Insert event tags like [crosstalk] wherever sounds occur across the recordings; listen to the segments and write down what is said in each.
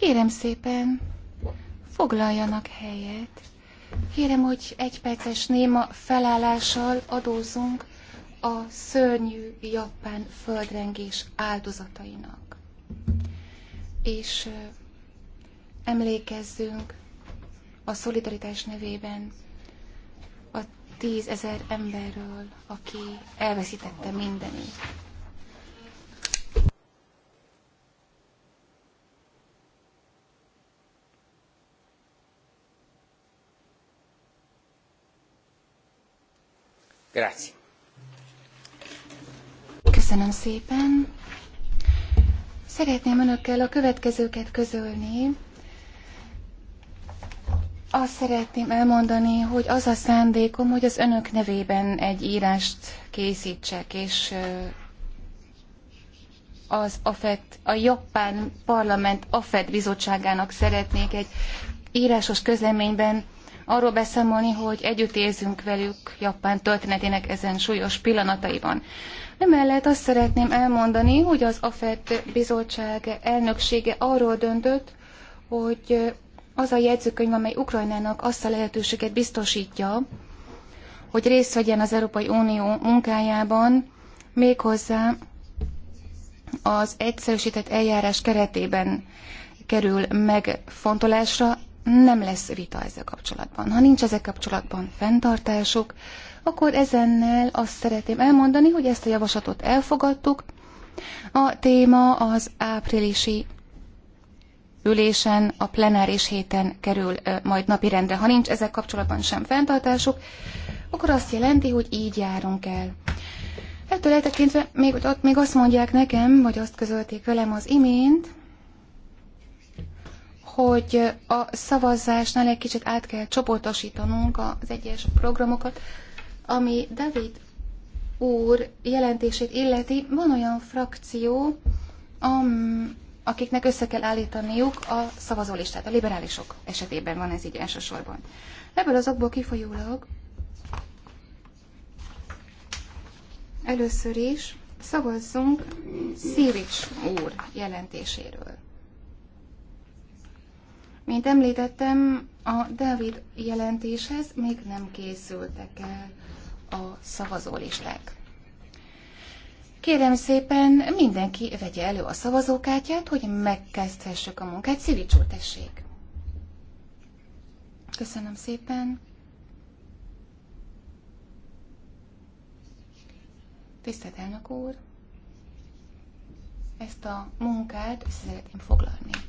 Kérem szépen, foglaljanak helyet. Kérem, hogy egy perces néma felállással adózunk a szörnyű japán földrengés áldozatainak. És emlékezzünk a szolidaritás nevében a tízezer emberről, aki elveszítette mindenét. Grazie. Köszönöm szépen. Szeretném önökkel a következőket közölni. Azt szeretném elmondani, hogy az a szándékom, hogy az önök nevében egy írást készítsek, és az AFET, a Japán Parlament AFET bizottságának szeretnék egy írásos közleményben arról beszámolni, hogy együtt érzünk velük Japán történetének ezen súlyos pillanataiban. Emellett azt szeretném elmondani, hogy az AFET bizottság elnöksége arról döntött, hogy az a jegyzőkönyv, amely Ukrajnának azt a lehetőséget biztosítja, hogy részt vegyen az Európai Unió munkájában, méghozzá az egyszerűsített eljárás keretében kerül megfontolásra nem lesz vita ezzel kapcsolatban. Ha nincs ezzel kapcsolatban fenntartások, akkor ezennel azt szeretném elmondani, hogy ezt a javaslatot elfogadtuk. A téma az áprilisi ülésen, a plenáris héten kerül majd napirendre. Ha nincs ezzel kapcsolatban sem fenntartásuk, akkor azt jelenti, hogy így járunk el. Ettől eltekintve még, még azt mondják nekem, vagy azt közölték velem az imént, hogy a szavazásnál egy kicsit át kell csoportosítanunk az egyes programokat, ami David úr jelentését illeti, van olyan frakció, am, akiknek össze kell állítaniuk a szavazólistát. A liberálisok esetében van ez így elsősorban. Ebből azokból kifolyólag először is szavazzunk Szírics úr jelentéséről. Mint említettem, a David jelentéshez még nem készültek el a szavazólisták. Kérem szépen, mindenki vegye elő a szavazókártyát, hogy megkezdhessük a munkát. Szivicsó, tessék! Köszönöm szépen! Tisztelt elnök úr! Ezt a munkát szeretném foglalni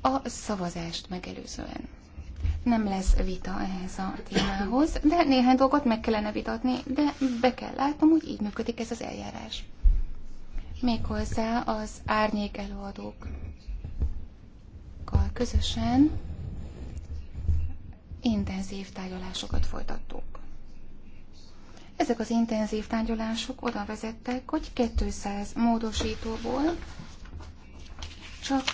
a szavazást megelőzően. Nem lesz vita ehhez a témához, de néhány dolgot meg kellene vitatni, de be kell látnom, hogy így működik ez az eljárás. Méghozzá az árnyék előadókkal közösen intenzív tárgyalásokat folytattuk. Ezek az intenzív tárgyalások oda vezettek, hogy 200 módosítóból csak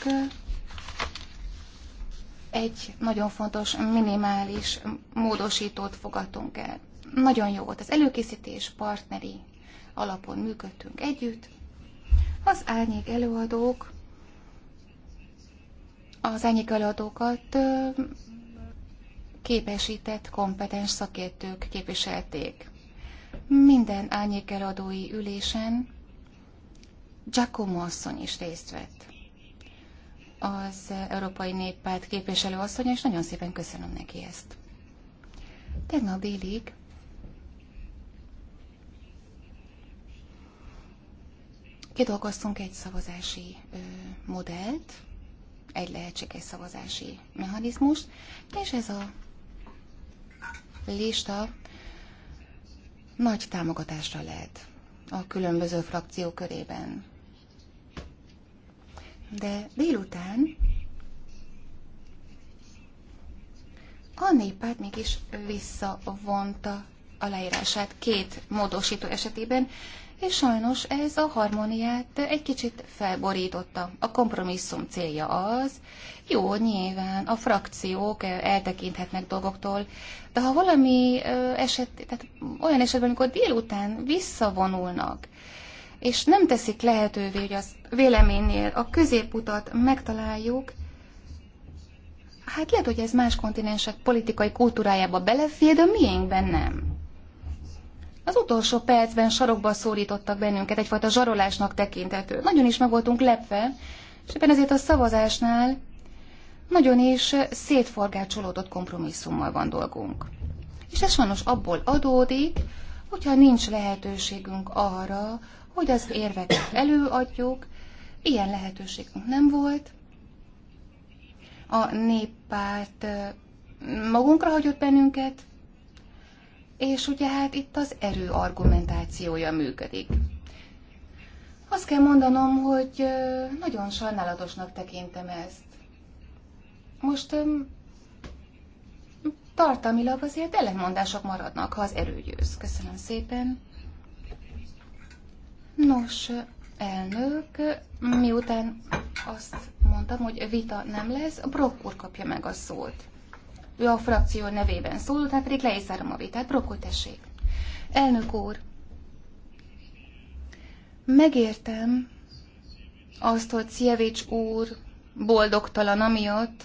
egy nagyon fontos, minimális módosítót fogadtunk el. Nagyon jó volt az előkészítés, partneri alapon működtünk együtt. Az árnyék előadók, az árnyék előadókat képesített, kompetens szakértők képviselték. Minden árnyék előadói ülésen Giacomo asszony is részt vett az Európai Néppárt képviselő asszony, és nagyon szépen köszönöm neki ezt. Tegnap délig kidolgoztunk egy szavazási ö, modellt, egy lehetséges szavazási mechanizmust, és ez a lista nagy támogatásra lehet a különböző frakció körében de délután a néppárt mégis visszavonta leírását két módosító esetében, és sajnos ez a harmóniát egy kicsit felborította. A kompromisszum célja az, jó, nyilván a frakciók eltekinthetnek dolgoktól, de ha valami eset, tehát olyan esetben, amikor délután visszavonulnak, és nem teszik lehetővé, hogy az véleménynél a középutat megtaláljuk, hát lehet, hogy ez más kontinensek politikai kultúrájába belefér, de miénkben nem. Az utolsó percben sarokba szólítottak bennünket, egyfajta zsarolásnak tekintető. Nagyon is meg voltunk lepve, és éppen ezért a szavazásnál nagyon is szétforgácsolódott kompromisszummal van dolgunk. És ez sajnos abból adódik, hogyha nincs lehetőségünk arra, hogy az érveket előadjuk. Ilyen lehetőségünk nem volt. A néppárt magunkra hagyott bennünket, és ugye hát itt az erő argumentációja működik. Azt kell mondanom, hogy nagyon sajnálatosnak tekintem ezt. Most tartalmilag azért ellentmondások maradnak, ha az erő győz. Köszönöm szépen. Nos, elnök, miután azt mondtam, hogy vita nem lesz, a Brock úr kapja meg a szót. Ő a frakció nevében szól, tehát pedig le is zárom a vitát. Brock úr, tessék. Elnök úr, megértem azt, hogy Szievics úr boldogtalan amiatt,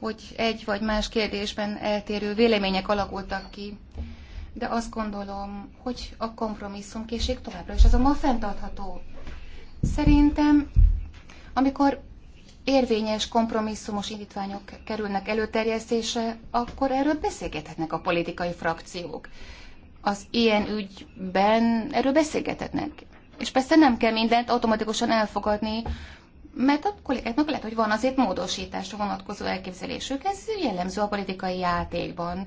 hogy egy vagy más kérdésben eltérő vélemények alakultak ki de azt gondolom, hogy a kompromisszumkészség továbbra is azonban fenntartható. Szerintem, amikor érvényes kompromisszumos indítványok kerülnek előterjesztése, akkor erről beszélgethetnek a politikai frakciók. Az ilyen ügyben erről beszélgethetnek. És persze nem kell mindent automatikusan elfogadni, mert a kollégáknak lehet, hogy van azért módosításra vonatkozó elképzelésük, ez jellemző a politikai játékban,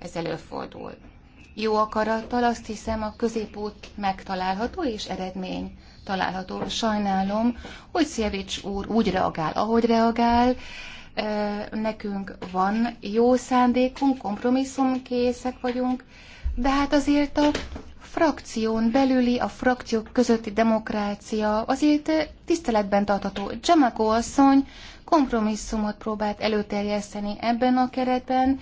ez előfordul. Jó akarattal azt hiszem a középút megtalálható és eredmény található. Sajnálom, hogy Szievics úr úgy reagál, ahogy reagál. Nekünk van jó szándékunk, kompromisszumkészek vagyunk, de hát azért a frakción belüli, a frakciók közötti demokrácia azért tiszteletben tartható. Gemako asszony kompromisszumot próbált előterjeszteni ebben a keretben,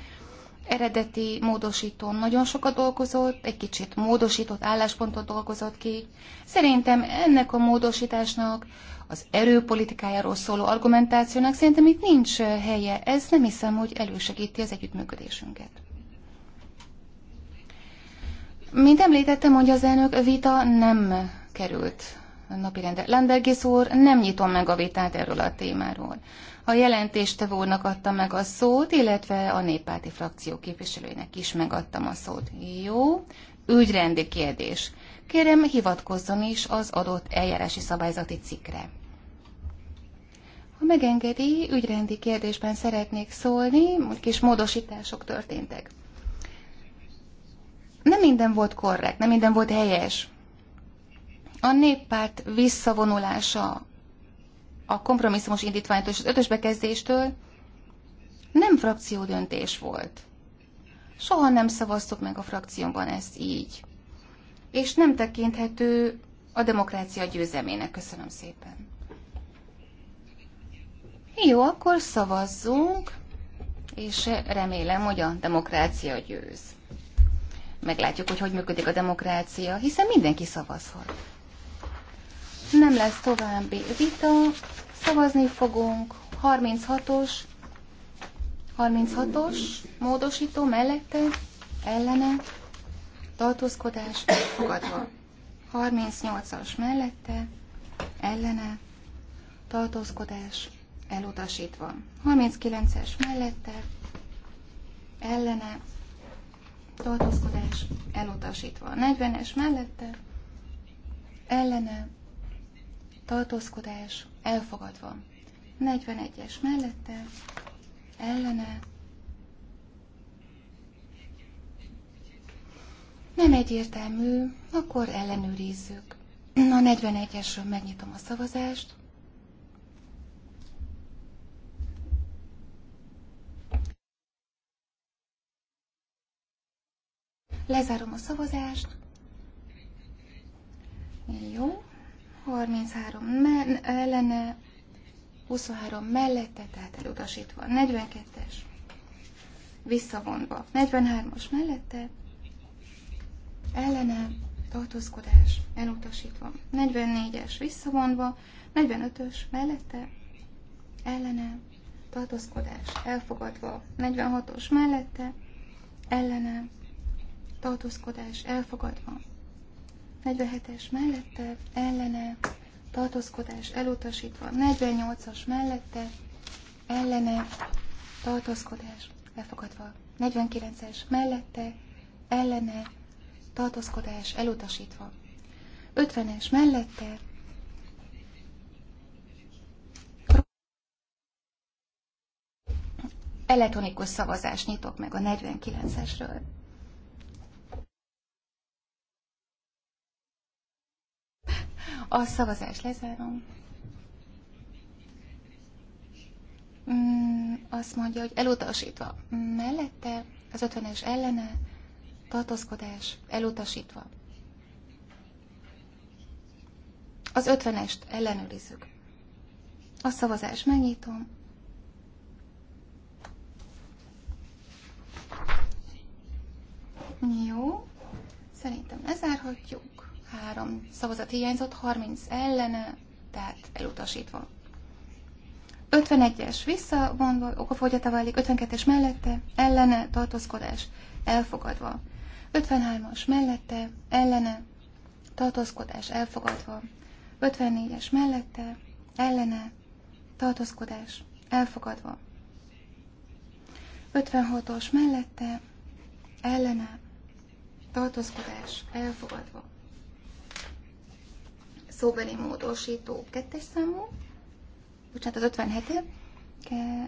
eredeti módosítón nagyon sokat dolgozott, egy kicsit módosított álláspontot dolgozott ki. Szerintem ennek a módosításnak, az erőpolitikájáról szóló argumentációnak szerintem itt nincs helye. Ez nem hiszem, hogy elősegíti az együttműködésünket. Mint említettem, hogy az elnök vita nem került napirendre. Landergis úr, nem nyitom meg a vitát erről a témáról. A jelentéstevónak adtam meg a szót, illetve a néppárti frakció képviselőinek is megadtam a szót. Jó, ügyrendi kérdés. Kérem, hivatkozzon is az adott eljárási szabályzati cikkre. Ha megengedi, ügyrendi kérdésben szeretnék szólni, kis módosítások történtek. Nem minden volt korrekt, nem minden volt helyes. A néppárt visszavonulása a kompromisszumos indítványtól és az ötös bekezdéstől nem frakció döntés volt. Soha nem szavaztuk meg a frakciómban ezt így. És nem tekinthető a demokrácia győzelmének. Köszönöm szépen. Jó, akkor szavazzunk, és remélem, hogy a demokrácia győz. Meglátjuk, hogy hogy működik a demokrácia, hiszen mindenki szavazhat. Nem lesz további vita, Szavazni fogunk 36-os, 36-os módosító mellette, ellene, tartózkodás fogadva. 38-as mellette, ellene, tartózkodás elutasítva. 39-es mellette, ellene, tartózkodás elutasítva. 40-es mellette, ellene, tartózkodás elfogadva. 41-es mellette, ellene. Nem egyértelmű, akkor ellenőrizzük. A 41-esről megnyitom a szavazást. Lezárom a szavazást. Jó, 33 me- ellene, 23 mellette, tehát elutasítva. 42-es visszavonva. 43-as mellette, ellene, tartózkodás, elutasítva. 44-es visszavonva, 45-ös mellette, ellene, tartózkodás, elfogadva. 46-os mellette, ellene, tartózkodás, elfogadva. 47-es mellette, ellene, tartózkodás elutasítva. 48-as mellette, ellene, tartózkodás befogadva. 49-es mellette, ellene, tartózkodás elutasítva. 50-es mellette, elektronikus szavazást nyitok meg a 49-esről. A szavazás lezárom. Mm, azt mondja, hogy elutasítva. Mellette az ötvenes ellene tartózkodás elutasítva. Az ötvenest ellenőrizzük. A szavazás megnyitom. Jó. Szerintem lezárhatjuk. Három szavazat hiányzott, 30 ellene, tehát elutasítva. 51-es visszavonva, okafogyata válik, 52-es mellette, ellene, tartózkodás, elfogadva. 53-as mellette, ellene, tartózkodás, elfogadva. 54-es mellette, ellene, tartózkodás, elfogadva. 56-os mellette, ellene, tartózkodás, elfogadva szóbeli módosító kettes számú, bocsánat, az 57 -e,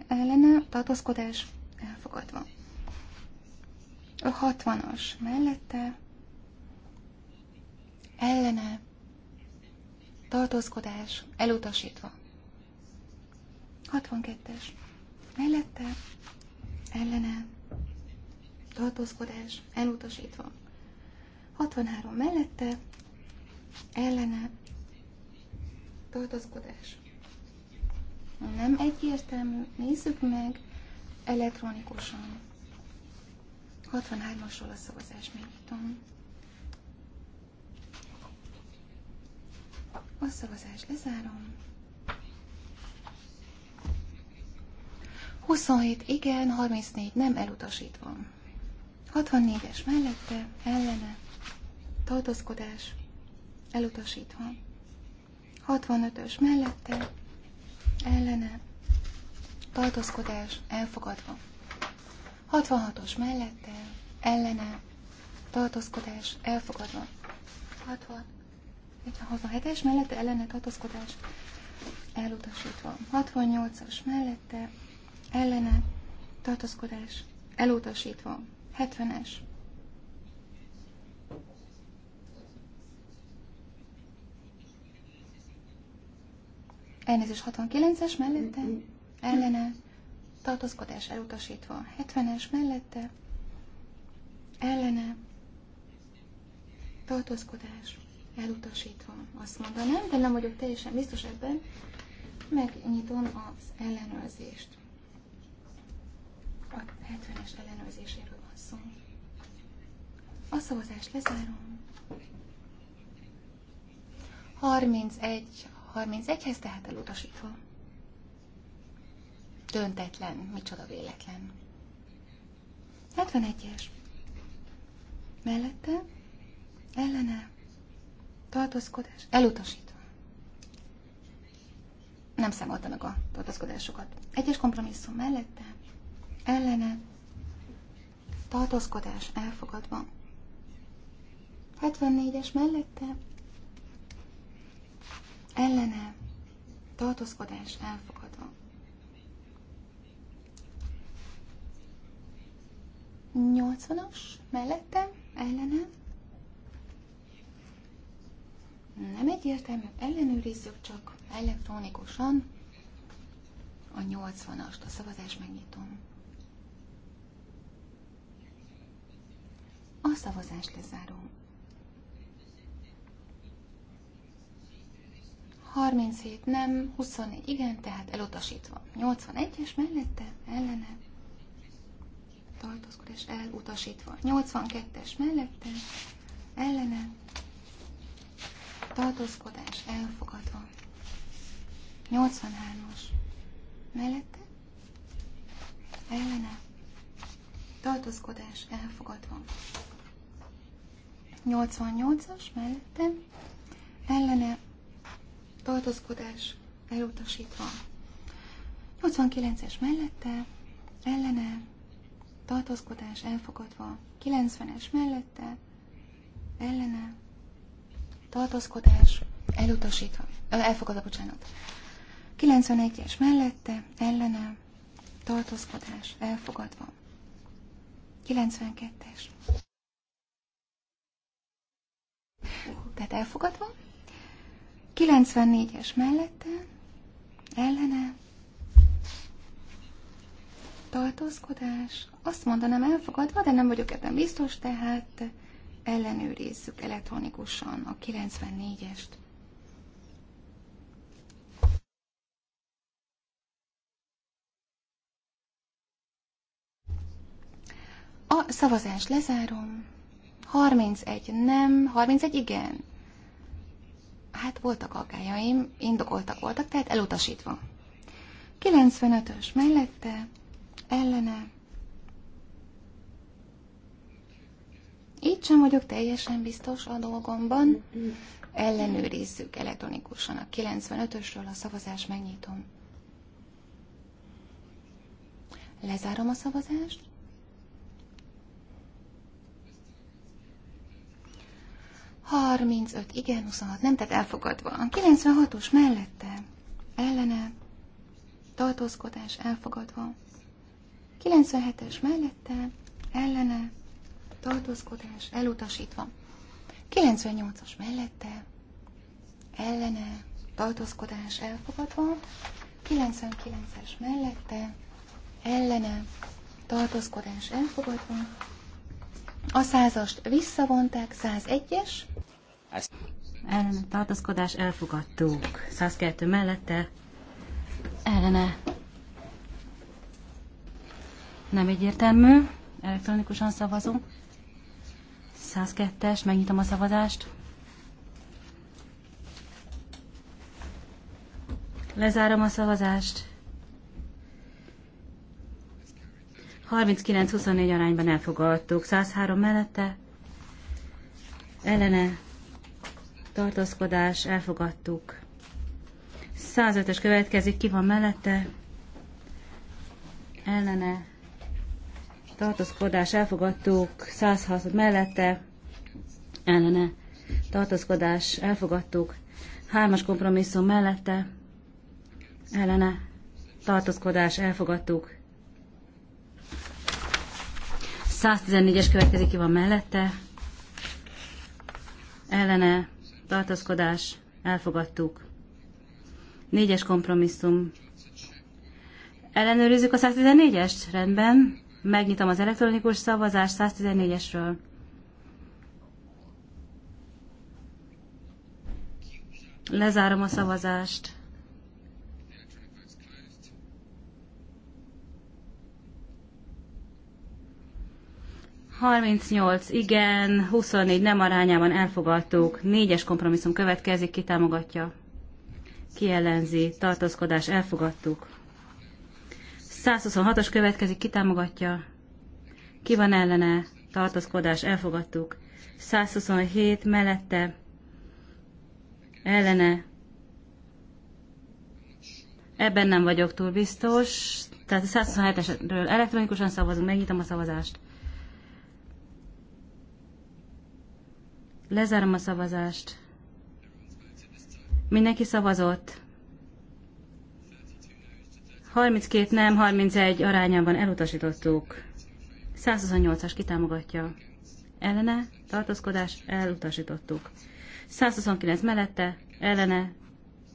ellene tartózkodás elfogadva. A 60-as mellette ellene tartózkodás elutasítva. 62-es mellette ellene tartózkodás elutasítva. 63 mellette ellene tartózkodás. Nem egyértelmű, nézzük meg elektronikusan. 63-asról a szavazás megnyitom. A szavazás lezárom. 27 igen, 34 nem elutasítva. 64-es mellette, ellene, tartózkodás, elutasítva. 65-ös mellette, ellene, tartózkodás elfogadva. 66-os mellette, ellene, tartózkodás elfogadva. 60. 67-es mellette ellene tartózkodás elutasítva. 68-as mellette ellene tartózkodás elutasítva. 70-es Elnézés 69-es mellette, ellene, tartózkodás elutasítva. 70-es mellette, ellene, tartózkodás elutasítva. Azt mondanám, de nem vagyok teljesen biztos ebben. Megnyitom az ellenőrzést. A 70-es ellenőrzéséről van szó. A szavazást lezárom. 31 31-hez, tehát elutasítva. Döntetlen, micsoda véletlen. 71-es. Mellette, ellene, tartózkodás, elutasítva. Nem számolta meg a tartózkodásokat. Egyes kompromisszum mellette, ellene, tartózkodás elfogadva. 74-es mellette, ellene tartózkodás elfogadva. Nyolcvanas mellettem, ellenem. Nem egyértelmű, ellenőrizzük csak elektronikusan a nyolcvanast. a szavazás megnyitom. A szavazást lezárom. 37 nem, 24 igen, tehát elutasítva. 81-es mellette, ellene, tartózkodás elutasítva. 82-es mellette, ellene, tartózkodás elfogadva. 83-as mellette, ellene, tartózkodás elfogadva. 88-as mellette, ellene, tartózkodás elutasítva. 89-es mellette, ellene, tartózkodás elfogadva. 90-es mellette, ellene, tartózkodás elutasítva, elfogadva, bocsánat. 91-es mellette, ellene, tartózkodás elfogadva. 92-es. Tehát elfogadva, 94-es mellette, ellene, tartózkodás, azt mondanám elfogadva, de nem vagyok ebben biztos, tehát ellenőrizzük elektronikusan a 94-est. A szavazást lezárom. 31 nem, 31 igen. Hát voltak aggájaim, indokoltak voltak, tehát elutasítva. 95-ös mellette, ellene. Így sem vagyok teljesen biztos a dolgomban. Ellenőrizzük elektronikusan a 95-ösről a szavazást megnyitom. Lezárom a szavazást. 35 igen, 26 nem, tehát elfogadva. A 96-os mellette, ellene, tartózkodás elfogadva. 97-es mellette, ellene, tartózkodás elutasítva. 98-as mellette, ellene, tartózkodás elfogadva. 99-es mellette, ellene, tartózkodás elfogadva. A százast visszavonták, 101-es. Ellene tartózkodás elfogadtuk. 102 mellette ellene nem egyértelmű. Elektronikusan szavazunk. 102-es, megnyitom a szavazást. Lezárom a szavazást. 39-24 arányban elfogadtuk. 103 mellette ellene tartózkodás elfogadtuk. 105-ös következik, ki van mellette? Ellene tartózkodás elfogadtuk. 106 mellette ellene tartózkodás elfogadtuk. Hármas kompromisszum mellette ellene tartózkodás elfogadtuk. 114-es következik, ki van mellette. Ellene tartozkodás elfogadtuk. Négyes kompromisszum. Ellenőrizzük a 114-est? Rendben. Megnyitom az elektronikus szavazást 114-esről. Lezárom a szavazást. 38 igen, 24 nem arányában elfogadtuk, 4 kompromisszum következik, ki támogatja, ki ellenzi, tartózkodás, elfogadtuk. 126-os következik, ki támogatja, ki van ellene, tartózkodás, elfogadtuk. 127 mellette, ellene, ebben nem vagyok túl biztos, tehát a 127-esről elektronikusan szavazunk, megnyitom a szavazást. Lezárom a szavazást. Mindenki szavazott. 32 nem, 31 arányában elutasítottuk. 128-as kitámogatja. Ellene, tartózkodás, elutasítottuk. 129 mellette, ellene,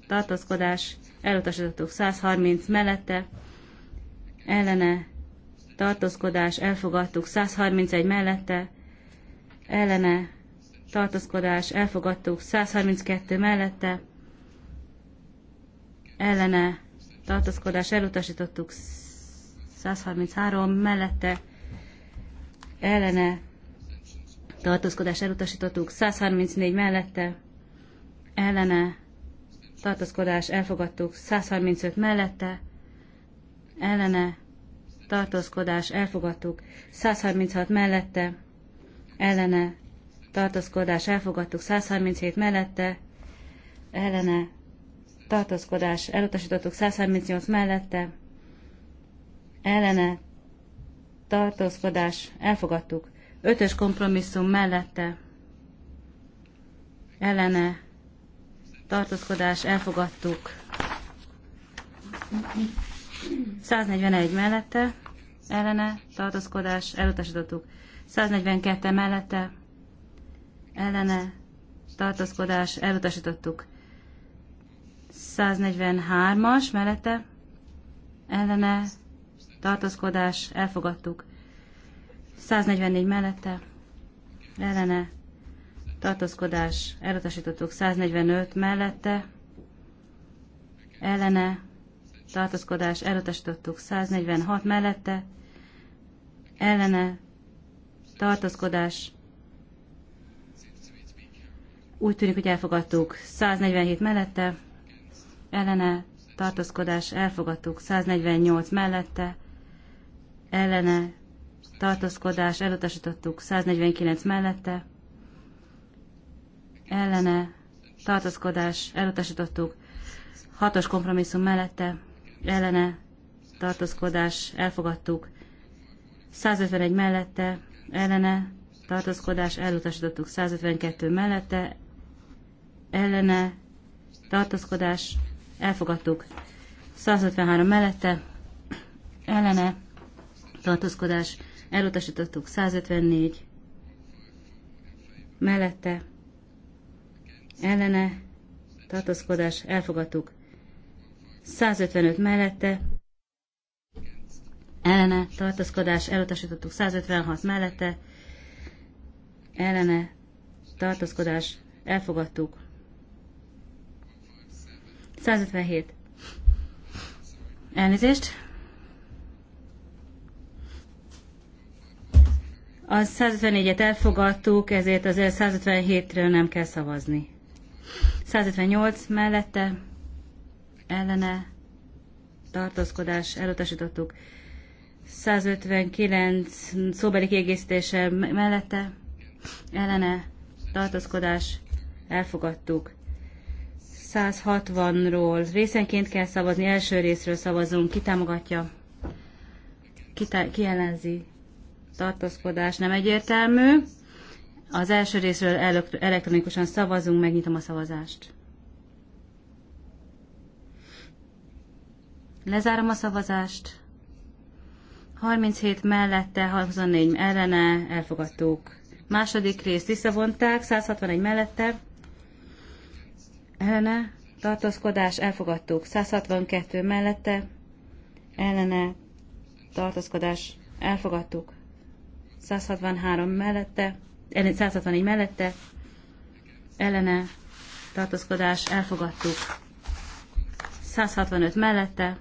tartózkodás, elutasítottuk. 130 mellette, ellene, tartózkodás, elfogadtuk. 131 mellette, ellene, tartózkodás elfogadtuk 132 mellette, ellene tartózkodás elutasítottuk 133 mellette, ellene tartózkodás elutasítottuk 134 mellette, ellene tartózkodás elfogadtuk 135 mellette, ellene tartózkodás elfogadtuk 136 mellette, ellene tartózkodás elfogadtuk 137 mellette, ellene tartózkodás elutasítottuk 138 mellette, ellene tartózkodás elfogadtuk ötös kompromisszum mellette, ellene tartózkodás elfogadtuk 141 mellette, ellene tartózkodás elutasítottuk 142 mellette, ellene tartózkodás elutasítottuk. 143-as mellette ellene tartózkodás elfogadtuk. 144 mellette ellene tartózkodás elutasítottuk. 145 mellette ellene tartózkodás elutasítottuk. 146 mellette ellene tartózkodás úgy tűnik, hogy elfogadtuk 147 mellette, ellene tartózkodás elfogadtuk 148 mellette, ellene tartózkodás elutasítottuk 149 mellette, ellene tartózkodás elutasítottuk 6-os kompromisszum mellette, ellene tartózkodás elfogadtuk 151 mellette, ellene tartózkodás elutasítottuk 152 mellette, ellene tartózkodás elfogadtuk. 153 mellette ellene tartózkodás elutasítottuk. 154 mellette ellene tartózkodás elfogadtuk. 155 mellette ellene tartózkodás elutasítottuk. 156 mellette ellene tartózkodás elfogadtuk. 157. Elnézést. A 154-et elfogadtuk, ezért azért 157-ről nem kell szavazni. 158 mellette ellene tartózkodás elutasítottuk. 159 szóbeli kiegészítése mellette ellene tartózkodás elfogadtuk. 160-ról részenként kell szavazni, első részről szavazunk, ki támogatja, ki, tá- ki ellenzi, tartózkodás nem egyértelmű. Az első részről elektronikusan szavazunk, megnyitom a szavazást. Lezárom a szavazást. 37 mellette, 64 ellene elfogadtuk. Második részt visszavonták, 161 mellette ellene tartózkodás elfogadtuk. 162 mellette ellene tartózkodás elfogadtuk. 163 mellette, 161 mellette ellene tartózkodás elfogadtuk. 165 mellette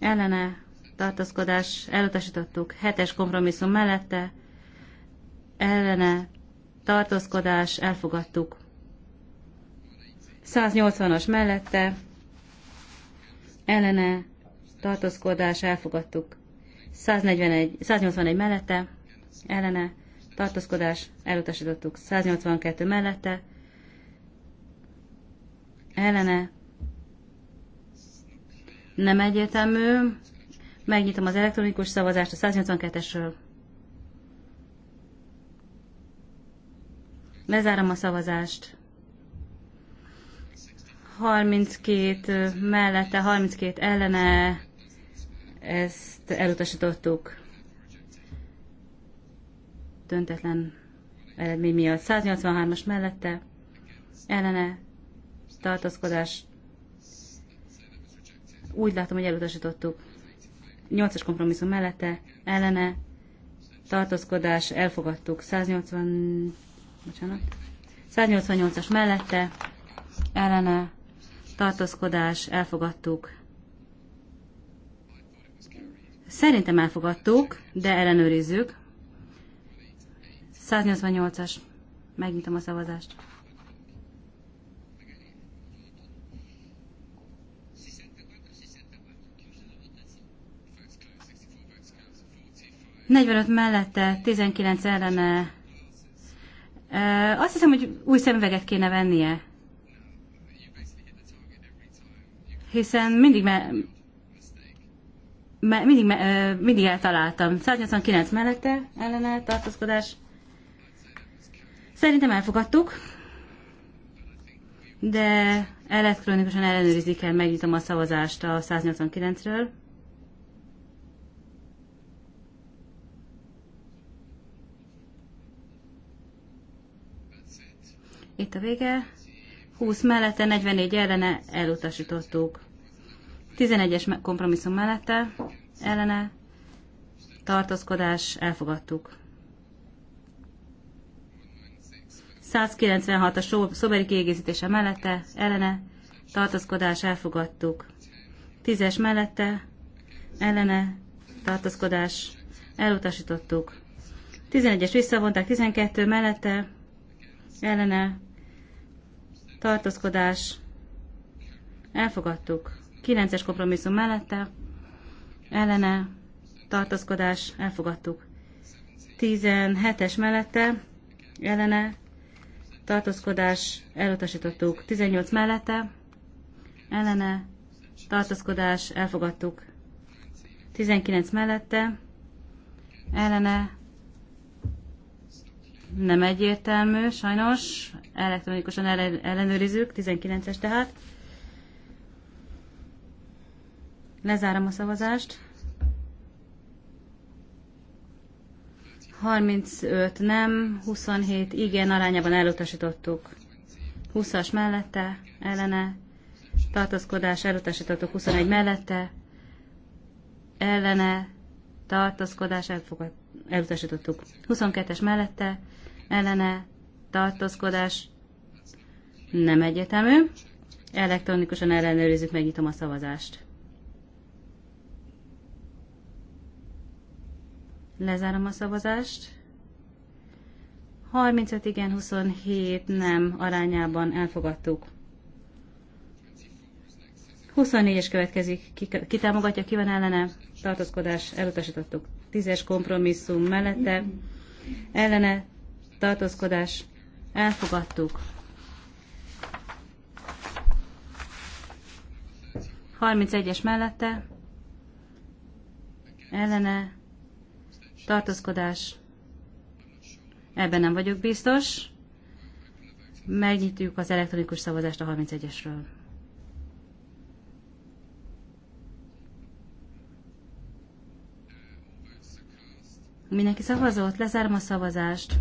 ellene tartózkodás elutasítottuk. 7-es kompromisszum mellette ellene tartózkodás elfogadtuk. 180-as mellette ellene tartózkodás elfogadtuk. 141, 181 mellette ellene tartózkodás elutasítottuk. 182 mellette ellene nem egyértelmű. Megnyitom az elektronikus szavazást a 182-esről. Lezárom a szavazást. 32 mellette, 32 ellene, ezt elutasítottuk döntetlen eredmény miatt. 183-as mellette, ellene, tartózkodás, úgy látom, hogy elutasítottuk. 8-as kompromisszum mellette, ellene, tartózkodás, elfogadtuk. 180, bocsánat, 188-as mellette, ellene, tartózkodás, elfogadtuk. Szerintem elfogadtuk, de ellenőrizzük. 188-as. Megnyitom a szavazást. Negyvenöt mellette, 19 ellene. Azt hiszem, hogy új szemüveget kéne vennie. hiszen mindig, me, me, mindig, me, mindig eltaláltam. 189 mellette ellene tartózkodás. Szerintem elfogadtuk, de elektronikusan ellenőrizni kell, megnyitom a szavazást a 189-ről. Itt a vége. 20 mellette, 44 ellene elutasítottuk. 11-es kompromisszum mellette, ellene tartózkodás elfogadtuk. 196 a szoberi kiegészítése mellette, ellene tartózkodás elfogadtuk. 10-es mellette, ellene tartózkodás elutasítottuk. 11-es visszavonták, 12 mellette, ellene tartózkodás, elfogadtuk. 9-es kompromisszum mellette, ellene, tartózkodás, elfogadtuk. 17-es mellette, ellene, tartózkodás, elutasítottuk. 18 mellette, ellene, tartózkodás, elfogadtuk. 19 mellette, ellene, nem egyértelmű, sajnos. Elektronikusan ellenőrizzük, 19-es tehát. Lezárom a szavazást. 35 nem, 27 igen arányában elutasítottuk. 20-as mellette, ellene, tartózkodás, elutasítottuk 21 mellette, ellene, tartózkodás, elfogad, elutasítottuk. 22-es mellette, ellene tartózkodás nem egyetemű. Elektronikusan ellenőrizzük, megnyitom a szavazást. Lezárom a szavazást. 35 igen, 27 nem arányában elfogadtuk. 24-es következik, ki, ki támogatja, ki van ellene, tartózkodás, elutasítottuk. 10-es kompromisszum mellette, ellene, tartózkodás elfogadtuk. 31-es mellette ellene tartózkodás ebben nem vagyok biztos. Megnyitjuk az elektronikus szavazást a 31-esről. Mindenki szavazott? Lezárom a szavazást.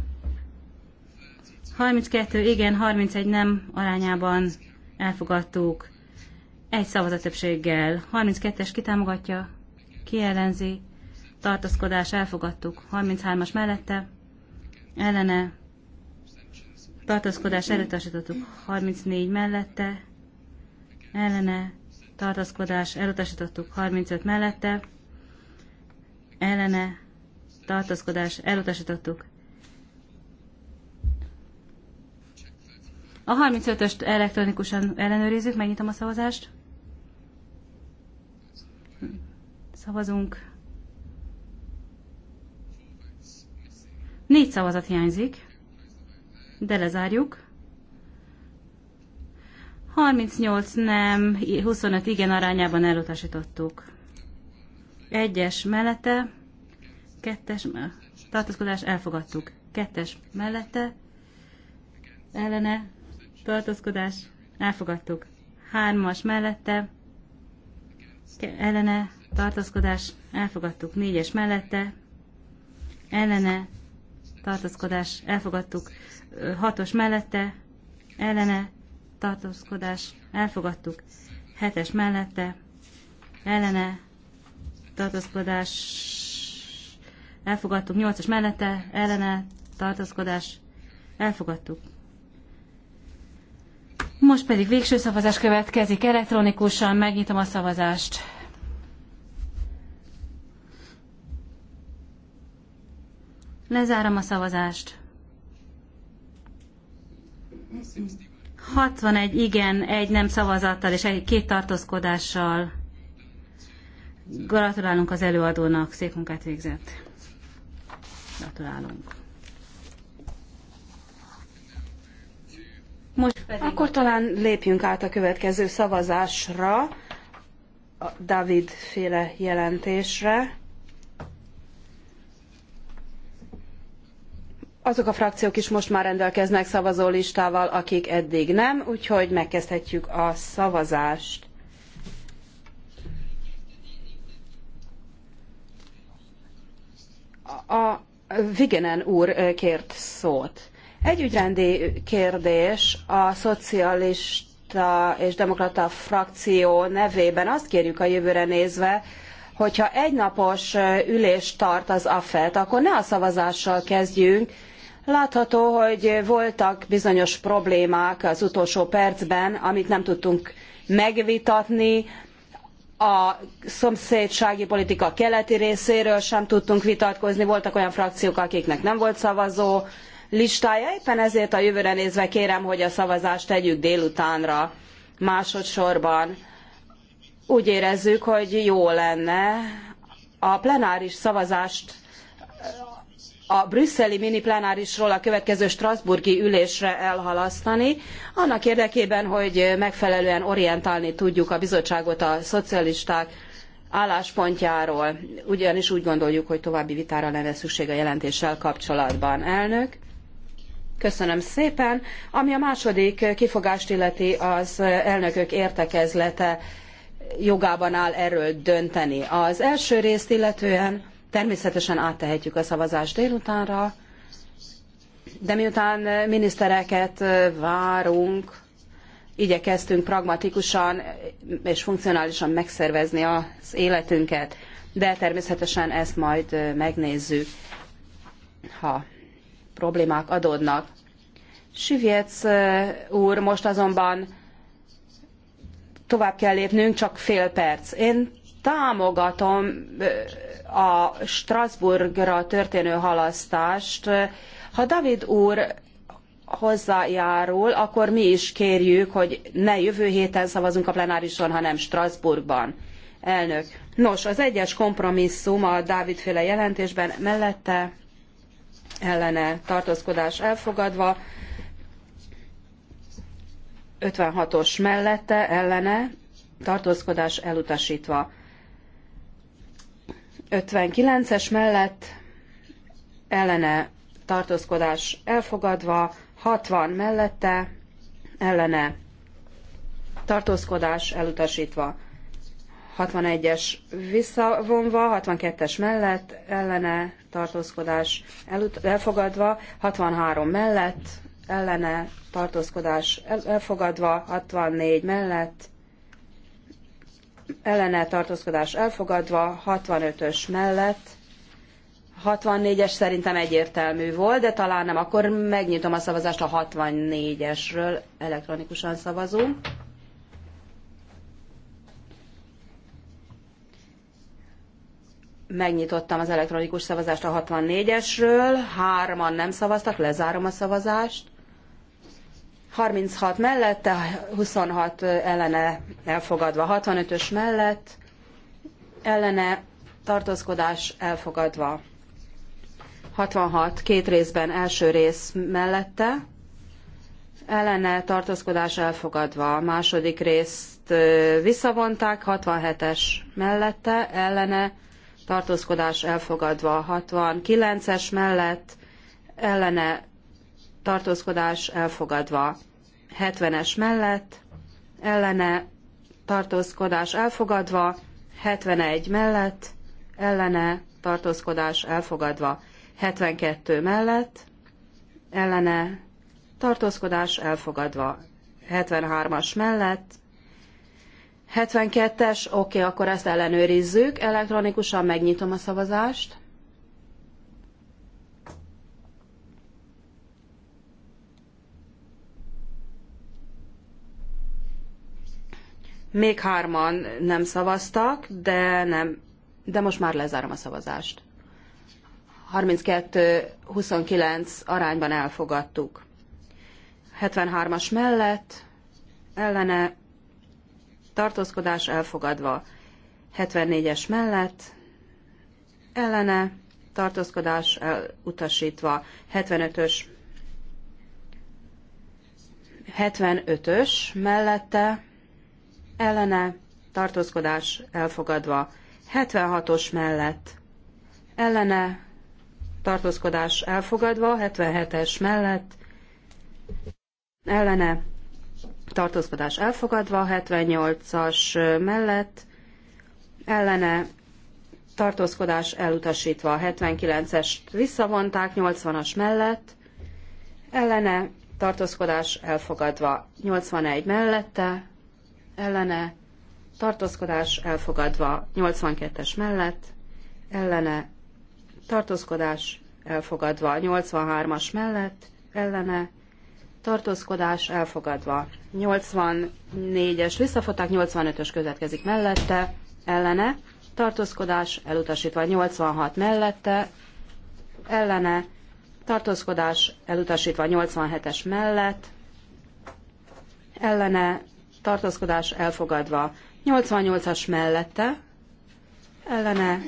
32 igen, 31 nem arányában elfogadtuk egy szavazat többséggel. 32-es kitámogatja, kiellenzi, tartózkodás elfogadtuk. 33-as mellette, ellene, tartózkodás elutasítottuk. 34 mellette, ellene, tartózkodás elutasítottuk. 35 mellette, ellene, tartózkodás elutasítottuk. A 35-öst elektronikusan ellenőrizzük, megnyitom a szavazást. Szavazunk. Négy szavazat hiányzik, de lezárjuk. 38 nem, 25 igen arányában elutasítottuk. Egyes mellette, kettes tartozkodás elfogadtuk. Kettes mellette, ellene tartózkodás, elfogadtuk. Hármas mellette, ellene, tartózkodás, elfogadtuk. Négyes mellette, ellene, tartózkodás, elfogadtuk. Hatos mellette, ellene, tartózkodás, elfogadtuk. Hetes mellette, ellene, tartózkodás, elfogadtuk. Nyolcas mellette, ellene, tartózkodás, elfogadtuk. Most pedig végső szavazás következik elektronikusan, megnyitom a szavazást. Lezárom a szavazást. 61 igen, egy nem szavazattal és egy két tartózkodással. Gratulálunk az előadónak, szép munkát végzett. Gratulálunk. Most pedig... Akkor talán lépjünk át a következő szavazásra, a David féle jelentésre. Azok a frakciók is most már rendelkeznek szavazólistával, akik eddig nem, úgyhogy megkezdhetjük a szavazást. A Vigenen úr kért szót. Egy ügyrendi kérdés a szocialista és demokrata frakció nevében azt kérjük a jövőre nézve, hogyha egynapos ülést tart az AFET, akkor ne a szavazással kezdjünk. Látható, hogy voltak bizonyos problémák az utolsó percben, amit nem tudtunk megvitatni, a szomszédsági politika keleti részéről sem tudtunk vitatkozni, voltak olyan frakciók, akiknek nem volt szavazó listája. Éppen ezért a jövőre nézve kérem, hogy a szavazást tegyük délutánra másodszorban. Úgy érezzük, hogy jó lenne a plenáris szavazást a brüsszeli mini plenárisról a következő strasbourgi ülésre elhalasztani, annak érdekében, hogy megfelelően orientálni tudjuk a bizottságot a szocialisták álláspontjáról, ugyanis úgy gondoljuk, hogy további vitára lenne szükség a jelentéssel kapcsolatban. Elnök, Köszönöm szépen. Ami a második kifogást illeti, az elnökök értekezlete jogában áll erről dönteni. Az első részt illetően természetesen áttehetjük a szavazást délutánra, de miután minisztereket várunk, igyekeztünk pragmatikusan és funkcionálisan megszervezni az életünket, de természetesen ezt majd megnézzük, ha problémák adódnak. Süvjec eh, úr, most azonban tovább kell lépnünk, csak fél perc. Én támogatom eh, a Strasbourgra történő halasztást. Ha David úr hozzájárul, akkor mi is kérjük, hogy ne jövő héten szavazunk a plenárison, hanem Strasbourgban. Elnök. Nos, az egyes kompromisszum a Dávid féle jelentésben mellette ellene tartózkodás elfogadva, 56-os mellette ellene tartózkodás elutasítva. 59-es mellett ellene tartózkodás elfogadva, 60 mellette ellene tartózkodás elutasítva. 61-es visszavonva, 62-es mellett ellene tartózkodás elfogadva, 63 mellett ellene tartózkodás elfogadva, 64 mellett ellene tartózkodás elfogadva, 65-ös mellett 64-es szerintem egyértelmű volt, de talán nem. Akkor megnyitom a szavazást a 64-esről. Elektronikusan szavazunk. Megnyitottam az elektronikus szavazást a 64-esről, hárman nem szavaztak, lezárom a szavazást. 36 mellette, 26 ellene elfogadva, 65-ös mellett, ellene tartózkodás elfogadva. 66 két részben első rész mellette, ellene tartózkodás elfogadva. második részt visszavonták, 67-es mellette, ellene tartózkodás elfogadva, 69-es mellett ellene tartózkodás elfogadva, 70-es mellett ellene tartózkodás elfogadva, 71 mellett ellene tartózkodás elfogadva, 72 mellett ellene tartózkodás elfogadva, 73-as mellett 72-es, oké, akkor ezt ellenőrizzük. Elektronikusan megnyitom a szavazást. Még hárman nem szavaztak, de nem, de most már lezárom a szavazást. 32-29 arányban elfogadtuk. 73-as mellett ellene tartózkodás elfogadva. 74-es mellett ellene tartózkodás elutasítva. 75-ös 75-ös mellette ellene tartózkodás elfogadva. 76-os mellett ellene tartózkodás elfogadva, 77-es mellett ellene tartózkodás elfogadva, 78-as mellett ellene tartózkodás elutasítva, 79-est visszavonták, 80-as mellett ellene tartózkodás elfogadva, 81 mellette ellene tartózkodás elfogadva, 82-es mellett ellene tartózkodás elfogadva, 83-as mellett ellene tartózkodás elfogadva. 84-es visszafogták, 85-ös következik mellette, ellene, tartózkodás elutasítva. 86 mellette, ellene, tartózkodás elutasítva. 87-es mellett, ellene, tartózkodás elfogadva. 88-as mellette, ellene,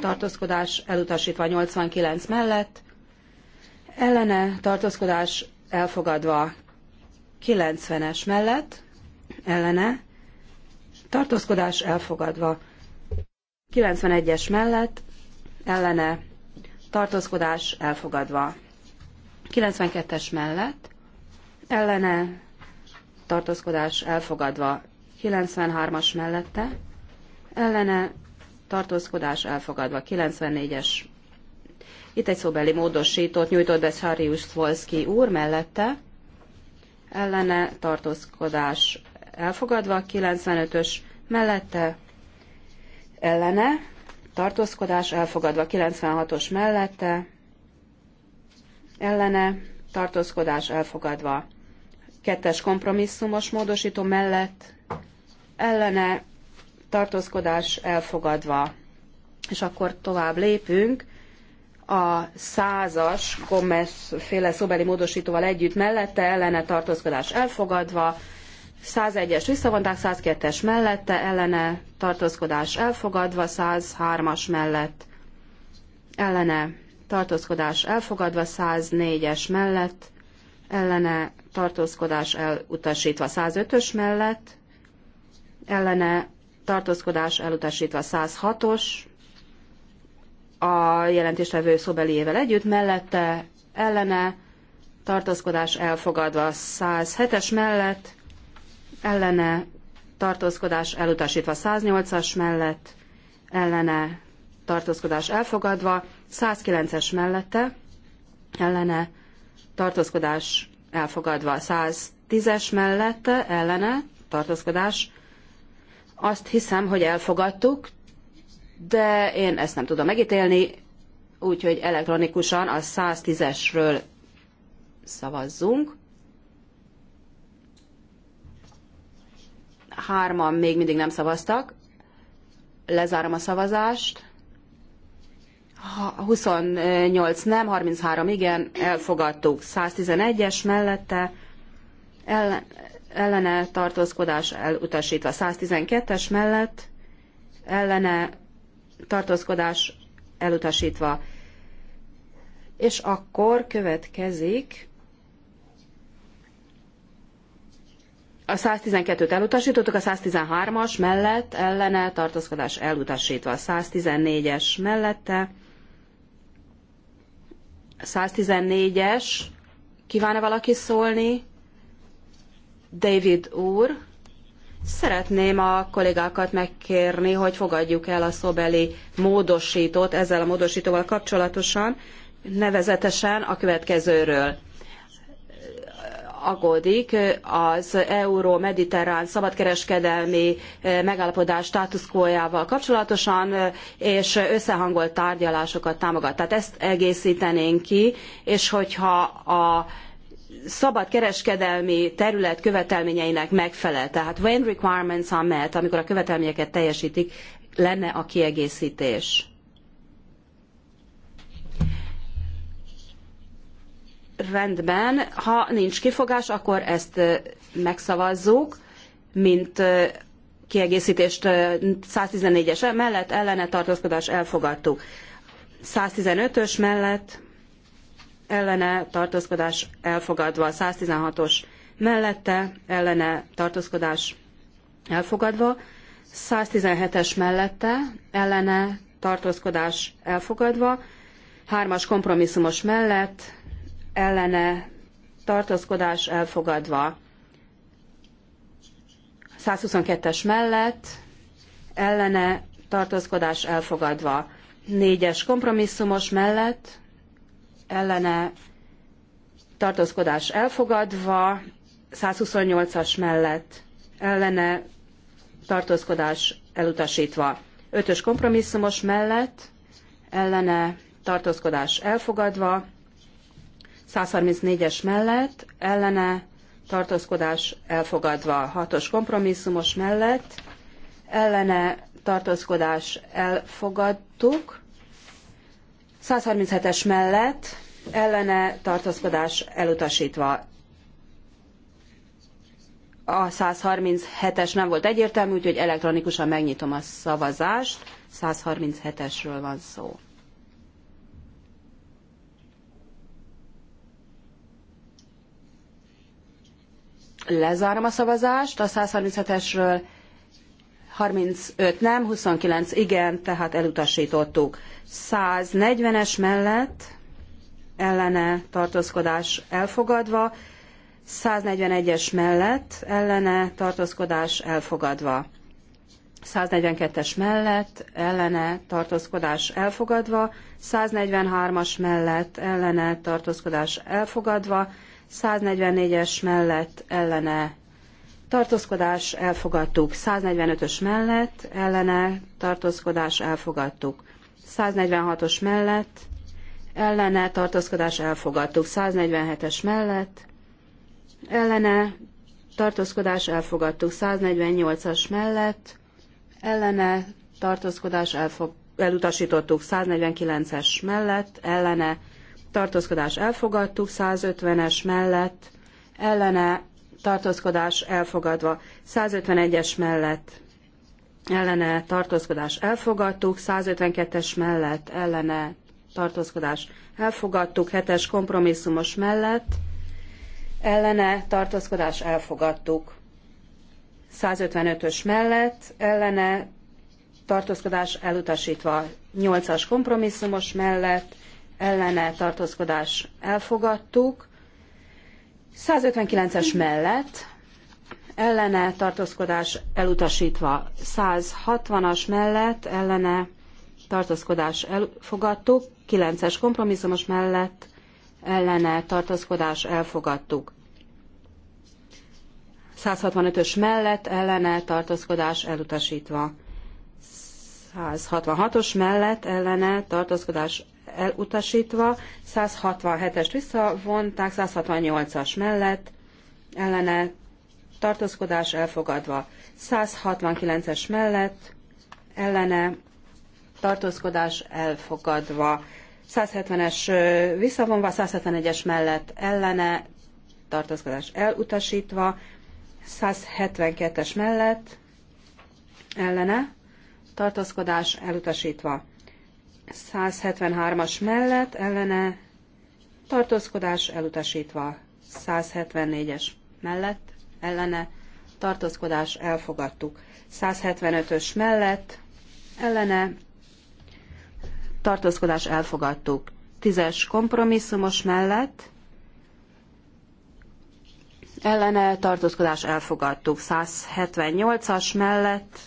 tartózkodás elutasítva. 89 mellett, ellene, tartózkodás elfogadva 90-es mellett, ellene, tartózkodás elfogadva 91-es mellett, ellene, tartózkodás elfogadva 92-es mellett, ellene, tartózkodás elfogadva 93-as mellette, ellene, tartózkodás elfogadva 94-es itt egy szóbeli módosítót nyújtott be Szarius Volszki úr mellette, ellene tartózkodás elfogadva, 95-ös mellette, ellene tartózkodás elfogadva, 96-os mellette, ellene tartózkodás elfogadva, kettes kompromisszumos módosító mellett, ellene tartózkodás elfogadva. És akkor tovább lépünk a százas Gomez féle szóbeli módosítóval együtt mellette ellene tartózkodás elfogadva, 101-es visszavonták, 102-es mellette ellene tartózkodás elfogadva, 103-as mellett ellene tartózkodás elfogadva, 104-es mellett ellene tartózkodás elutasítva, 105-ös mellett ellene tartózkodás elutasítva, 106-os a jelentéstevő szobeliével együtt, mellette ellene tartózkodás elfogadva 107-es mellett, ellene tartózkodás elutasítva 108-as mellett, ellene tartózkodás elfogadva 109-es mellette, ellene tartózkodás elfogadva 110-es mellette, ellene tartózkodás. Azt hiszem, hogy elfogadtuk, de én ezt nem tudom megítélni, úgyhogy elektronikusan a 110-esről szavazzunk. Hárman még mindig nem szavaztak. Lezárom a szavazást. 28 nem, 33 igen, elfogadtuk. 111-es mellette ellen, ellene tartózkodás elutasítva. 112-es mellett ellene tartózkodás elutasítva. És akkor következik a 112-t elutasítottuk, a 113-as mellett ellene tartózkodás elutasítva, a 114-es mellette, 114-es, kívánna -e valaki szólni? David úr. Szeretném a kollégákat megkérni, hogy fogadjuk el a szobeli módosítót ezzel a módosítóval kapcsolatosan, nevezetesen a következőről aggódik az euró-mediterrán szabadkereskedelmi eh, megállapodás státuszkójával kapcsolatosan, eh, és összehangolt tárgyalásokat támogat. Tehát ezt egészítenénk ki, és hogyha a szabad kereskedelmi terület követelményeinek megfelel. Tehát when requirements are met, amikor a követelményeket teljesítik, lenne a kiegészítés. Rendben, ha nincs kifogás, akkor ezt megszavazzuk, mint kiegészítést 114-es mellett ellene tartózkodás elfogadtuk. 115-ös mellett ellene tartózkodás elfogadva, 116-os mellette ellene tartózkodás elfogadva, 117-es mellette ellene tartózkodás elfogadva, 3-as kompromisszumos mellett ellene tartózkodás elfogadva, 122-es mellett ellene tartózkodás elfogadva, négyes es kompromisszumos mellett ellene tartózkodás elfogadva, 128-as mellett ellene tartózkodás elutasítva. 5-ös kompromisszumos mellett ellene tartózkodás elfogadva, 134-es mellett ellene tartózkodás elfogadva, 6-os kompromisszumos mellett ellene tartózkodás elfogadtuk, 137-es mellett ellene tartózkodás elutasítva. A 137-es nem volt egyértelmű, úgyhogy elektronikusan megnyitom a szavazást. 137-esről van szó. Lezárom a szavazást a 137-esről, 35 nem, 29 igen, tehát elutasítottuk. 140-es mellett ellene tartózkodás elfogadva, 141-es mellett ellene tartózkodás elfogadva. 142-es mellett ellene tartózkodás elfogadva, 143-as mellett ellene tartózkodás elfogadva, 144-es mellett ellene tartózkodás elfogadtuk. 145-ös mellett ellene tartózkodás elfogadtuk. 146-os mellett ellene tartózkodás elfogadtuk. 147-es mellett ellene tartózkodás elfogadtuk. 148-as mellett ellene tartózkodás elfog, elutasítottuk. 149-es mellett ellene tartózkodás elfogadtuk. 150-es mellett ellene tartózkodás elfogadva, 151-es mellett ellene tartózkodás elfogadtuk, 152-es mellett ellene tartózkodás elfogadtuk, 7-es kompromisszumos mellett ellene tartózkodás elfogadtuk, 155-ös mellett ellene tartózkodás elutasítva, 8-as kompromisszumos mellett ellene tartózkodás elfogadtuk, 159-es mellett ellene tartózkodás elutasítva, 160-as mellett ellene tartózkodás elfogadtuk, 9-es kompromisszumos mellett ellene tartózkodás elfogadtuk. 165-ös mellett ellene tartózkodás elutasítva. 166-os mellett ellene tartózkodás elutasítva, 167-est visszavonták, 168-as mellett ellene tartózkodás elfogadva, 169-es mellett ellene tartózkodás elfogadva, 170-es visszavonva, 171-es mellett ellene tartózkodás elutasítva, 172-es mellett ellene tartózkodás elutasítva. 173-as mellett ellene tartózkodás elutasítva. 174-es mellett ellene tartózkodás elfogadtuk. 175-ös mellett ellene tartózkodás elfogadtuk. 10-es kompromisszumos mellett ellene tartózkodás elfogadtuk. 178-as mellett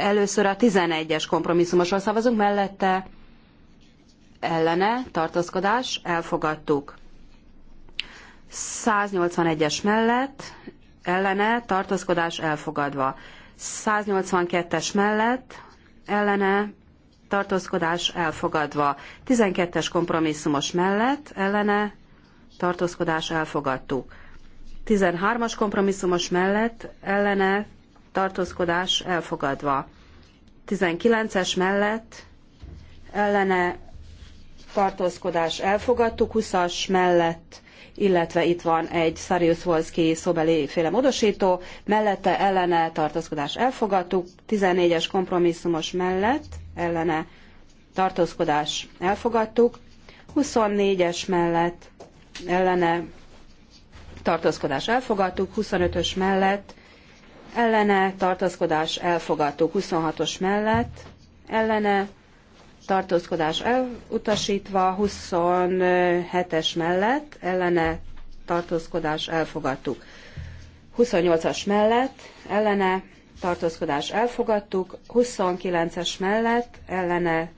Először a 11-es kompromisszumosról szavazunk, mellette ellene tartózkodás, elfogadtuk. 181-es mellett ellene tartózkodás elfogadva. 182-es mellett ellene tartózkodás elfogadva. 12-es kompromisszumos mellett ellene tartózkodás elfogadtuk. 13-as kompromisszumos mellett ellene tartózkodás elfogadva. 19-es mellett ellene tartózkodás elfogadtuk, 20-as mellett, illetve itt van egy Sarius Wolski szobeli féle módosító, mellette ellene tartózkodás elfogadtuk, 14-es kompromisszumos mellett ellene tartózkodás elfogadtuk, 24-es mellett ellene tartózkodás elfogadtuk, 25-ös mellett ellene tartózkodás elfogadtuk 26-os mellett, ellene tartózkodás elutasítva 27-es mellett, ellene tartózkodás elfogadtuk 28-as mellett, ellene tartózkodás elfogadtuk, 29-es mellett, ellene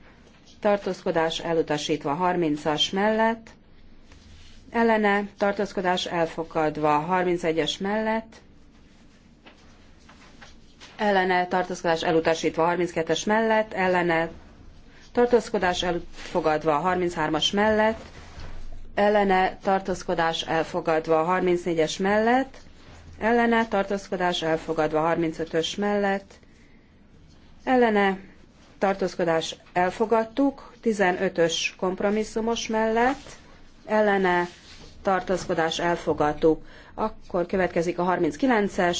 tartózkodás elutasítva 30-as mellett, ellene tartózkodás elfogadva 31-es mellett, ellene tartózkodás elutasítva 32-es mellett, ellene tartózkodás elfogadva 33-as mellett, ellene tartózkodás elfogadva 34-es mellett, ellene tartózkodás elfogadva 35-ös mellett, ellene tartózkodás elfogadtuk 15-ös kompromisszumos mellett, ellene tartózkodás elfogadtuk. Akkor következik a 39-es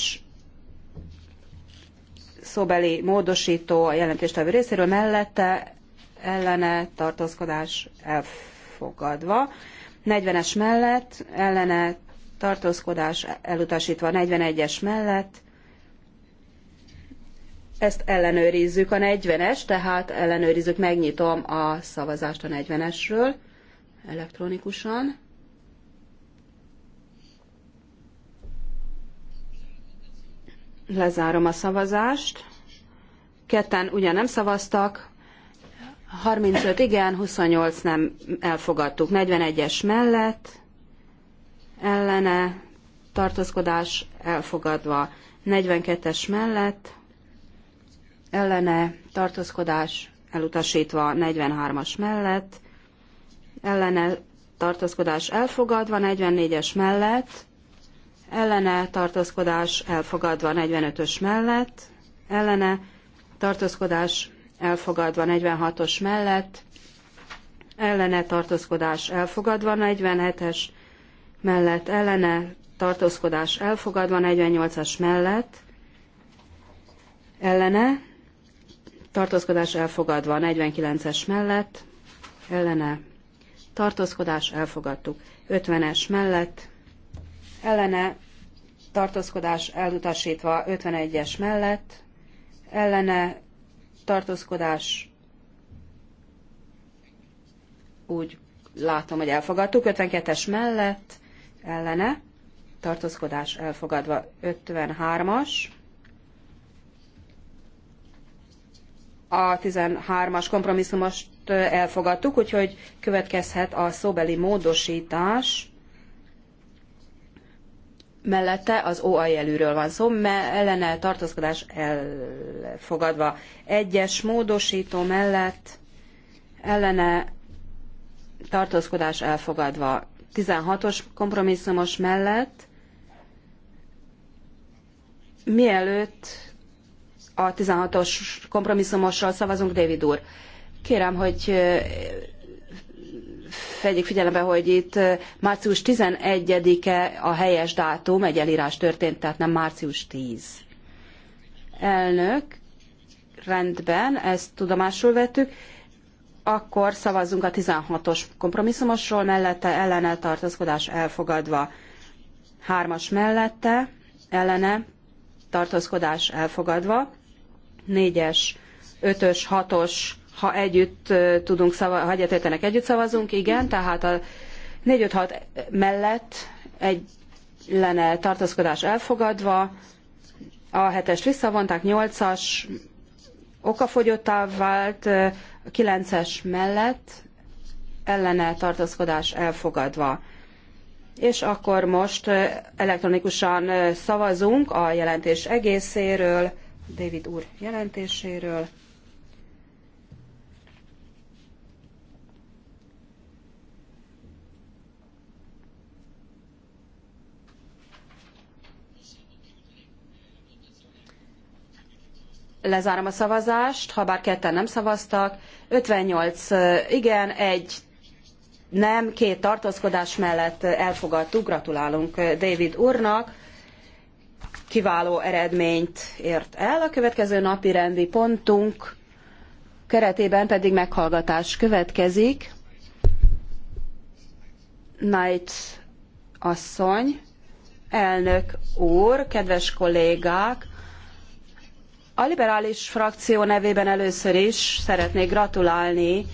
szóbeli módosító a jelentéstevő részéről mellette ellene tartózkodás elfogadva, 40-es mellett ellene tartózkodás elutasítva, 41-es mellett ezt ellenőrizzük a 40-es, tehát ellenőrizzük, megnyitom a szavazást a 40-esről elektronikusan. Lezárom a szavazást. Ketten ugye nem szavaztak. 35 igen, 28 nem elfogadtuk. 41-es mellett ellene tartózkodás elfogadva. 42-es mellett ellene tartózkodás elutasítva 43-as mellett, ellene tartózkodás elfogadva 44-es mellett, ellene tartózkodás elfogadva 45-ös mellett, ellene tartózkodás elfogadva 46-os mellett, ellene tartózkodás elfogadva 47-es mellett, ellene tartózkodás elfogadva 48-as mellett, ellene tartózkodás elfogadva 49-es mellett, ellene tartózkodás elfogadtuk 50-es mellett, ellene tartózkodás elutasítva 51-es mellett, ellene tartózkodás úgy látom, hogy elfogadtuk, 52-es mellett, ellene tartózkodás elfogadva 53-as, a 13-as kompromisszumost elfogadtuk, úgyhogy következhet a szóbeli módosítás, mellette az OA jelűről van szó, ellene tartózkodás elfogadva. Egyes módosító mellett ellene tartózkodás elfogadva. 16-os kompromisszumos mellett mielőtt a 16-os kompromisszumosról szavazunk, David úr. Kérem, hogy vegyék figyelembe, hogy itt március 11-e a helyes dátum, egy elírás történt, tehát nem március 10. Elnök, rendben, ezt tudomásul vettük. Akkor szavazzunk a 16-os kompromisszumosról, mellette ellene tartózkodás elfogadva. Hármas mellette, ellene tartózkodás elfogadva. Négyes, ötös, hatos ha együtt tudunk szavazni, ha egyetértenek együtt szavazunk, igen, tehát a 4 6 mellett egy lenne tartózkodás elfogadva, a 7-est visszavonták, 8-as okafogyottá vált, 9-es mellett ellene tartózkodás elfogadva. És akkor most elektronikusan szavazunk a jelentés egészéről, David úr jelentéséről. Lezárom a szavazást, ha bár ketten nem szavaztak. 58 igen, egy nem, két tartózkodás mellett elfogadtuk. Gratulálunk David úrnak. Kiváló eredményt ért el. A következő napi rendi pontunk keretében pedig meghallgatás következik. Knight asszony, elnök úr, kedves kollégák, a liberális frakció nevében először is szeretnék gratulálni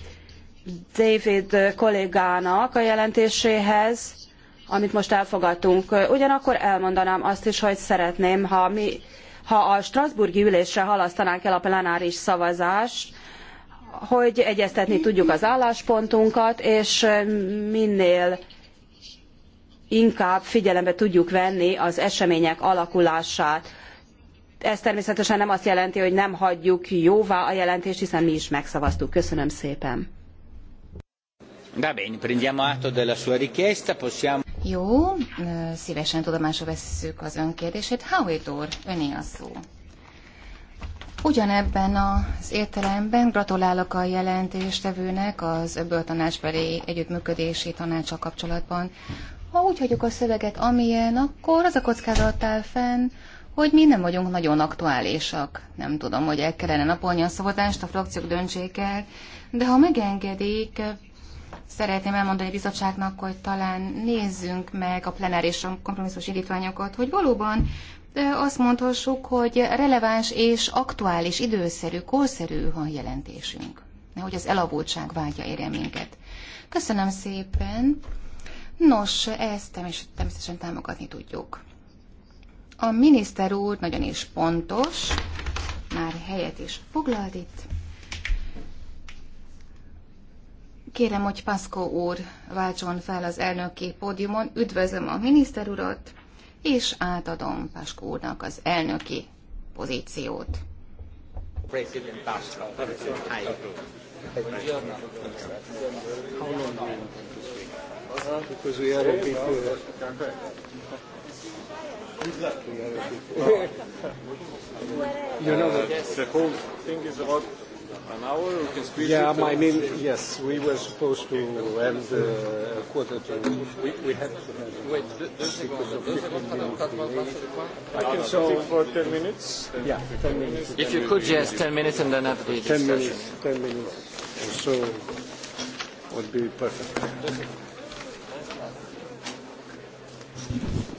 David kollégának a jelentéséhez, amit most elfogadtunk. Ugyanakkor elmondanám azt is, hogy szeretném, ha, mi, ha a Strasburgi ülésre halasztanánk el a plenáris szavazást, hogy egyeztetni tudjuk az álláspontunkat, és minél inkább figyelembe tudjuk venni az események alakulását ez természetesen nem azt jelenti, hogy nem hagyjuk jóvá a jelentést, hiszen mi is megszavaztuk. Köszönöm szépen. Va bene, prendiamo della sua richiesta, possiamo... Jó, szívesen tudomásul vesszük az önkérdését. Howitt úr, öné a szó. Ugyanebben az értelemben gratulálok a jelentéstevőnek az öböl tanácsbeli együttműködési tanácsa kapcsolatban. Ha úgy hagyjuk a szöveget amilyen, akkor az a kockázat áll fenn, hogy mi nem vagyunk nagyon aktuálisak. Nem tudom, hogy el kellene napolni a szavazást, a frakciók döntsék el, de ha megengedik, szeretném elmondani a bizottságnak, hogy talán nézzünk meg a plenáris kompromisszus indítványokat, hogy valóban azt mondhassuk, hogy releváns és aktuális, időszerű, korszerű a jelentésünk. Nehogy az elavultság vágya érje minket. Köszönöm szépen! Nos, ezt természetesen támogatni tudjuk. A miniszter úr nagyon is pontos, már helyet is foglalt itt. Kérem, hogy Paszkó úr váltson fel az elnöki pódiumon, üdvözlöm a miniszter urat, és átadom Paszkó úrnak az elnöki pozíciót. President you. know the, Yes, the whole thing is about an hour. We can squeeze yeah, it. Yeah, I mean, yes, we were supposed to end uh, quarter to. We, we had to have. Wait, deux secondes. I can so, for 10 minutes. Yeah, 10 minutes. If you could, yes, 10 minutes and then have the discussion. 10 minutes, 10 minutes. so would be perfect. Thank you.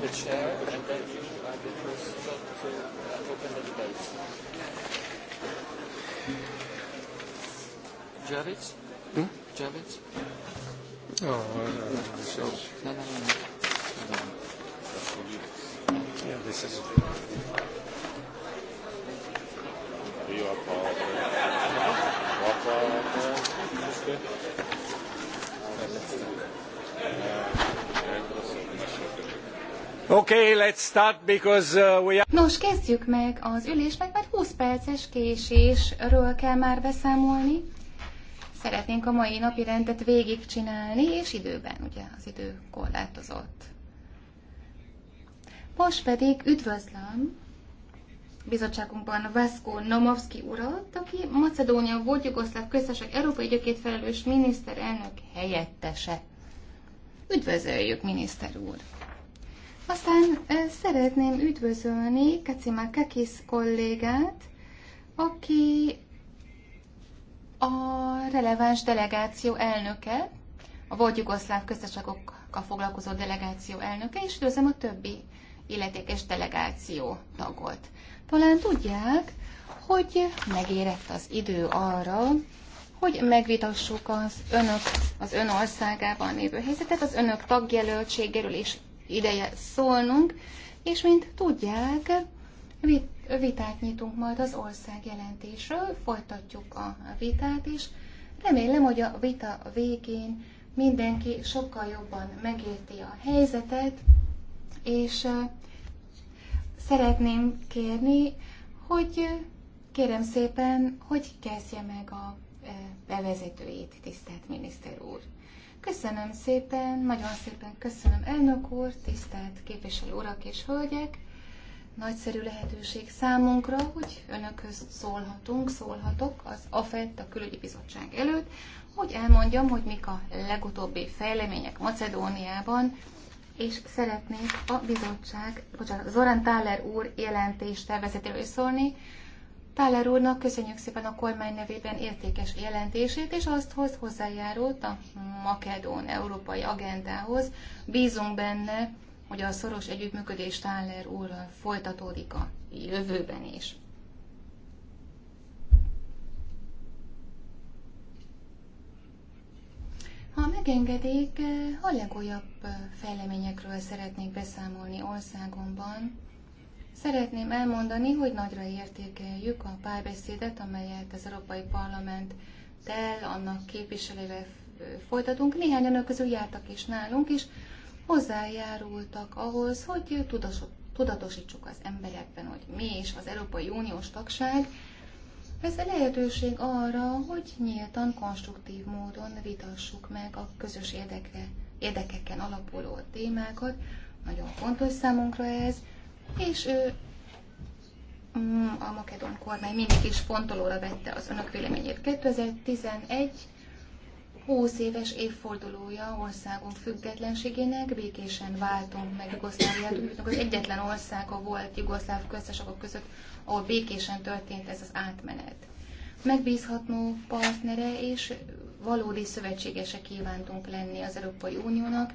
the chair, and then you are the first to open the debate. Javits? Hmm? Javits? Oh, uh, no, no, no, Yeah, this is. You are part. What are? Uh, Okay, let's start because uh, we are... Nos, kezdjük meg az ülésnek, mert 20 perces késésről kell már beszámolni. Szeretnénk a mai napi rendet végigcsinálni, és időben, ugye az idő korlátozott. Most pedig üdvözlöm bizottságunkban Vasco Nomovski urat, aki Macedónia volt Jugoszláv köztársaság európai ügyökét felelős miniszterelnök helyettese. Üdvözöljük, miniszter úr! Aztán szeretném üdvözölni Kacima Kekis kollégát, aki a releváns delegáció elnöke, a volt jugoszláv köztársaságokkal foglalkozó delegáció elnöke, és üdvözlöm a többi illetékes delegáció tagot. Talán tudják, hogy megérett az idő arra, hogy megvitassuk az önök, az ön országában lévő helyzetet, az önök tagjelöltségéről és ideje szólnunk, és mint tudják, vitát nyitunk majd az ország jelentésről, folytatjuk a vitát, is. remélem, hogy a vita végén mindenki sokkal jobban megérti a helyzetet, és szeretném kérni, hogy kérem szépen, hogy kezdje meg a bevezetőjét, tisztelt miniszter úr. Köszönöm szépen, nagyon szépen köszönöm elnök úr, tisztelt képviselő urak és hölgyek. Nagyszerű lehetőség számunkra, hogy önökhöz szólhatunk, szólhatok az AFET, a külügyi bizottság előtt, hogy elmondjam, hogy mik a legutóbbi fejlemények Macedóniában, és szeretnék a bizottság, bocsánat, Zoran Táler úr jelentés tervezetéről szólni, Táler úrnak köszönjük szépen a kormány nevében értékes jelentését, és azt hoz hozzájárult a Makedón európai agendához. Bízunk benne, hogy a szoros együttműködés Táler úrral folytatódik a jövőben is. Ha megengedik, a legújabb eh, fejleményekről szeretnék beszámolni országomban. Szeretném elmondani, hogy nagyra értékeljük a párbeszédet, amelyet az Európai Parlament tel, annak képviselővel folytatunk. Néhány önök közül jártak is nálunk, és hozzájárultak ahhoz, hogy tudatosítsuk az emberekben, hogy mi is az Európai Uniós tagság. Ez a lehetőség arra, hogy nyíltan, konstruktív módon vitassuk meg a közös érdekre, érdekeken alapuló témákat. Nagyon fontos számunkra ez, és ő mm, a makedon kormány mindig is fontolóra vette az önök véleményét. 2011 20 éves évfordulója országunk függetlenségének, békésen váltunk meg Jugoszláviát, úgyhogy az egyetlen országa volt Jugoszláv köztesakok között, ahol békésen történt ez az átmenet. Megbízható partnere és valódi szövetségese kívántunk lenni az Európai Uniónak.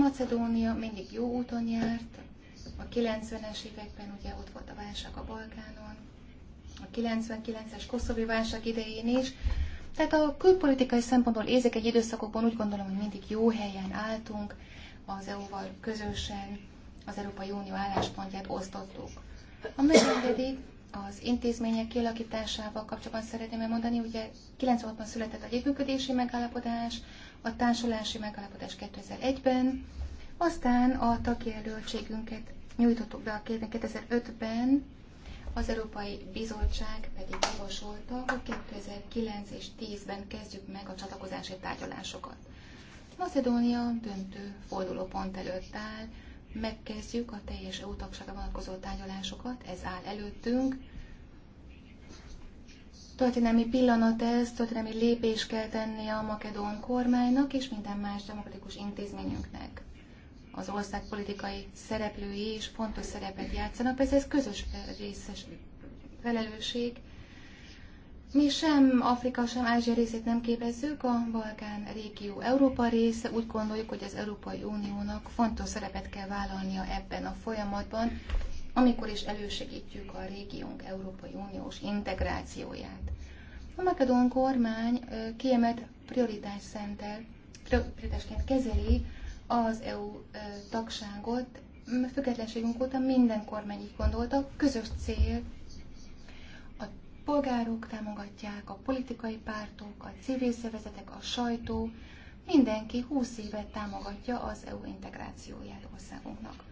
Macedónia mindig jó úton járt, a 90-es években ugye ott volt a válság a Balkánon, a 99-es koszovi válság idején is. Tehát a külpolitikai szempontból egy időszakokban úgy gondolom, hogy mindig jó helyen álltunk, az EU-val közösen az Európai Unió álláspontját osztottuk. A pedig az intézmények kialakításával kapcsolatban szeretném elmondani, ugye 96-ban született a együttműködési megállapodás, a társulási megállapodás 2001-ben, aztán a tagjelöltségünket nyújtottuk be a 2005-ben, az Európai Bizottság pedig javasolta, hogy 2009 és 10-ben kezdjük meg a csatlakozási tárgyalásokat. Macedónia döntő fordulópont előtt áll, megkezdjük a teljes EU tagsága vonatkozó tárgyalásokat, ez áll előttünk. Történelmi pillanat ez, történelmi lépés kell tenni a makedón kormánynak és minden más demokratikus intézményünknek az ország politikai szereplői is fontos szerepet játszanak, persze ez közös részes felelősség. Mi sem Afrika, sem Ázsia részét nem képezzük, a Balkán régió Európa része. Úgy gondoljuk, hogy az Európai Uniónak fontos szerepet kell vállalnia ebben a folyamatban, amikor is elősegítjük a régiónk Európai Uniós integrációját. A makedón kormány kiemelt prioritás szentel, prioritásként kezeli az EU tagságot függetlenségünk óta minden kormány így gondolta, közös cél, a polgárok támogatják, a politikai pártok, a civil szervezetek, a sajtó, mindenki 20 éve támogatja az EU integrációját országunknak.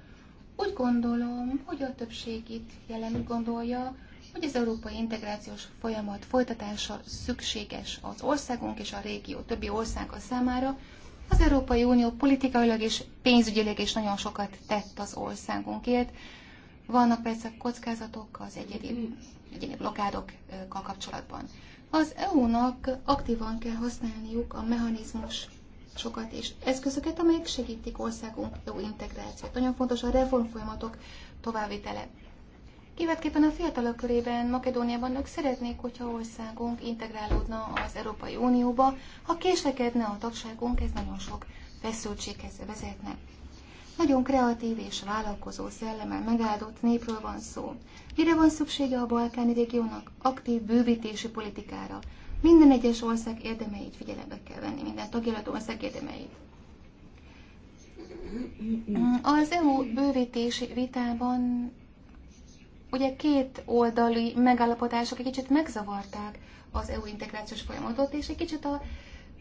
Úgy gondolom, hogy a többség itt jelen úgy gondolja, hogy az európai integrációs folyamat folytatása szükséges az országunk és a régió többi országa számára, az Európai Unió politikailag és pénzügyileg is nagyon sokat tett az országunkért. Vannak persze kockázatok az egyedi, egyedi blokádokkal kapcsolatban. Az EU-nak aktívan kell használniuk a mechanizmus sokat és eszközöket, amelyek segítik országunk jó integrációt. Nagyon fontos a reformfolyamatok továbbvitele. Kivetképpen a fiatalok körében Makedóniában ők szeretnék, hogyha országunk integrálódna az Európai Unióba. Ha késlekedne a tagságunk, ez nagyon sok feszültséghez vezetne. Nagyon kreatív és vállalkozó szellemmel megáldott népről van szó. Mire van szüksége a balkáni régiónak? Aktív bővítési politikára. Minden egyes ország érdemeit figyelembe kell venni, minden tagjelölt ország érdemeit. Mm-hmm. Az EU bővítési vitában Ugye két oldali megállapodások egy kicsit megzavarták az EU integrációs folyamatot, és egy kicsit a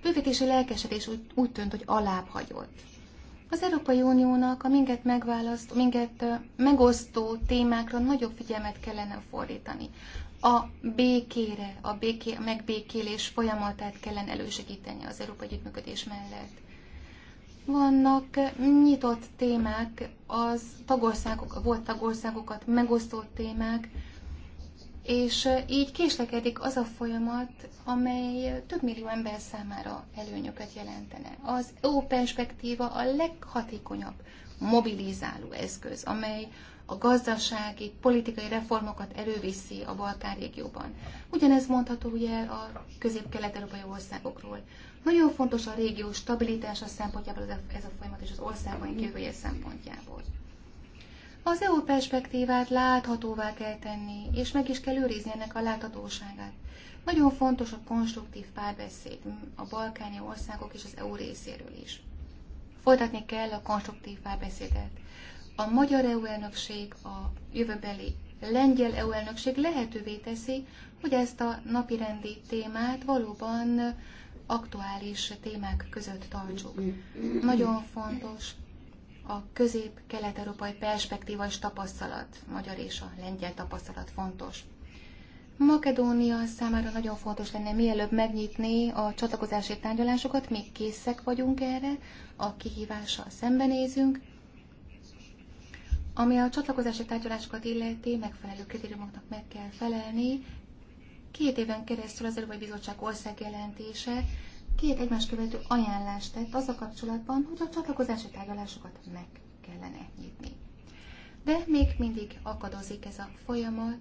bővítési lelkesedés úgy, úgy tűnt, hogy alább hagyott. Az Európai Uniónak a minket megválaszt, minket megosztó témákra nagyobb figyelmet kellene fordítani. A békére, a, béké, a megbékélés folyamatát kellene elősegíteni az európai együttműködés mellett. Vannak nyitott témák, az tagországok, volt tagországokat megosztó témák, és így késlekedik az a folyamat, amely több millió ember számára előnyöket jelentene. Az EU perspektíva a leghatékonyabb mobilizáló eszköz, amely a gazdasági, politikai reformokat előviszi a Balkán régióban. Ugyanez mondható ugye a közép-kelet-európai országokról. Nagyon fontos a régió stabilitása szempontjából ez a folyamat és az országban jövője szempontjából. Az EU perspektívát láthatóvá kell tenni, és meg is kell őrizni ennek a láthatóságát. Nagyon fontos a konstruktív párbeszéd a balkáni országok és az EU részéről is. Folytatni kell a konstruktív párbeszédet. A magyar EU elnökség, a jövőbeli lengyel EU elnökség lehetővé teszi, hogy ezt a napirendi témát valóban aktuális témák között tartsuk. Nagyon fontos a közép-kelet-európai perspektíva és tapasztalat, magyar és a lengyel tapasztalat fontos. Makedónia számára nagyon fontos lenne mielőbb megnyitni a csatlakozási tárgyalásokat, még készek vagyunk erre, a kihívással szembenézünk. Ami a csatlakozási tárgyalásokat illeti, megfelelő kritériumoknak meg kell felelni, Két éven keresztül az Európai Bizottság országjelentése két egymás követő ajánlást tett az a kapcsolatban, hogy a csatlakozási tárgyalásokat meg kellene nyitni. De még mindig akadozik ez a folyamat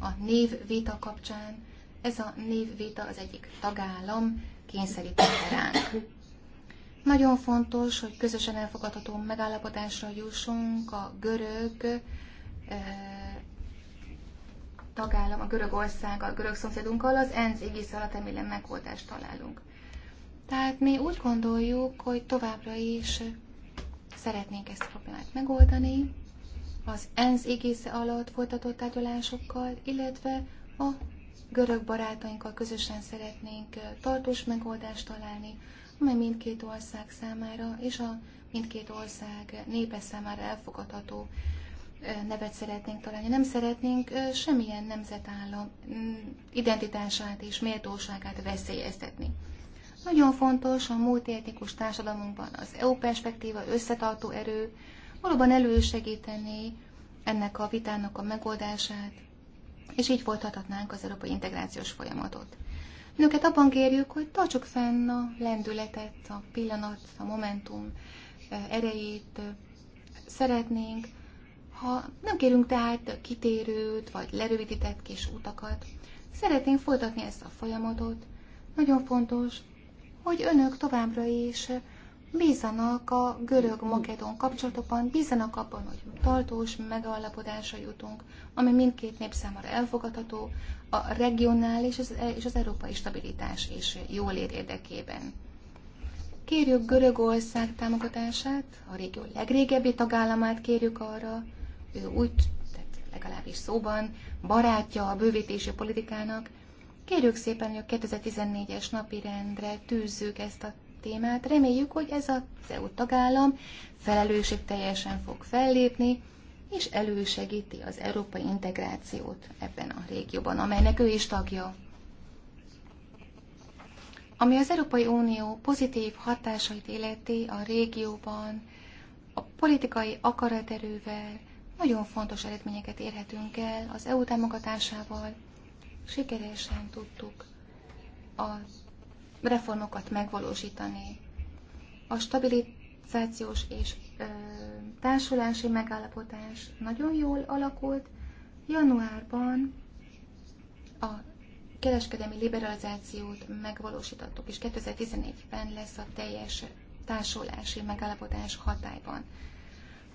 a névvita kapcsán. Ez a névvita az egyik tagállam kényszerítette ránk. Nagyon fontos, hogy közösen elfogadható megállapodásra jussunk a görög eh, tagállam, a Görögország, a görög szomszédunkkal az ENSZ égisze alatt emélem megoldást találunk. Tehát mi úgy gondoljuk, hogy továbbra is szeretnénk ezt a problémát megoldani, az ENSZ égisze alatt folytatott tárgyalásokkal, illetve a görög barátainkkal közösen szeretnénk tartós megoldást találni, amely mindkét ország számára és a mindkét ország népe számára elfogadható nevet szeretnénk találni. Nem szeretnénk semmilyen nemzetállam identitását és méltóságát veszélyeztetni. Nagyon fontos a multietnikus társadalmunkban az EU perspektíva összetartó erő, valóban elősegíteni ennek a vitának a megoldását, és így folytathatnánk az európai integrációs folyamatot. Nőket abban kérjük, hogy tartsuk fenn a lendületet, a pillanat, a momentum erejét. Szeretnénk ha nem kérünk tehát kitérőt, vagy lerövidített kis utakat, szeretnénk folytatni ezt a folyamatot. Nagyon fontos, hogy önök továbbra is bízanak a görög-makedon kapcsolatokban, bízanak abban, hogy tartós megállapodásra jutunk, ami mindkét nép számára elfogadható, a regionális és az e- európai stabilitás és jólét érdekében. Kérjük Görögország támogatását, a régió legrégebbi tagállamát kérjük arra, ő úgy, tehát legalábbis szóban, barátja a bővítési politikának. Kérjük szépen, hogy a 2014-es napi rendre tűzzük ezt a témát. Reméljük, hogy ez a EU tagállam felelősség teljesen fog fellépni, és elősegíti az európai integrációt ebben a régióban, amelynek ő is tagja. Ami az Európai Unió pozitív hatásait illeti a régióban, a politikai akaraterővel, nagyon fontos eredményeket érhetünk el az EU támogatásával. Sikeresen tudtuk a reformokat megvalósítani. A stabilizációs és ö, társulási megállapodás nagyon jól alakult. Januárban a kereskedelmi liberalizációt megvalósítottuk, és 2014 ben lesz a teljes társulási megállapodás hatályban.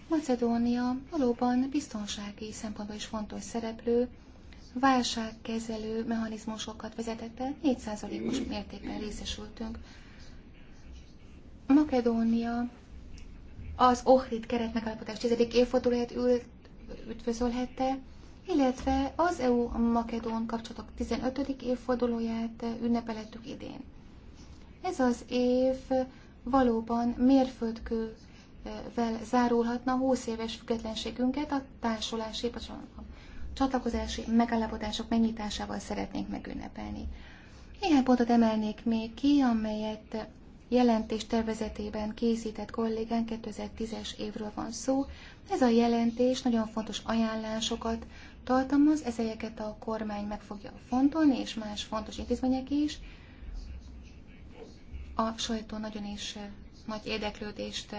Macedónia valóban biztonsági szempontból is fontos szereplő, válságkezelő mechanizmusokat vezetett be, 4%-os mértékben részesültünk. Makedónia az Ohrid keretmegállapodás 10. évfordulóját ült, üdvözölhette, illetve az EU-Makedón kapcsolatok 15. évfordulóját ünnepelettük idén. Ez az év valóban mérföldkő vel zárulhatna 20 éves függetlenségünket a társulási, a csatlakozási megállapodások megnyitásával szeretnénk megünnepelni. Néhány pontot emelnék még ki, amelyet jelentés tervezetében készített kollégán 2010-es évről van szó. Ez a jelentés nagyon fontos ajánlásokat tartalmaz, ezeket a kormány meg fogja fontolni, és más fontos intézmények is. A sajtó nagyon is nagy érdeklődést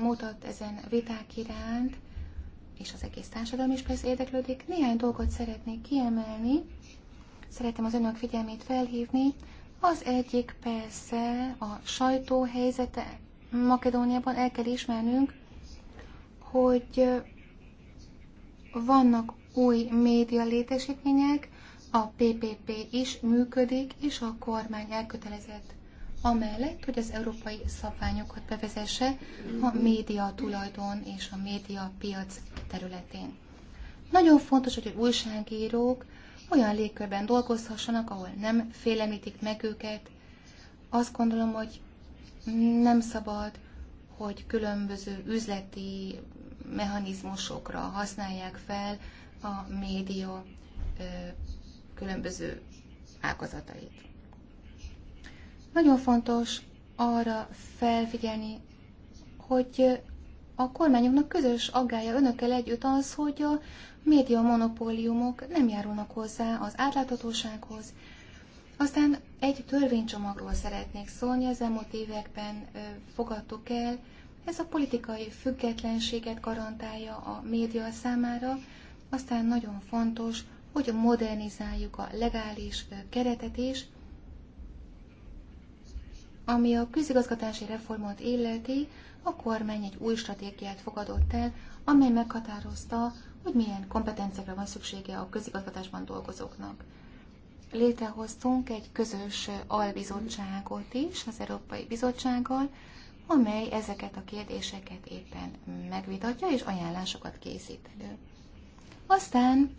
mutat ezen viták iránt, és az egész társadalom is persze érdeklődik. Néhány dolgot szeretnék kiemelni, szeretem az önök figyelmét felhívni. Az egyik persze a sajtó helyzete Makedóniában el kell ismernünk, hogy vannak új média létesítmények, a PPP is működik, és a kormány elkötelezett amellett, hogy az európai szabványokat bevezesse a média tulajdon és a média piac területén. Nagyon fontos, hogy újságírók olyan légkörben dolgozhassanak, ahol nem félemítik meg őket. Azt gondolom, hogy nem szabad, hogy különböző üzleti mechanizmusokra használják fel a média különböző ágazatait. Nagyon fontos arra felfigyelni, hogy a kormányoknak közös aggája önökkel együtt az, hogy a média monopóliumok nem járulnak hozzá az átláthatósághoz. Aztán egy törvénycsomagról szeretnék szólni, az elmúlt években fogadtuk el. Ez a politikai függetlenséget garantálja a média számára, aztán nagyon fontos, hogy modernizáljuk a legális keretet is, ami a közigazgatási reformot illeti, a kormány egy új stratégiát fogadott el, amely meghatározta, hogy milyen kompetenciákra van szüksége a közigazgatásban dolgozóknak. Létrehoztunk egy közös albizottságot is az Európai Bizottsággal, amely ezeket a kérdéseket éppen megvitatja és ajánlásokat készít elő. Aztán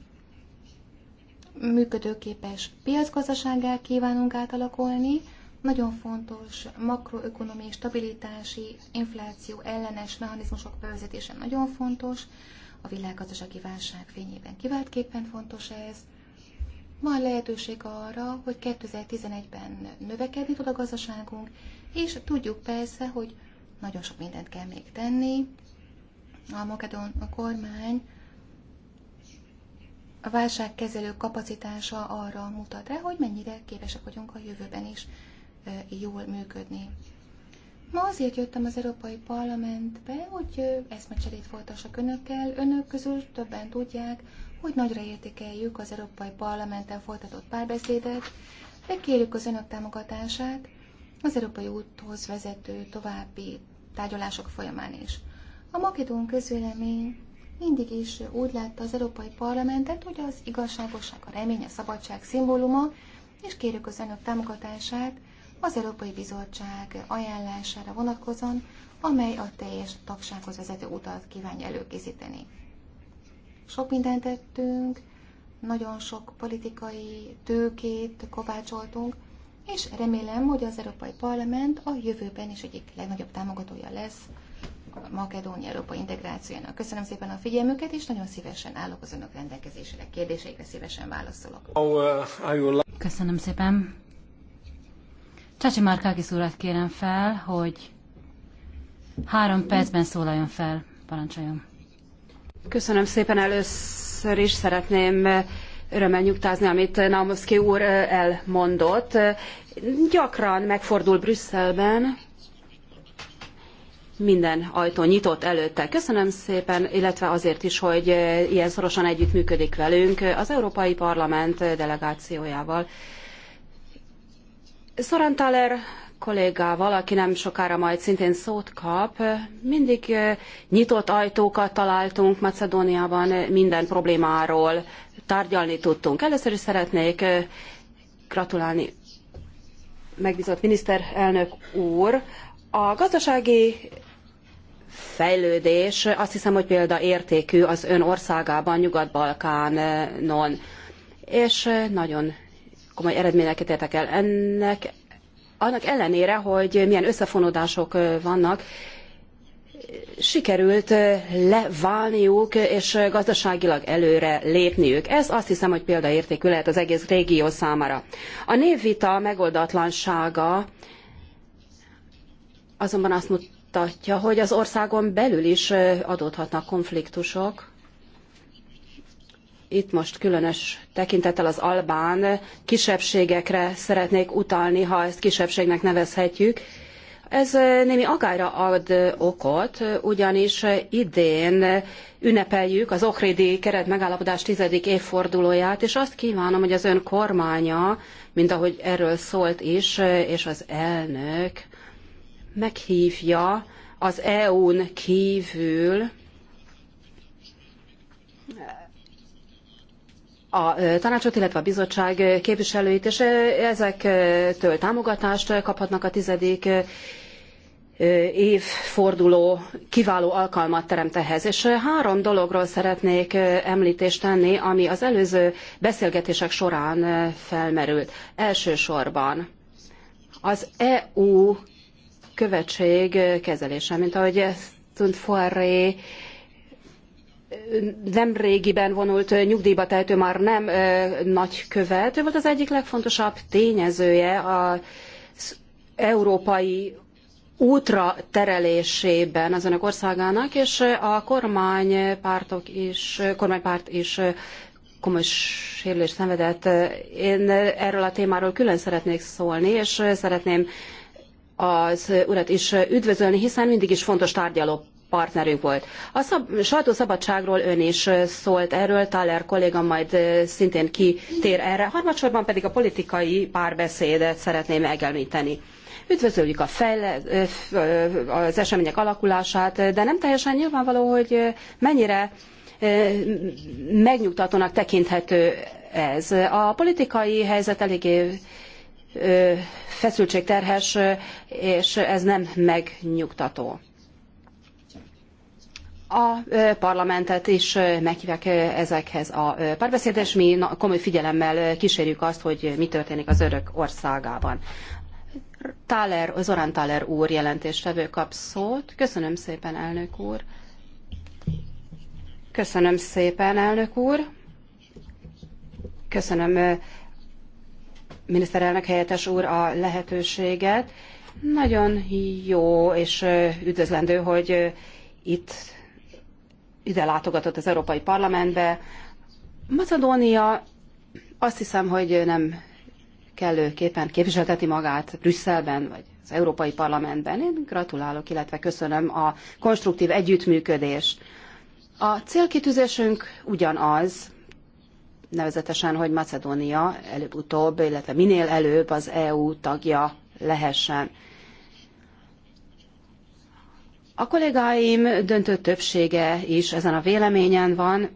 működőképes piacgazdasággal kívánunk átalakulni, nagyon fontos makroökonomiai stabilitási, infláció ellenes mechanizmusok bevezetése nagyon fontos, a világgazdasági válság fényében kiváltképpen fontos ez. Van lehetőség arra, hogy 2011-ben növekedni tud a gazdaságunk, és tudjuk persze, hogy nagyon sok mindent kell még tenni. A Makedon a kormány a válságkezelő kapacitása arra mutat rá, hogy mennyire képesek vagyunk a jövőben is jól működni. Ma azért jöttem az Európai Parlamentbe, hogy eszmecserét folytassak önökkel. Önök közül többen tudják, hogy nagyra értékeljük az Európai Parlamenten folytatott párbeszédet, de kérjük az önök támogatását az Európai úthoz vezető további tárgyalások folyamán is. A makedón közvélemény mindig is úgy látta az Európai Parlamentet, hogy az igazságosság, a remény, a szabadság szimbóluma, és kérjük az önök támogatását az Európai Bizottság ajánlására vonatkozóan, amely a teljes tagsághoz vezető utat kívánja előkészíteni. Sok mindent tettünk, nagyon sok politikai tőkét kovácsoltunk, és remélem, hogy az Európai Parlament a jövőben is egyik legnagyobb támogatója lesz a Makedónia Európai integrációjának. Köszönöm szépen a figyelmüket, és nagyon szívesen állok az önök rendelkezésére. Kérdéseikre szívesen válaszolok. Uh, Köszönöm szépen. Csacsi Márkákis urat kérem fel, hogy három percben szólaljon fel. Parancsoljon. Köszönöm szépen először is. Szeretném eh, örömmel nyugtázni, amit Naumovszki úr eh, elmondott. Gyakran megfordul Brüsszelben, minden ajtó nyitott előtte. Köszönöm szépen, illetve azért is, hogy eh, ilyen szorosan együttműködik velünk az Európai Parlament delegációjával. Soran Thaler kollégával, aki nem sokára majd szintén szót kap, mindig nyitott ajtókat találtunk Macedóniában, minden problémáról tárgyalni tudtunk. Először is szeretnék gratulálni megbízott miniszterelnök úr. A gazdasági fejlődés azt hiszem, hogy példaértékű az ön országában, Nyugat-Balkánon, és nagyon komoly eredményeket értek el. Ennek annak ellenére, hogy milyen összefonódások vannak, sikerült leválniuk és gazdaságilag előre lépniük. Ez azt hiszem, hogy példaértékű lehet az egész régió számára. A névvita megoldatlansága azonban azt mutatja, hogy az országon belül is adódhatnak konfliktusok itt most különös tekintettel az albán kisebbségekre szeretnék utalni, ha ezt kisebbségnek nevezhetjük. Ez némi agályra ad okot, ugyanis idén ünnepeljük az Okrédi keret megállapodás tizedik évfordulóját, és azt kívánom, hogy az ön kormánya, mint ahogy erről szólt is, és az elnök meghívja az EU-n kívül a tanácsot, illetve a bizottság képviselőit, és ezektől támogatást kaphatnak a tizedik évforduló kiváló alkalmat teremt ehhez. És három dologról szeretnék említést tenni, ami az előző beszélgetések során felmerült. Elsősorban az EU követség kezelése, mint ahogy ezt Forré nem vonult nyugdíjba tehető már nem nagykövet, ő volt az egyik legfontosabb tényezője az európai útra terelésében az önök országának, és a kormánypártok is, kormánypárt is komoly sérülést szenvedett. Én erről a témáról külön szeretnék szólni, és szeretném az urat is üdvözölni, hiszen mindig is fontos tárgyaló partnerünk volt. A szab- sajtószabadságról ön is szólt erről, Thaler kolléga majd szintén kitér erre. Harmadsorban pedig a politikai párbeszédet szeretném megemlíteni. Üdvözöljük a fejle, az események alakulását, de nem teljesen nyilvánvaló, hogy mennyire megnyugtatónak tekinthető ez. A politikai helyzet eléggé feszültségterhes, és ez nem megnyugtató a parlamentet is meghívják ezekhez a párbeszédes, mi komoly figyelemmel kísérjük azt, hogy mi történik az örök országában. Táler, Zorán Táler úr jelentéstevő kap szót. Köszönöm szépen, elnök úr. Köszönöm szépen, elnök úr. Köszönöm miniszterelnök helyettes úr a lehetőséget. Nagyon jó és üdvözlendő, hogy itt ide látogatott az Európai Parlamentbe. Macedónia azt hiszem, hogy nem kellőképpen képviselteti magát Brüsszelben, vagy az Európai Parlamentben. Én gratulálok, illetve köszönöm a konstruktív együttműködést. A célkitűzésünk ugyanaz, nevezetesen, hogy Macedónia előbb-utóbb, illetve minél előbb az EU tagja lehessen. A kollégáim döntő többsége is ezen a véleményen van.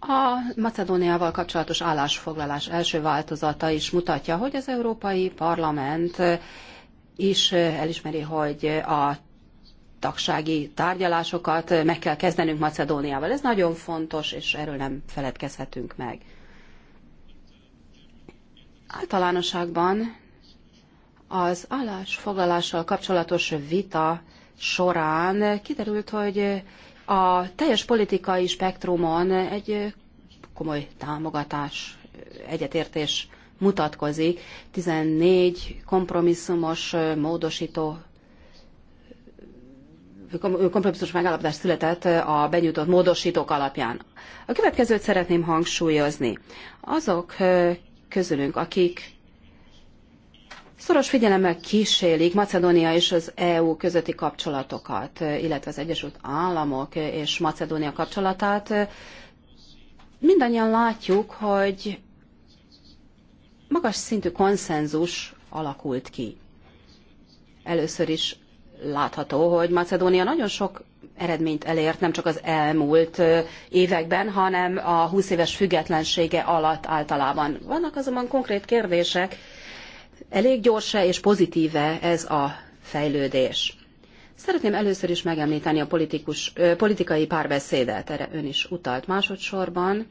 A Macedóniával kapcsolatos állásfoglalás első változata is mutatja, hogy az Európai Parlament is elismeri, hogy a tagsági tárgyalásokat meg kell kezdenünk Macedóniával. Ez nagyon fontos, és erről nem feledkezhetünk meg. Általánosságban az állásfoglalással kapcsolatos vita során kiderült, hogy a teljes politikai spektrumon egy komoly támogatás, egyetértés mutatkozik. 14 kompromisszumos módosító kompromisszumos megállapodás született a benyújtott módosítók alapján. A következőt szeretném hangsúlyozni. Azok közülünk, akik Szoros figyelemmel kísérik Macedónia és az EU közötti kapcsolatokat, illetve az Egyesült Államok és Macedónia kapcsolatát. Mindannyian látjuk, hogy magas szintű konszenzus alakult ki. Először is látható, hogy Macedónia nagyon sok eredményt elért, nem csak az elmúlt években, hanem a 20 éves függetlensége alatt általában. Vannak azonban konkrét kérdések, elég gyorsa és pozitíve ez a fejlődés. Szeretném először is megemlíteni a politikus, politikai párbeszédet, erre ön is utalt másodszorban,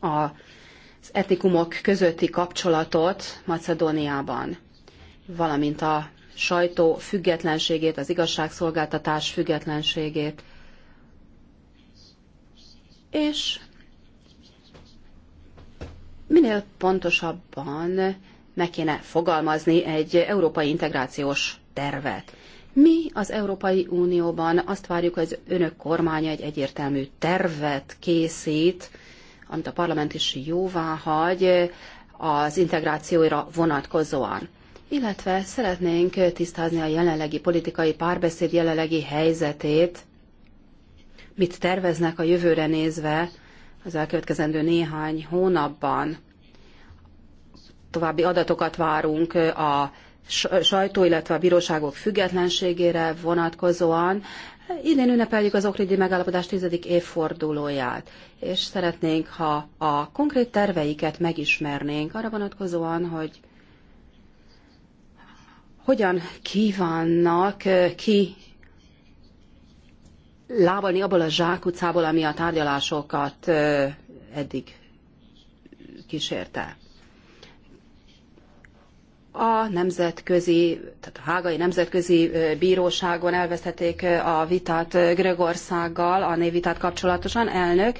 az etnikumok közötti kapcsolatot Macedóniában, valamint a sajtó függetlenségét, az igazságszolgáltatás függetlenségét, és minél pontosabban meg kéne fogalmazni egy európai integrációs tervet. Mi az Európai Unióban azt várjuk, hogy az önök kormánya egy egyértelmű tervet készít, amit a parlament is jóvá hagy az integrációra vonatkozóan. Illetve szeretnénk tisztázni a jelenlegi politikai párbeszéd jelenlegi helyzetét, mit terveznek a jövőre nézve az elkövetkezendő néhány hónapban további adatokat várunk a sajtó, illetve a bíróságok függetlenségére vonatkozóan. Idén ünnepeljük az okridi megállapodás tizedik évfordulóját, és szeretnénk, ha a konkrét terveiket megismernénk arra vonatkozóan, hogy hogyan kívánnak ki lábalni abból a zsákutcából, ami a tárgyalásokat eddig kísérte a nemzetközi, tehát a hágai nemzetközi bíróságon elvesztették a vitát Grögországgal, a névvitát kapcsolatosan, elnök.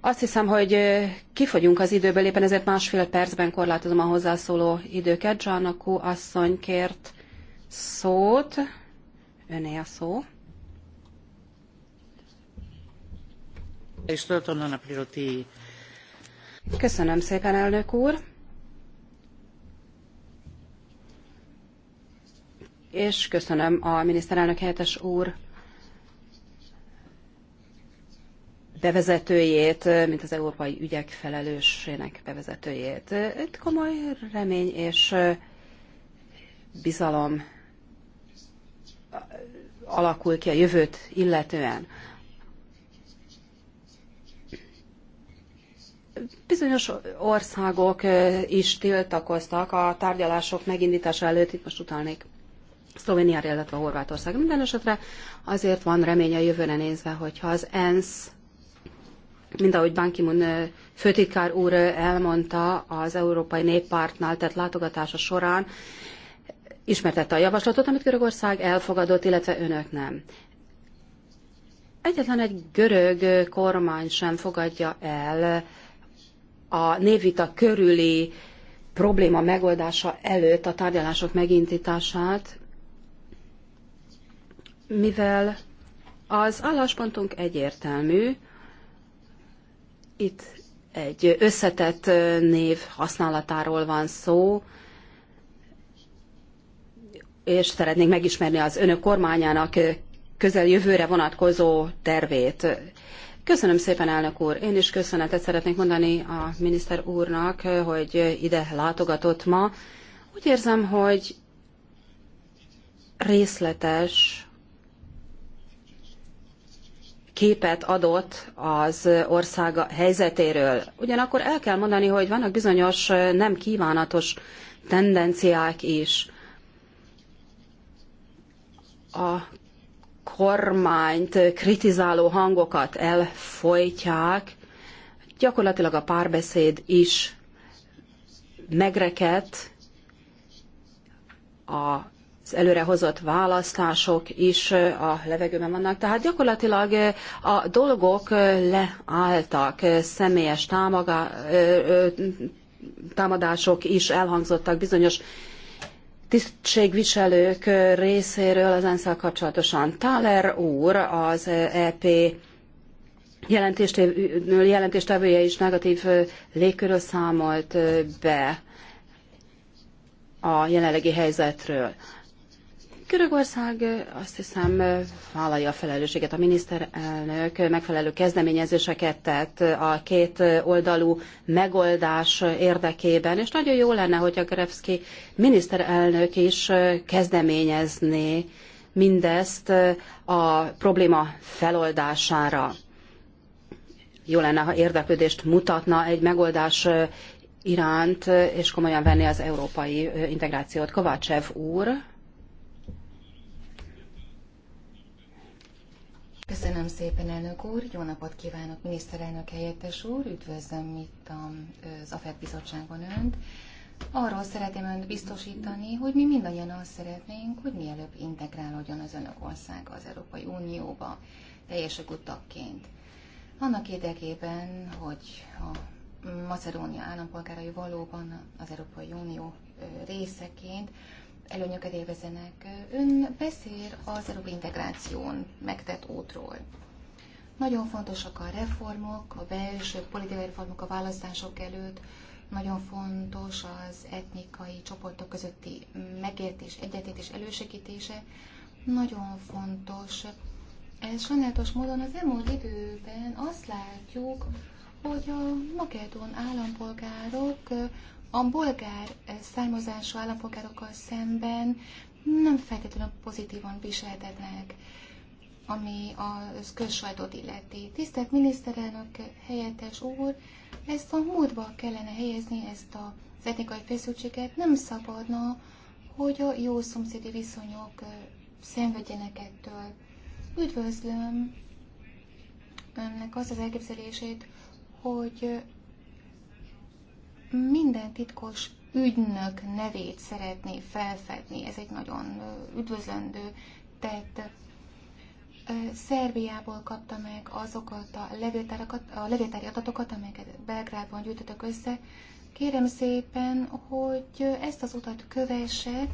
Azt hiszem, hogy kifogyunk az időből, éppen ezért másfél percben korlátozom a hozzászóló időket. Zsarnakú asszony kért szót. Öné a szó. Köszönöm szépen, elnök úr. és köszönöm a miniszterelnök helyettes úr bevezetőjét, mint az európai ügyek felelősének bevezetőjét. Itt komoly remény és bizalom alakul ki a jövőt illetően. Bizonyos országok is tiltakoztak a tárgyalások megindítása előtt, itt most utalnék Szlovéniára, illetve Horvátország minden esetre. Azért van remény a jövőre nézve, hogyha az ENSZ, mint ahogy Ban Ki-moon főtitkár úr elmondta az Európai Néppártnál tett látogatása során, ismertette a javaslatot, amit Görögország elfogadott, illetve önök nem. Egyetlen egy görög kormány sem fogadja el a névita körüli probléma megoldása előtt a tárgyalások megindítását, mivel az álláspontunk egyértelmű, itt egy összetett név használatáról van szó, és szeretnék megismerni az önök kormányának közeljövőre vonatkozó tervét. Köszönöm szépen, elnök úr. Én is köszönetet szeretnék mondani a miniszter úrnak, hogy ide látogatott ma. Úgy érzem, hogy részletes képet adott az ország helyzetéről. Ugyanakkor el kell mondani, hogy vannak bizonyos nem kívánatos tendenciák is. A kormányt kritizáló hangokat elfolytják, gyakorlatilag a párbeszéd is megrekedt, a az előrehozott választások is a levegőben vannak. Tehát gyakorlatilag a dolgok leálltak, személyes támaga, támadások is elhangzottak bizonyos tisztségviselők részéről az ensz kapcsolatosan. Thaler úr, az EP jelentéstevője is negatív légkörről számolt be a jelenlegi helyzetről. Görögország azt hiszem vállalja a felelősséget. A miniszterelnök megfelelő kezdeményezéseket tett a két oldalú megoldás érdekében, és nagyon jó lenne, hogy a Grevski miniszterelnök is kezdeményezné mindezt a probléma feloldására. Jó lenne, ha érdeklődést mutatna egy megoldás iránt, és komolyan venni az európai integrációt. Kovácsev úr. Köszönöm szépen, elnök úr! Jó napot kívánok, miniszterelnök helyettes úr! Üdvözlöm itt az AFED bizottságban önt. Arról szeretném önt biztosítani, hogy mi mindannyian azt szeretnénk, hogy mielőbb integrálódjon az önök országa az Európai Unióba, teljes utakként. Annak érdekében, hogy a Macedónia állampolgárai valóban az Európai Unió részeként előnyöket élvezenek. Ön beszél az európai integráción megtett útról. Nagyon fontosak a reformok, a belső politikai reformok a választások előtt, nagyon fontos az etnikai csoportok közötti megértés, egyetétés elősegítése, nagyon fontos. Ez sajnálatos módon az elmúlt időben azt látjuk, hogy a makedón állampolgárok a bolgár eh, származású állampolgárokkal szemben nem feltétlenül pozitívan viselkednek, ami a közsajtot illeti. Tisztelt miniszterelnök helyettes úr, ezt a múltba kellene helyezni, ezt az etnikai feszültséget nem szabadna, hogy a jó szomszédi viszonyok eh, szenvedjenek ettől. Üdvözlöm önnek azt az elképzelését, hogy eh, minden titkos ügynök nevét szeretné felfedni. Ez egy nagyon üdvözlendő tett. Szerbiából kapta meg azokat a a levéltári adatokat, amelyeket Belgrádban gyűjtötök össze. Kérem szépen, hogy ezt az utat kövesse,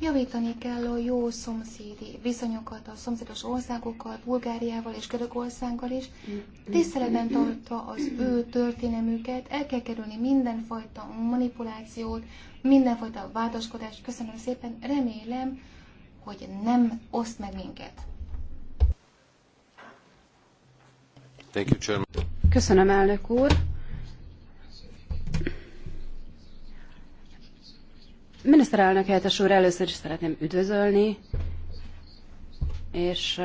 Javítani kell a jó szomszédi viszonyokat, a szomszédos országokkal, Bulgáriával és Görögországgal is, tiszteletben tartva az ő történelmüket, el kell kerülni mindenfajta manipulációt, mindenfajta vádaskodást. Köszönöm szépen, remélem, hogy nem oszt meg minket. Köszönöm, elnök úr. Miniszterelnök helyettes úr, először is szeretném üdvözölni, és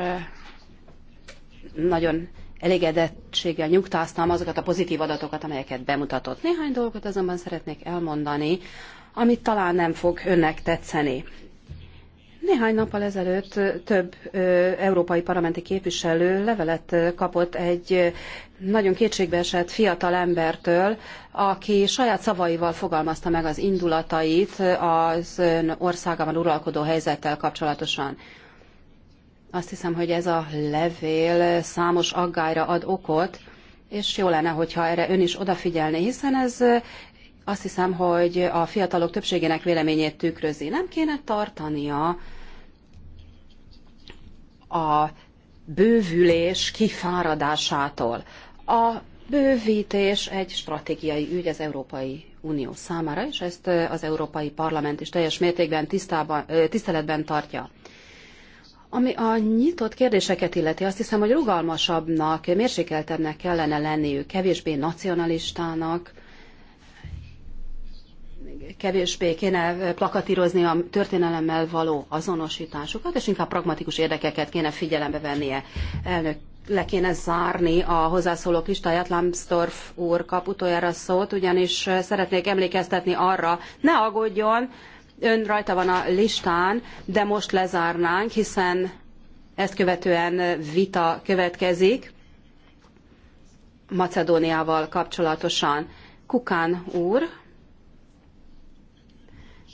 nagyon elégedettséggel nyugtáztam azokat a pozitív adatokat, amelyeket bemutatott. Néhány dolgot azonban szeretnék elmondani, amit talán nem fog önnek tetszeni. Néhány nappal ezelőtt több európai parlamenti képviselő levelet kapott egy nagyon kétségbeesett fiatal embertől, aki saját szavaival fogalmazta meg az indulatait az ön országában uralkodó helyzettel kapcsolatosan. Azt hiszem, hogy ez a levél számos aggályra ad okot, és jó lenne, hogyha erre ön is odafigyelné, hiszen ez azt hiszem, hogy a fiatalok többségének véleményét tükrözi. Nem kéne tartania a bővülés kifáradásától. A bővítés egy stratégiai ügy az Európai Unió számára, és ezt az Európai Parlament is teljes mértékben tisztában, tiszteletben tartja. Ami a nyitott kérdéseket illeti, azt hiszem, hogy rugalmasabbnak, mérsékeltebbnek kellene lenniük, kevésbé nacionalistának, kevésbé kéne plakatírozni a történelemmel való azonosításukat, és inkább pragmatikus érdekeket kéne figyelembe vennie. Elnök, le kéne zárni a hozzászólók listáját, Lambsdorff úr kap utoljára szót, ugyanis szeretnék emlékeztetni arra, ne aggódjon, ön rajta van a listán, de most lezárnánk, hiszen ezt követően vita következik Macedóniával kapcsolatosan. Kukán úr.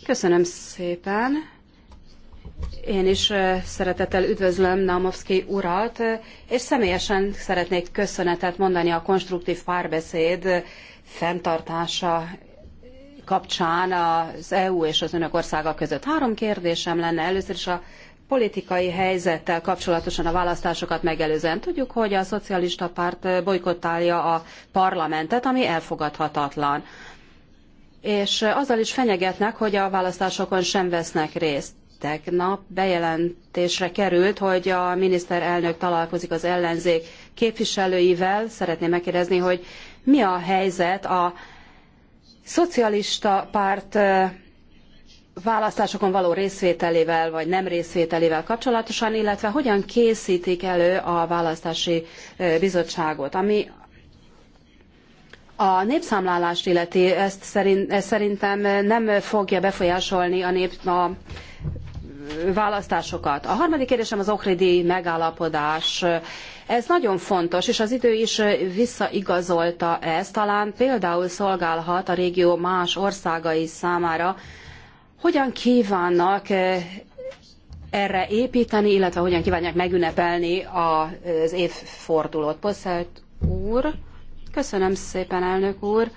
Köszönöm szépen. Én is szeretettel üdvözlöm Naumovszki urat, és személyesen szeretnék köszönetet mondani a konstruktív párbeszéd fenntartása kapcsán az EU és az önök országa között. Három kérdésem lenne. Először is a politikai helyzettel kapcsolatosan a választásokat megelőzően. Tudjuk, hogy a szocialista párt bojkottálja a parlamentet, ami elfogadhatatlan és azzal is fenyegetnek, hogy a választásokon sem vesznek részt. Tegnap bejelentésre került, hogy a miniszterelnök találkozik az ellenzék képviselőivel. Szeretném megkérdezni, hogy mi a helyzet a szocialista párt választásokon való részvételével vagy nem részvételével kapcsolatosan, illetve hogyan készítik elő a választási bizottságot, ami a népszámlálást illeti, ezt, szerint, szerintem nem fogja befolyásolni a, nép, a választásokat. A harmadik kérdésem az okridi megállapodás. Ez nagyon fontos, és az idő is visszaigazolta ezt, talán például szolgálhat a régió más országai számára, hogyan kívánnak eh, erre építeni, illetve hogyan kívánják megünnepelni az évfordulót. Poszelt úr. Köszönöm szépen, elnök úr.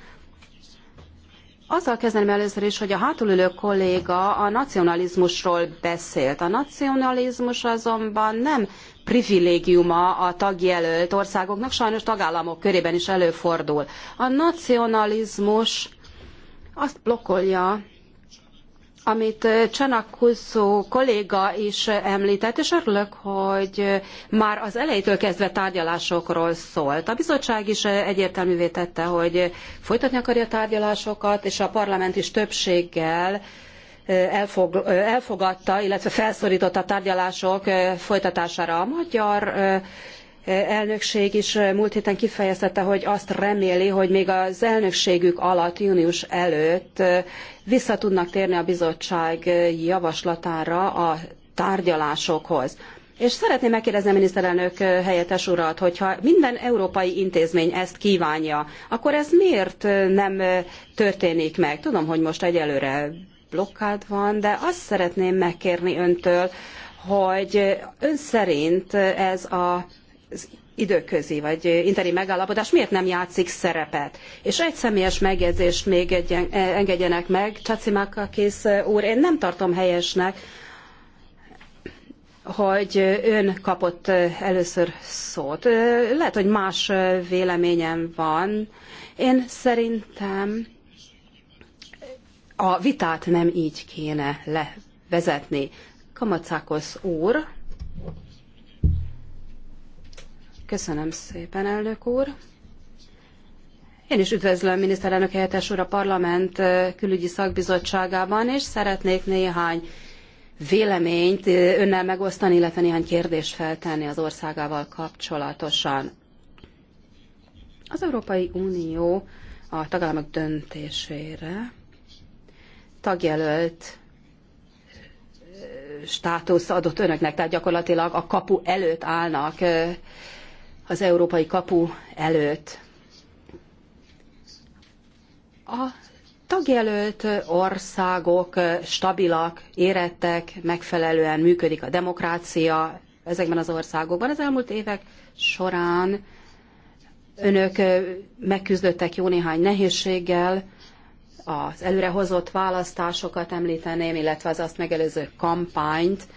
Azzal kezdeném először is, hogy a hátulülő kolléga a nacionalizmusról beszélt. A nacionalizmus azonban nem privilégiuma a tagjelölt országoknak, sajnos tagállamok körében is előfordul. A nacionalizmus azt blokkolja, amit Csanakuszó kolléga is említett, és örülök, hogy már az elejétől kezdve tárgyalásokról szólt. A bizottság is egyértelművé tette, hogy folytatni akarja a tárgyalásokat, és a parlament is többséggel elfog, elfogadta, illetve felszorította a tárgyalások folytatására. A magyar elnökség is eh, múlt héten kifejezte, hogy azt reméli, hogy még az elnökségük alatt, június előtt eh, vissza tudnak térni a bizottság eh, javaslatára a tárgyalásokhoz. És szeretném megkérdezni a miniszterelnök helyettes urat, hogyha minden európai intézmény ezt kívánja, akkor ez miért nem történik meg? Tudom, hogy most egyelőre blokkád van, de azt szeretném megkérni öntől, hogy ön szerint ez a az időközi vagy interi megállapodás miért nem játszik szerepet. És egy személyes megjegyzést még egyen, engedjenek meg, Csacimákakis úr, én nem tartom helyesnek, hogy ön kapott először szót. Lehet, hogy más véleményem van. Én szerintem a vitát nem így kéne levezetni. Kamacákos úr, Köszönöm szépen, elnök úr. Én is üdvözlöm miniszterelnök helyettes úr a parlament külügyi szakbizottságában, és szeretnék néhány véleményt önnel megosztani, illetve néhány kérdést feltenni az országával kapcsolatosan. Az Európai Unió a tagállamok döntésére tagjelölt státusz adott önöknek, tehát gyakorlatilag a kapu előtt állnak az európai kapu előtt. A tagjelölt országok stabilak, érettek, megfelelően működik a demokrácia ezekben az országokban. Az elmúlt évek során önök megküzdöttek jó néhány nehézséggel, az előrehozott választásokat említeném, illetve az azt megelőző kampányt,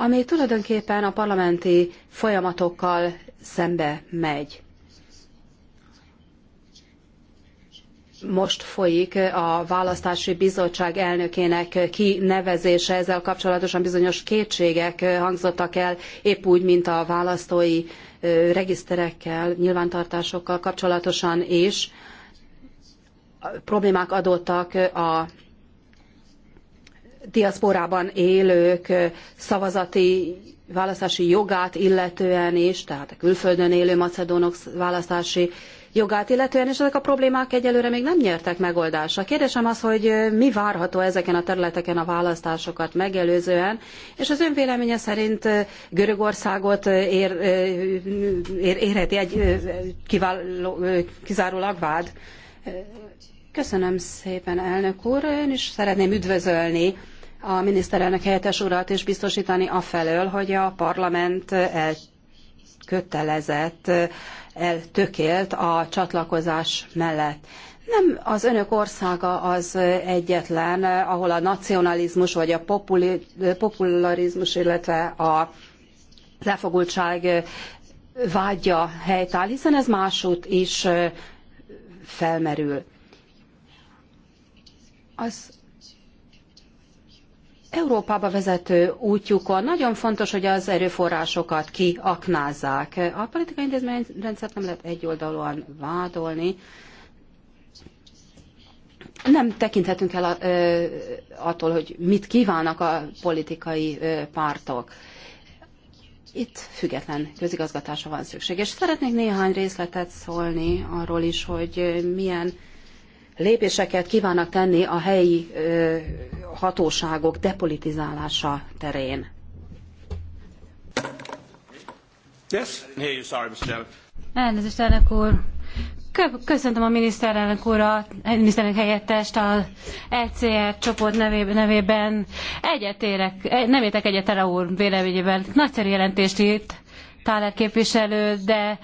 ami tulajdonképpen a parlamenti folyamatokkal szembe megy. Most folyik a választási bizottság elnökének kinevezése, ezzel kapcsolatosan bizonyos kétségek hangzottak el, épp úgy, mint a választói regiszterekkel, nyilvántartásokkal kapcsolatosan is. Problémák adottak a diaszporában élők szavazati választási jogát illetően is, tehát a külföldön élő macedónok választási jogát illetően, és ezek a problémák egyelőre még nem nyertek megoldásra. Kérdésem az, hogy mi várható ezeken a területeken a választásokat megelőzően, és az ön véleménye szerint Görögországot ér, ér, érheti egy kiváló, kizárólag vád? Köszönöm szépen, elnök úr. Ön is szeretném üdvözölni a miniszterelnök helyettes urat is biztosítani afelől, hogy a parlament elkötelezett, eltökélt a csatlakozás mellett. Nem az önök országa az egyetlen, ahol a nacionalizmus vagy a populi, popularizmus, illetve a lefogultság vágya helytáll, hiszen ez másút is felmerül. Az Európába vezető útjukon nagyon fontos, hogy az erőforrásokat kiaknázzák. A politikai intézményrendszert nem lehet egyoldalúan vádolni. Nem tekinthetünk el a, ö, attól, hogy mit kívánnak a politikai ö, pártok. Itt független közigazgatásra van szükség. És szeretnék néhány részletet szólni arról is, hogy milyen lépéseket kívánnak tenni a helyi hatóságok depolitizálása terén. Yes, here you, sorry, Mr. Chairman. Elnézést, elnök úr. Köszöntöm a miniszterelnök urat, eh, miniszterelnök helyettest a ECR csoport nevében. Egyetérek, eh, nem értek egyet a úr véleményében. Nagyszerű jelentést írt Táler képviselő, de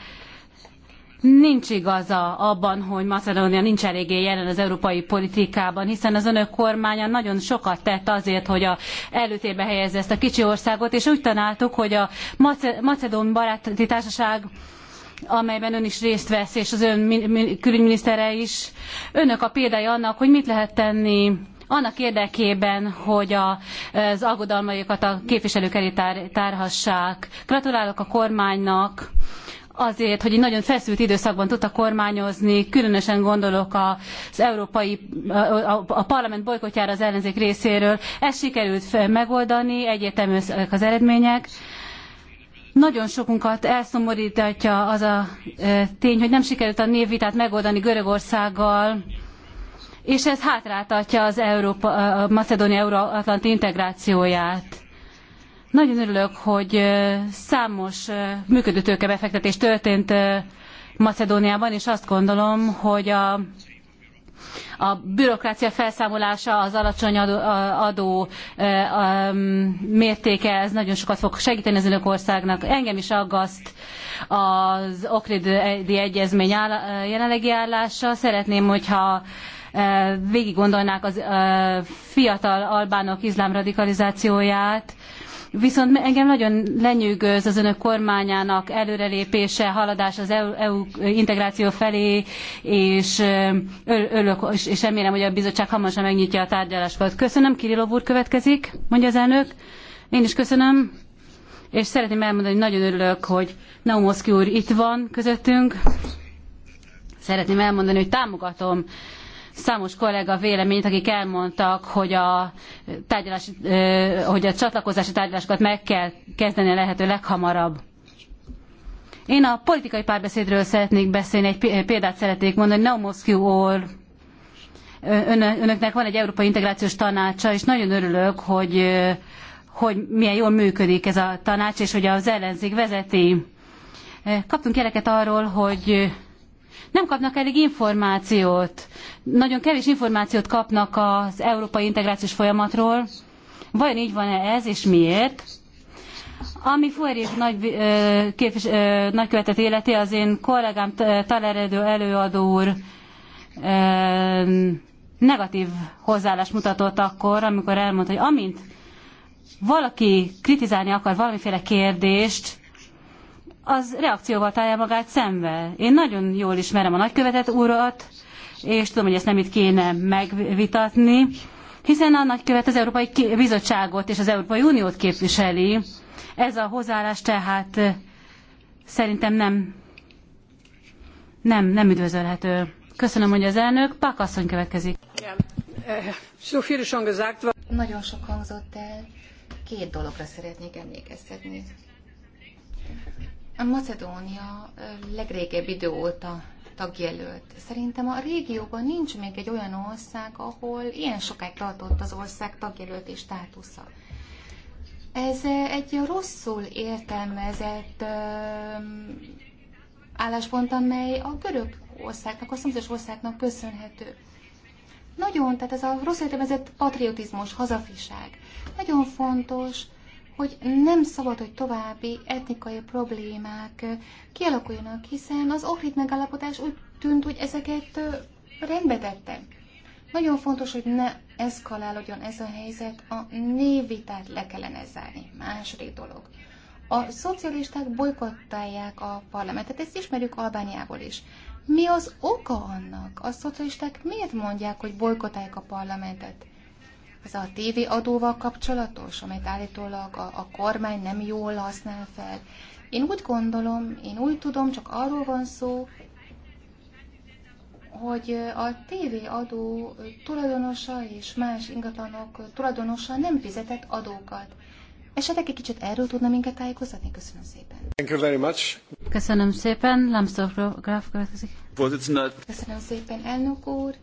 nincs igaza abban, hogy Macedónia nincs eléggé jelen az európai politikában, hiszen az önök kormánya nagyon sokat tett azért, hogy a előtérbe helyezze ezt a kicsi országot, és úgy tanáltuk, hogy a Macedón baráti társaság amelyben ön is részt vesz, és az ön külügyminisztere is. Önök a példája annak, hogy mit lehet tenni annak érdekében, hogy a, az aggodalmaikat a képviselők elé tárhassák. Gratulálok a kormánynak azért, hogy egy nagyon feszült időszakban tudta kormányozni, különösen gondolok az európai, a, a parlament bolykotjára az ellenzék részéről. Ezt sikerült megoldani, egyértelmű az eredmények. Nagyon sokunkat elszomorítatja az a e, tény, hogy nem sikerült a névvitát megoldani Görögországgal, és ez hátráltatja az Európa, a Macedónia euróatlanti integrációját nagyon örülök, hogy számos működőtőke befektetés történt Macedóniában, és azt gondolom, hogy a, a bürokrácia felszámolása, az alacsony adó, adó a, a mértéke, ez nagyon sokat fog segíteni az önök országnak. Engem is aggaszt az Okridi Egyezmény áll, jelenlegi állása. Szeretném, hogyha végig gondolnák az fiatal albánok iszlám radikalizációját, Viszont engem nagyon lenyűgöz az önök kormányának előrelépése, haladás az EU, EU integráció felé, és örülök, és remélem, hogy a bizottság hamarosan megnyitja a tárgyalásokat. Köszönöm, Kirillov úr következik, mondja az elnök. Én is köszönöm, és szeretném elmondani, hogy nagyon örülök, hogy Naumoszki úr itt van közöttünk. Szeretném elmondani, hogy támogatom számos kollega véleményt, akik elmondtak, hogy a, tárgyalás, hogy a csatlakozási tárgyalásokat meg kell kezdeni a lehető leghamarabb. Én a politikai párbeszédről szeretnék beszélni, egy példát szeretnék mondani, Naumoszkiu úr, önöknek van egy európai integrációs tanácsa, és nagyon örülök, hogy, hogy milyen jól működik ez a tanács, és hogy az ellenzék vezeti. Kaptunk jeleket arról, hogy nem kapnak elég információt. Nagyon kevés információt kapnak az európai integrációs folyamatról. Vajon így van-e ez, és miért? Ami Fueris nagy, nagykövetet életi, az én kollégám Taleredő előadó úr negatív hozzáállást mutatott akkor, amikor elmondta, hogy amint valaki kritizálni akar valamiféle kérdést, az reakcióval találja magát szembe. Én nagyon jól ismerem a nagykövetet urat, és tudom, hogy ezt nem itt kéne megvitatni, hiszen a nagykövet az Európai Bizottságot és az Európai Uniót képviseli. Ez a hozzáállás tehát eh, szerintem nem, nem, nem üdvözölhető. Köszönöm, hogy az elnök. Pak asszony következik. Eh, nagyon sok hangzott el. Két dologra szeretnék emlékeztetni. A Macedónia legrégebb idő óta tagjelölt. Szerintem a régióban nincs még egy olyan ország, ahol ilyen sokáig tartott az ország tagjelölt és státusza. Ez egy rosszul értelmezett álláspont, amely a görög országnak, a szomszédos országnak köszönhető. Nagyon, tehát ez a rossz értelmezett patriotizmus, hazafiság. Nagyon fontos, hogy nem szabad, hogy további etnikai problémák kialakuljanak, hiszen az Ohrid megállapodás úgy tűnt, hogy ezeket rendbe tette. Nagyon fontos, hogy ne eszkalálódjon ez a helyzet, a névvitát le kellene zárni. Második dolog. A szocialisták bolykottálják a parlamentet, ezt ismerjük Albániából is. Mi az oka annak? A szocialisták miért mondják, hogy bolykottálják a parlamentet? Ez a TV adóval kapcsolatos, amit állítólag a, a kormány nem jól használ fel. Én úgy gondolom, én úgy tudom, csak arról van szó, hogy a TV adó tulajdonosa és más ingatlanok tulajdonosa nem fizetett adókat. Esetleg egy kicsit erről tudna minket tájékoztatni? Köszönöm szépen. Thank you very much. Köszönöm szépen. Lambsdorff Graf következik. Köszönöm szépen, elnök úr.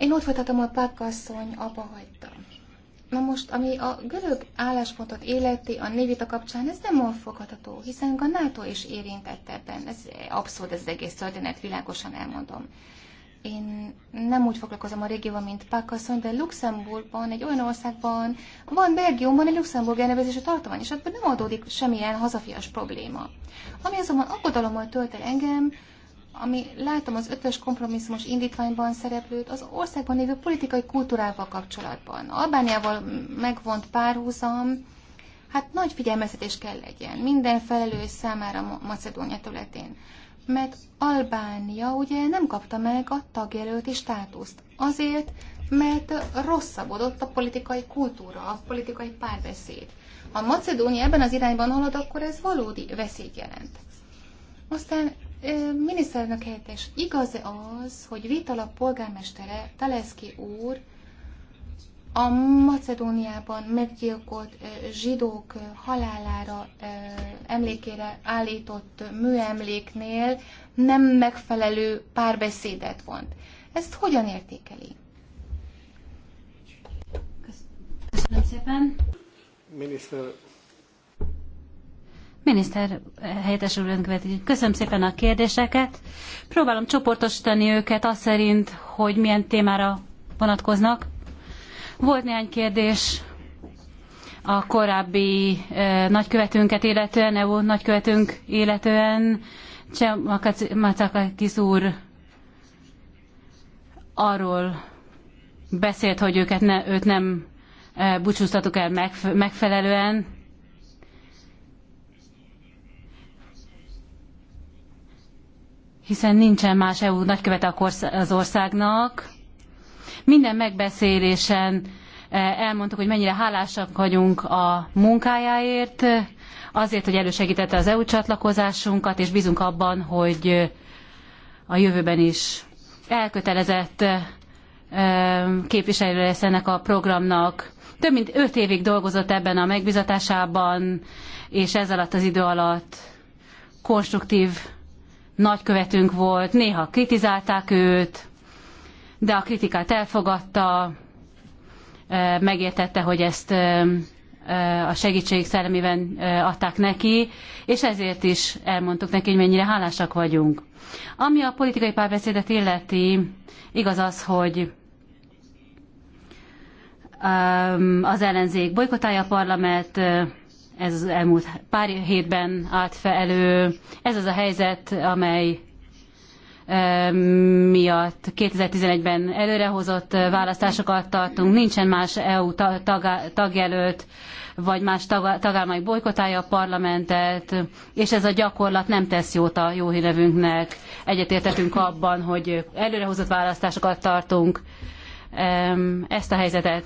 Én úgy folytatom, a pakasszony abba hagyta. Na most, ami a görög álláspontot életi a névita kapcsán, ez nem elfogadható, hiszen a NATO is érintett ebben. Ez abszurd, ez az egész történet, világosan elmondom. Én nem úgy foglalkozom a régióval, mint Pákasszony, de Luxemburgban, egy olyan országban, van Belgiumban egy Luxemburg elnevezésű tartomány, és ebben nem adódik semmilyen hazafias probléma. Ami azonban aggodalommal tölt el engem, ami látom az ötös kompromisszumos indítványban szereplőt, az országban lévő politikai kultúrával kapcsolatban. Albániával megvont párhuzam, hát nagy figyelmeztetés kell legyen minden felelős számára Macedónia területén. Mert Albánia ugye nem kapta meg a tagjelölti státuszt. Azért, mert rosszabbodott a politikai kultúra, a politikai párbeszéd. Ha Macedónia ebben az irányban halad, akkor ez valódi veszélyt jelent. Aztán Miniszterelnök helyettes, igaz-e az, hogy Vitala polgármestere, Taleszki úr, a Macedóniában meggyilkolt zsidók halálára emlékére állított műemléknél nem megfelelő párbeszédet vont. Ezt hogyan értékeli? Köszönöm szépen. Miniszter Miniszter helyettes úr Köszönöm szépen a kérdéseket. Próbálom csoportosítani őket azt szerint, hogy milyen témára vonatkoznak. Volt néhány kérdés a korábbi eh, nagykövetőnket illetően, EU nagykövetünk illetően, Cseh Macakakis úr arról beszélt, hogy őket ne, őt nem eh, búcsúztatuk el megfelelően, hiszen nincsen más EU nagykövete az országnak. Minden megbeszélésen eh, elmondtuk, hogy mennyire hálásak vagyunk a munkájáért, azért, hogy elősegítette az EU csatlakozásunkat, és bízunk abban, hogy eh, a jövőben is elkötelezett eh, képviselő lesz ennek a programnak. Több mint öt évig dolgozott ebben a megbizatásában, és ez alatt az idő alatt konstruktív nagykövetünk volt, néha kritizálták őt, de a kritikát elfogadta, megértette, hogy ezt a segítség szellemében adták neki, és ezért is elmondtuk neki, hogy mennyire hálásak vagyunk. Ami a politikai párbeszédet illeti, igaz az, hogy az ellenzék bolykotálja a parlament, ez az elmúlt pár hétben állt fel elő. Ez az a helyzet, amely e, miatt 2011-ben előrehozott e, választásokat tartunk, nincsen más EU tagjelölt, vagy más tagállamai bolykotálja a parlamentet, és ez a gyakorlat nem tesz jót a jó hírevünknek. Egyetértetünk abban, hogy előrehozott választásokat tartunk. E, ezt a helyzetet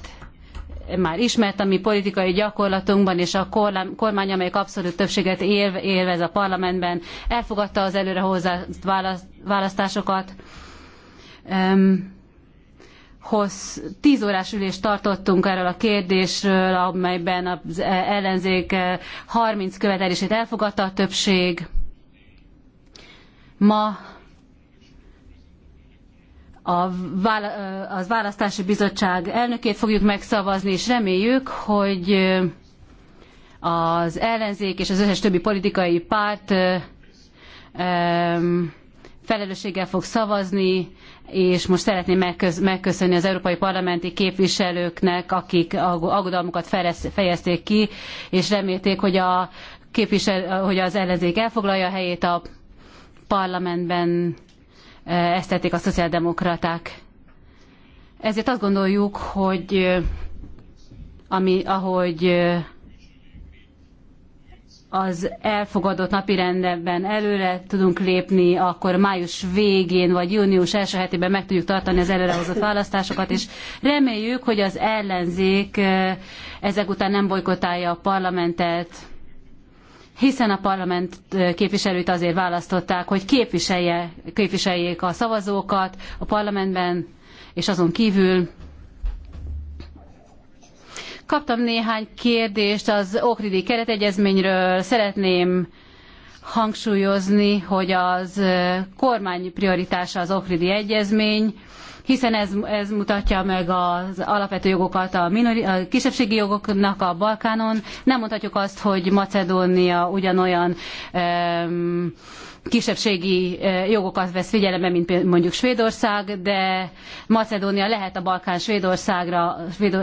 már ismert a mi politikai gyakorlatunkban, és a kormány, amelyik abszolút többséget élvez a parlamentben, elfogadta az előre választásokat. Um, hoz tíz órás ülést tartottunk erről a kérdésről, amelyben az ellenzék 30 eh, követelését elfogadta a többség. Ma a az választási bizottság elnökét fogjuk megszavazni, és reméljük, hogy az ellenzék és az összes többi politikai párt felelősséggel fog szavazni, és most szeretném megköszönni az európai parlamenti képviselőknek, akik aggodalmukat fejezték ki, és remélték, hogy, a képvisel, hogy az ellenzék elfoglalja a helyét a parlamentben Eh, ezt tették a szociáldemokraták. Ezért azt gondoljuk, hogy eh, ami, ahogy eh, az elfogadott napirendben előre tudunk lépni, akkor május végén vagy június első hetében meg tudjuk tartani az előrehozott választásokat, és reméljük, hogy az ellenzék ezek után nem bolykotálja a parlamentet, hiszen a parlament képviselőit azért választották, hogy képviselje, képviseljék a szavazókat a parlamentben és azon kívül. Kaptam néhány kérdést az Okridi keretegyezményről. Szeretném hangsúlyozni, hogy az kormány prioritása az Okridi egyezmény, hiszen ez, ez mutatja meg az alapvető jogokat a, minori, a kisebbségi jogoknak a Balkánon. Nem mondhatjuk azt, hogy Macedónia ugyanolyan um, kisebbségi eh, jogokat vesz figyelembe, mint mondjuk Svédország, de Macedónia lehet a Balkán Svédországra,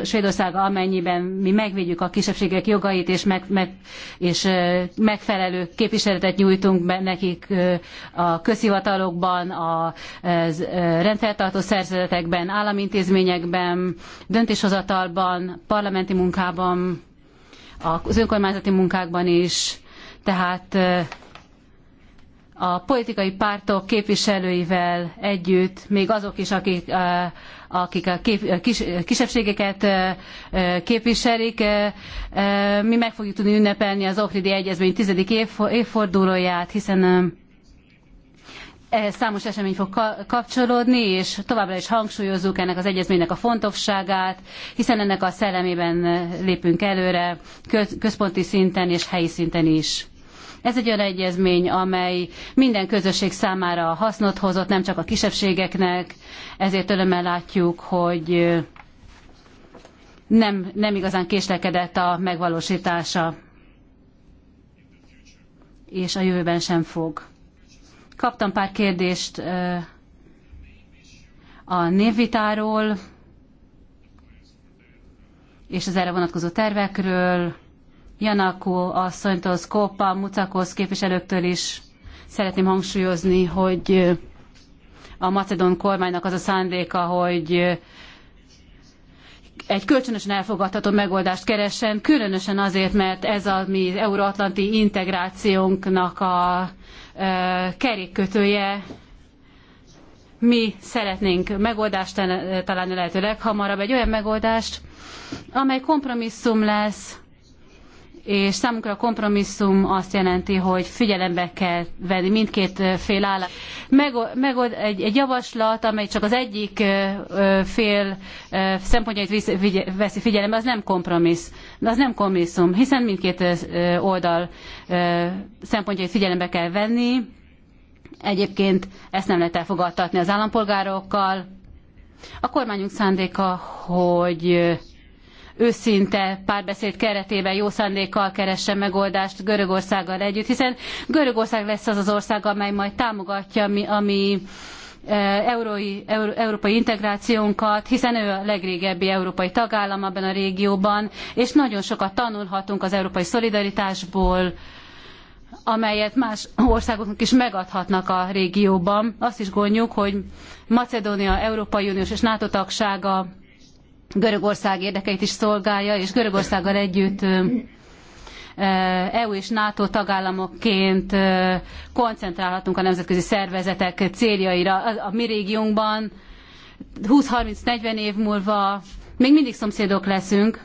Svédországa, amennyiben mi megvédjük a kisebbségek jogait, és, meg, meg, és eh, megfelelő képviseletet nyújtunk be nekik eh, a közhivatalokban, a rendfeltartó szervezetekben, államintézményekben, döntéshozatalban, parlamenti munkában, az önkormányzati munkákban is. Tehát a politikai pártok képviselőivel együtt, még azok is, akik, akik a kisebbségeket képviselik, mi meg fogjuk tudni ünnepelni az Ohridi Egyezmény tizedik évfordulóját, hiszen ehhez számos esemény fog kapcsolódni, és továbbra is hangsúlyozzuk ennek az egyezménynek a fontosságát, hiszen ennek a szellemében lépünk előre, központi szinten és helyi szinten is. Ez egy olyan egyezmény, amely minden közösség számára hasznot hozott, nem csak a kisebbségeknek, ezért örömmel látjuk, hogy nem, nem igazán késlekedett a megvalósítása, és a jövőben sem fog. Kaptam pár kérdést a névvitáról, és az erre vonatkozó tervekről, Janakó asszonytól, Szkópa, Mucakosz képviselőktől is szeretném hangsúlyozni, hogy a macedón kormánynak az a szándéka, hogy egy kölcsönösen elfogadható megoldást keressen, különösen azért, mert ez a mi euróatlanti integrációnknak a kerékkötője. Mi szeretnénk megoldást találni lehető leghamarabb, egy olyan megoldást, amely kompromisszum lesz és számunkra a kompromisszum azt jelenti, hogy figyelembe kell venni mindkét fél állást. Megold egy, egy javaslat, amely csak az egyik fél szempontjait veszi figyelembe, az nem kompromissz. az nem kompromisszum, hiszen mindkét oldal szempontjait figyelembe kell venni. Egyébként ezt nem lehet elfogadtatni az állampolgárokkal. A kormányunk szándéka, hogy őszinte párbeszéd keretében jó szándékkal keressen megoldást Görögországgal együtt, hiszen Görögország lesz az az ország, amely majd támogatja mi, ami e, Európai, európai integrációnkat, hiszen ő a legrégebbi európai tagállam abban a régióban, és nagyon sokat tanulhatunk az európai szolidaritásból, amelyet más országoknak is megadhatnak a régióban. Azt is gondoljuk, hogy Macedónia Európai Uniós és NATO tagsága Görögország érdekeit is szolgálja, és Görögországgal együtt EU és NATO tagállamokként koncentrálhatunk a nemzetközi szervezetek céljaira. A mi régiónkban 20-30-40 év múlva még mindig szomszédok leszünk,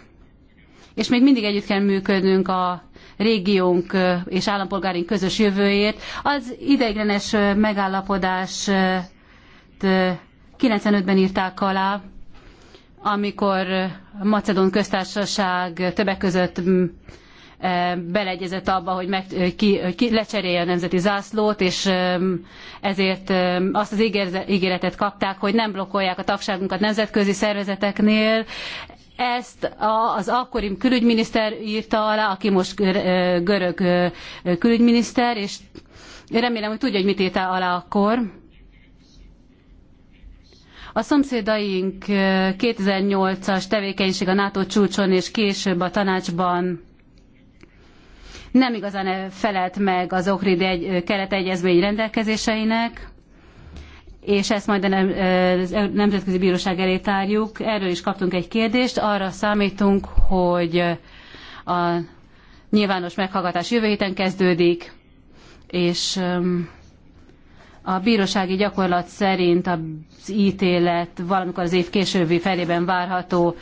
és még mindig együtt kell működnünk a régiónk és állampolgárink közös jövőjét. Az ideiglenes megállapodást 95-ben írták alá, amikor a Macedón köztársaság többek között mm, e, beleegyezett abba, hogy, meg, ki, ki lecserélje a nemzeti zászlót, és e, ezért e, azt az ígéretet kapták, hogy nem blokkolják a tagságunkat nemzetközi szervezeteknél. Ezt az akkori külügyminiszter írta alá, aki most görög külügyminiszter, és remélem, hogy tudja, hogy mit írta alá akkor a szomszédaink 2008-as tevékenység a NATO csúcson és később a tanácsban nem igazán felelt meg az Ohridi egy, keretegyezmény rendelkezéseinek, és ezt majd a Nemzetközi Bíróság elé tárjuk. Erről is kaptunk egy kérdést. Arra számítunk, hogy a nyilvános meghallgatás jövő héten kezdődik, és a bírósági gyakorlat szerint az ítélet valamikor az év későbbi felében várható,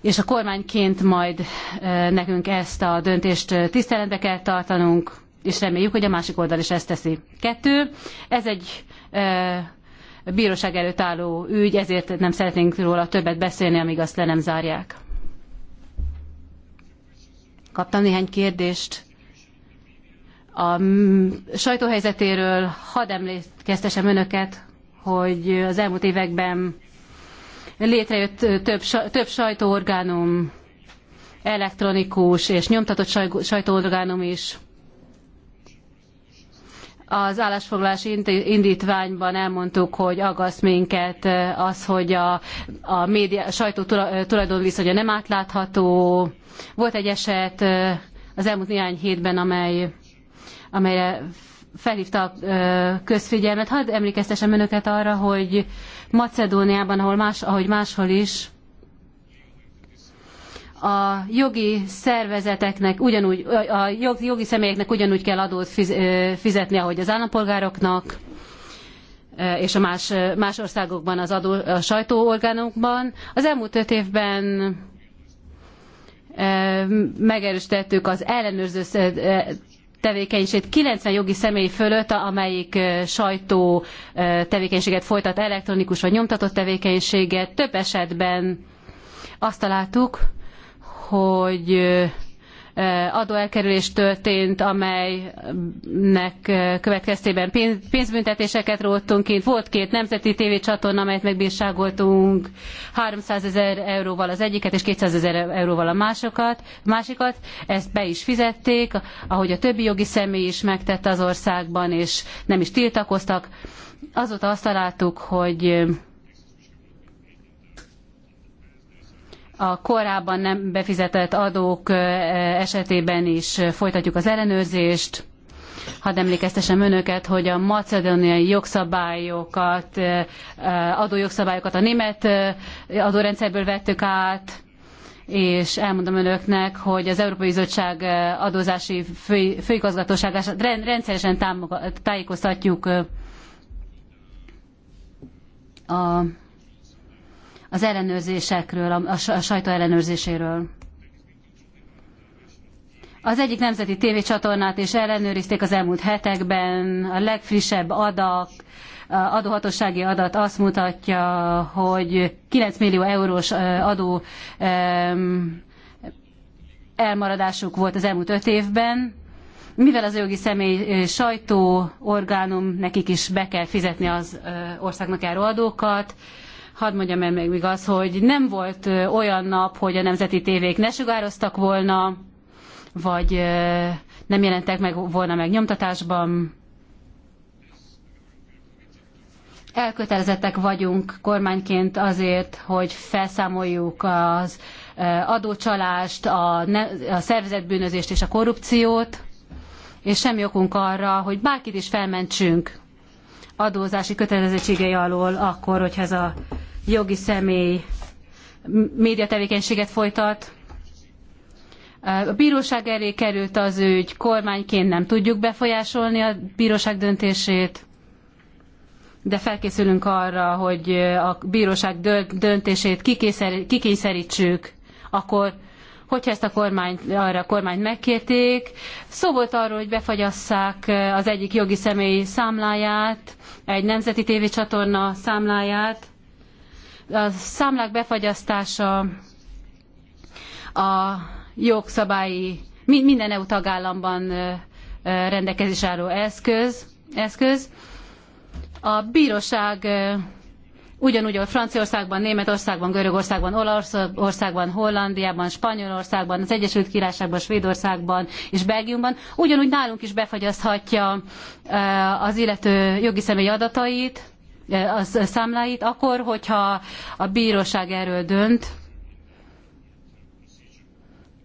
és a kormányként majd e, nekünk ezt a döntést e, tiszteletbe kell tartanunk, és reméljük, hogy a másik oldal is ezt teszi. Kettő, ez egy e, bíróság előtt álló ügy, ezért nem szeretnénk róla többet beszélni, amíg azt le nem zárják. Kaptam néhány kérdést a sajtóhelyzetéről hadd emlékeztesem önöket, hogy az elmúlt években létrejött több, több sajtóorgánum, elektronikus és nyomtatott sajtóorgánum is. Az állásfoglalási indítványban elmondtuk, hogy aggaszt minket az, hogy a, a, média, a sajtó tulajdonviszonya nem átlátható. Volt egy eset az elmúlt néhány hétben, amely amelyre felhívta a közfigyelmet. Hadd emlékeztessem önöket arra, hogy Macedóniában, ahol más, ahogy máshol is, a jogi szervezeteknek ugyanúgy, a jogi személyeknek ugyanúgy kell adót fizetni, ahogy az állampolgároknak és a más, más országokban az adó, a sajtóorgánokban. Az elmúlt öt évben megerősítettük az ellenőrző tevékenységét 90 jogi személy fölött, amelyik sajtó tevékenységet folytat, elektronikus vagy nyomtatott tevékenységet. Több esetben azt találtuk, hogy Eh, adóelkerülés történt, amelynek eh, következtében pénzbüntetéseket róttunk ki. Volt két nemzeti tévécsatorna, amelyet megbírságoltunk 300 ezer euróval az egyiket és 200 ezer euróval a másokat, másikat. Ezt be is fizették, ahogy a többi jogi személy is megtette az országban, és nem is tiltakoztak. Azóta azt találtuk, hogy a korábban nem befizetett adók esetében is folytatjuk az ellenőrzést. Hadd emlékeztesem önöket, hogy a macedóniai jogszabályokat, adójogszabályokat a német adórendszerből vettük át, és elmondom önöknek, hogy az Európai Bizottság adózási fő, főigazgatóságát rendszeresen támogat, tájékoztatjuk a az ellenőrzésekről, a sajtó ellenőrzéséről. Az egyik nemzeti tévécsatornát is ellenőrizték az elmúlt hetekben. A legfrissebb adak, adóhatósági adat azt mutatja, hogy 9 millió eurós adó elmaradásuk volt az elmúlt öt évben. Mivel az jogi személy sajtóorgánum, nekik is be kell fizetni az országnak járó adókat, hadd mondjam el még, még az, hogy nem volt olyan nap, hogy a nemzeti tévék ne sugároztak volna, vagy nem jelentek meg volna meg nyomtatásban. Elkötelezettek vagyunk kormányként azért, hogy felszámoljuk az adócsalást, a, ne, a szervezetbűnözést és a korrupciót, és semmi okunk arra, hogy bárkit is felmentsünk adózási kötelezettségei alól, akkor, hogyha ez a jogi személy médiatevékenységet folytat. A bíróság elé került az ügy, kormányként nem tudjuk befolyásolni a bíróság döntését, de felkészülünk arra, hogy a bíróság döntését kikényszerítsük, akkor hogyha ezt a kormányt, arra a kormányt megkérték. Szó volt arról, hogy befagyasszák az egyik jogi személy számláját, egy nemzeti tévécsatorna számláját, a számlák befagyasztása, a jogszabályi, minden EU tagállamban rendelkezés álló eszköz, eszköz. A bíróság ugyanúgy, ahogy Franciaországban, Németországban, Görögországban, Olaszországban, Hollandiában, Spanyolországban, az Egyesült Királyságban, Svédországban és Belgiumban, ugyanúgy nálunk is befagyaszthatja az illető jogi személy adatait, a számláit, akkor, hogyha a bíróság erről dönt,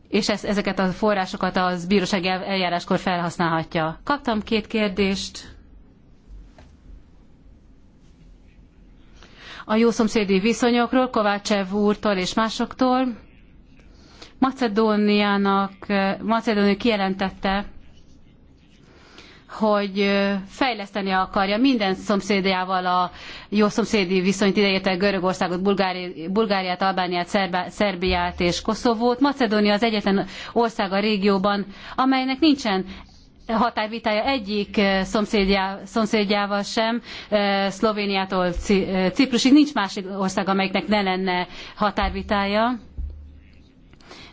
és ezeket a forrásokat az bíróság eljáráskor felhasználhatja. Kaptam két kérdést. A jószomszédi viszonyokról, Kovácsev úrtól és másoktól. Macedóniának, Macedónia kijelentette, hogy fejleszteni akarja minden szomszédjával a jó szomszédi viszonyt ideértve Görögországot, Bulgári, Bulgáriát, Albániát, Szerbá, Szerbiát és Koszovót. Macedónia az egyetlen ország a régióban, amelynek nincsen határvitája egyik szomszédjá, szomszédjával sem, Szlovéniától Ciprusig nincs másik ország, amelyiknek ne lenne határvitája.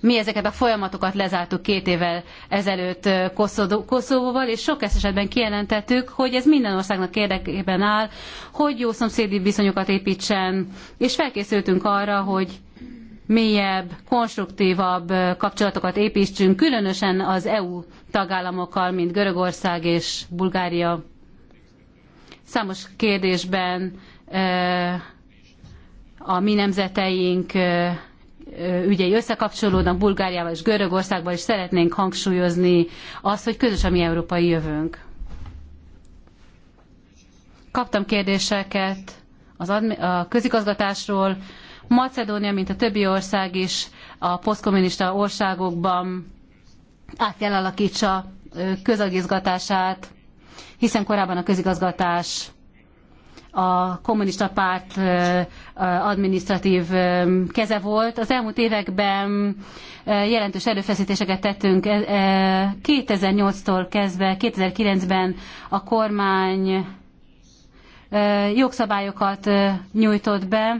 Mi ezeket a folyamatokat lezártuk két évvel ezelőtt Koszovóval, és sok esetben kijelentettük, hogy ez minden országnak érdekében áll, hogy jó szomszédi viszonyokat építsen, és felkészültünk arra, hogy mélyebb, konstruktívabb kapcsolatokat építsünk, különösen az EU tagállamokkal, mint Görögország és Bulgária. Számos kérdésben a mi nemzeteink ügyei összekapcsolódnak Bulgáriával és Görögországban, és szeretnénk hangsúlyozni azt, hogy közös a mi európai jövőnk. Kaptam kérdéseket az a közigazgatásról. Macedónia, mint a többi ország is a posztkommunista országokban át kell alakítsa közigazgatását, hiszen korábban a közigazgatás a kommunista párt administratív keze volt. Az elmúlt években jelentős erőfeszítéseket tettünk. 2008-tól e, e, kezdve 2009-ben a kormány jogszabályokat nyújtott be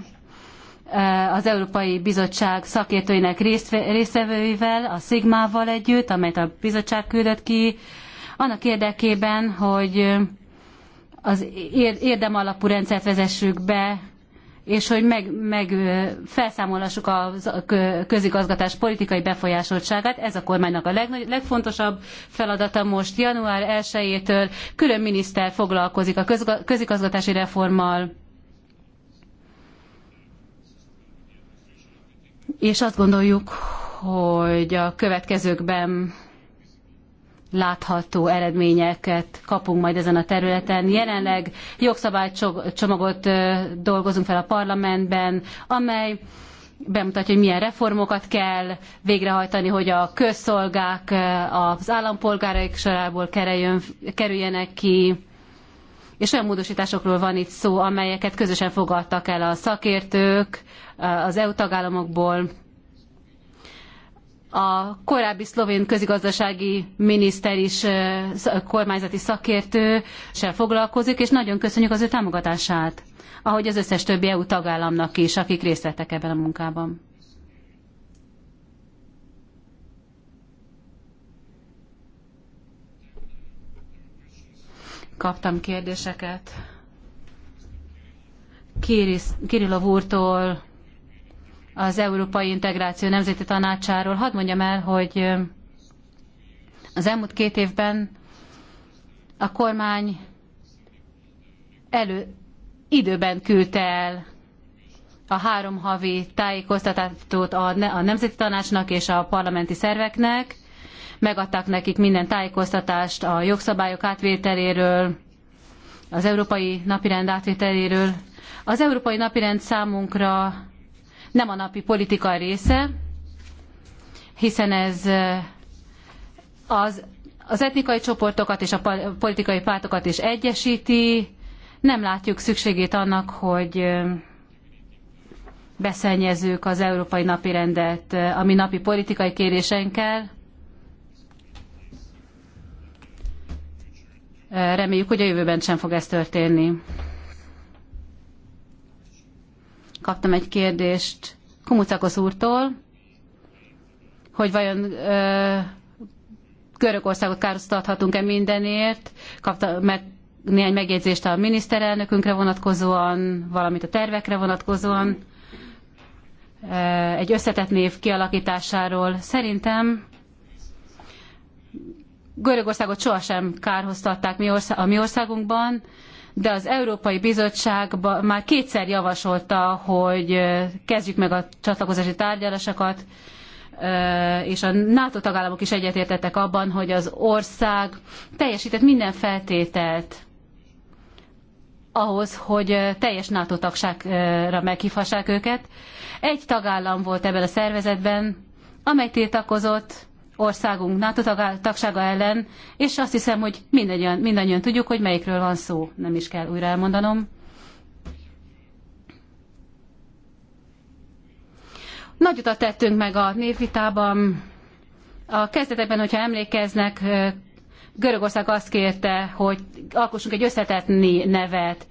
az Európai Bizottság szakértőinek résztvevőivel, a Szigmával együtt, amelyet a bizottság küldött ki, annak érdekében, hogy az érdemalapú rendszert vezessük be, és hogy meg, meg felszámolassuk a közigazgatás politikai befolyásoltságát. Ez a kormánynak a legnagy, legfontosabb feladata most január 1-től. Külön miniszter foglalkozik a közigazgatási reformmal. És azt gondoljuk, hogy a következőkben látható eredményeket kapunk majd ezen a területen. Jelenleg jogszabálycsomagot dolgozunk fel a parlamentben, amely bemutatja, hogy milyen reformokat kell végrehajtani, hogy a közszolgák az állampolgáraik sorából kerüljenek ki, és olyan módosításokról van itt szó, amelyeket közösen fogadtak el a szakértők az EU tagállamokból, a korábbi szlovén közigazdasági miniszter is kormányzati szakértő se foglalkozik, és nagyon köszönjük az ő támogatását, ahogy az összes többi EU tagállamnak is, akik részt vettek ebben a munkában. Kaptam kérdéseket. Kirilov úrtól, az Európai Integráció Nemzeti Tanácsáról. Hadd mondjam el, hogy az elmúlt két évben a kormány elő időben küldte el a három havi tájékoztatót a Nemzeti Tanácsnak és a parlamenti szerveknek. Megadtak nekik minden tájékoztatást a jogszabályok átvételéről, az európai napirend átvételéről. Az európai napirend számunkra nem a napi politika része, hiszen ez az, az etnikai csoportokat és a politikai pártokat is egyesíti. Nem látjuk szükségét annak, hogy beszennyezzük az európai napirendet a mi napi politikai kérésenkkel. Reméljük, hogy a jövőben sem fog ez történni. Kaptam egy kérdést Kumucakos úrtól, hogy vajon ö, Görögországot károsztathatunk-e mindenért, kapta, meg néhány megjegyzést a miniszterelnökünkre vonatkozóan, valamint a tervekre vonatkozóan, egy összetett név kialakításáról. Szerintem Görögországot sohasem kárhoztatták mi a mi országunkban, de az Európai Bizottságban már kétszer javasolta, hogy kezdjük meg a csatlakozási tárgyalásokat, és a NATO tagállamok is egyetértettek abban, hogy az ország teljesített minden feltételt ahhoz, hogy teljes NATO tagságra meghívhassák őket. Egy tagállam volt ebben a szervezetben, amely tiltakozott, országunk NATO tagsága ellen, és azt hiszem, hogy mindannyian, mindannyian tudjuk, hogy melyikről van szó, nem is kell újra elmondanom. Nagy utat tettünk meg a névvitában. A kezdetekben, hogyha emlékeznek, Görögország azt kérte, hogy alkossunk egy összetett nevet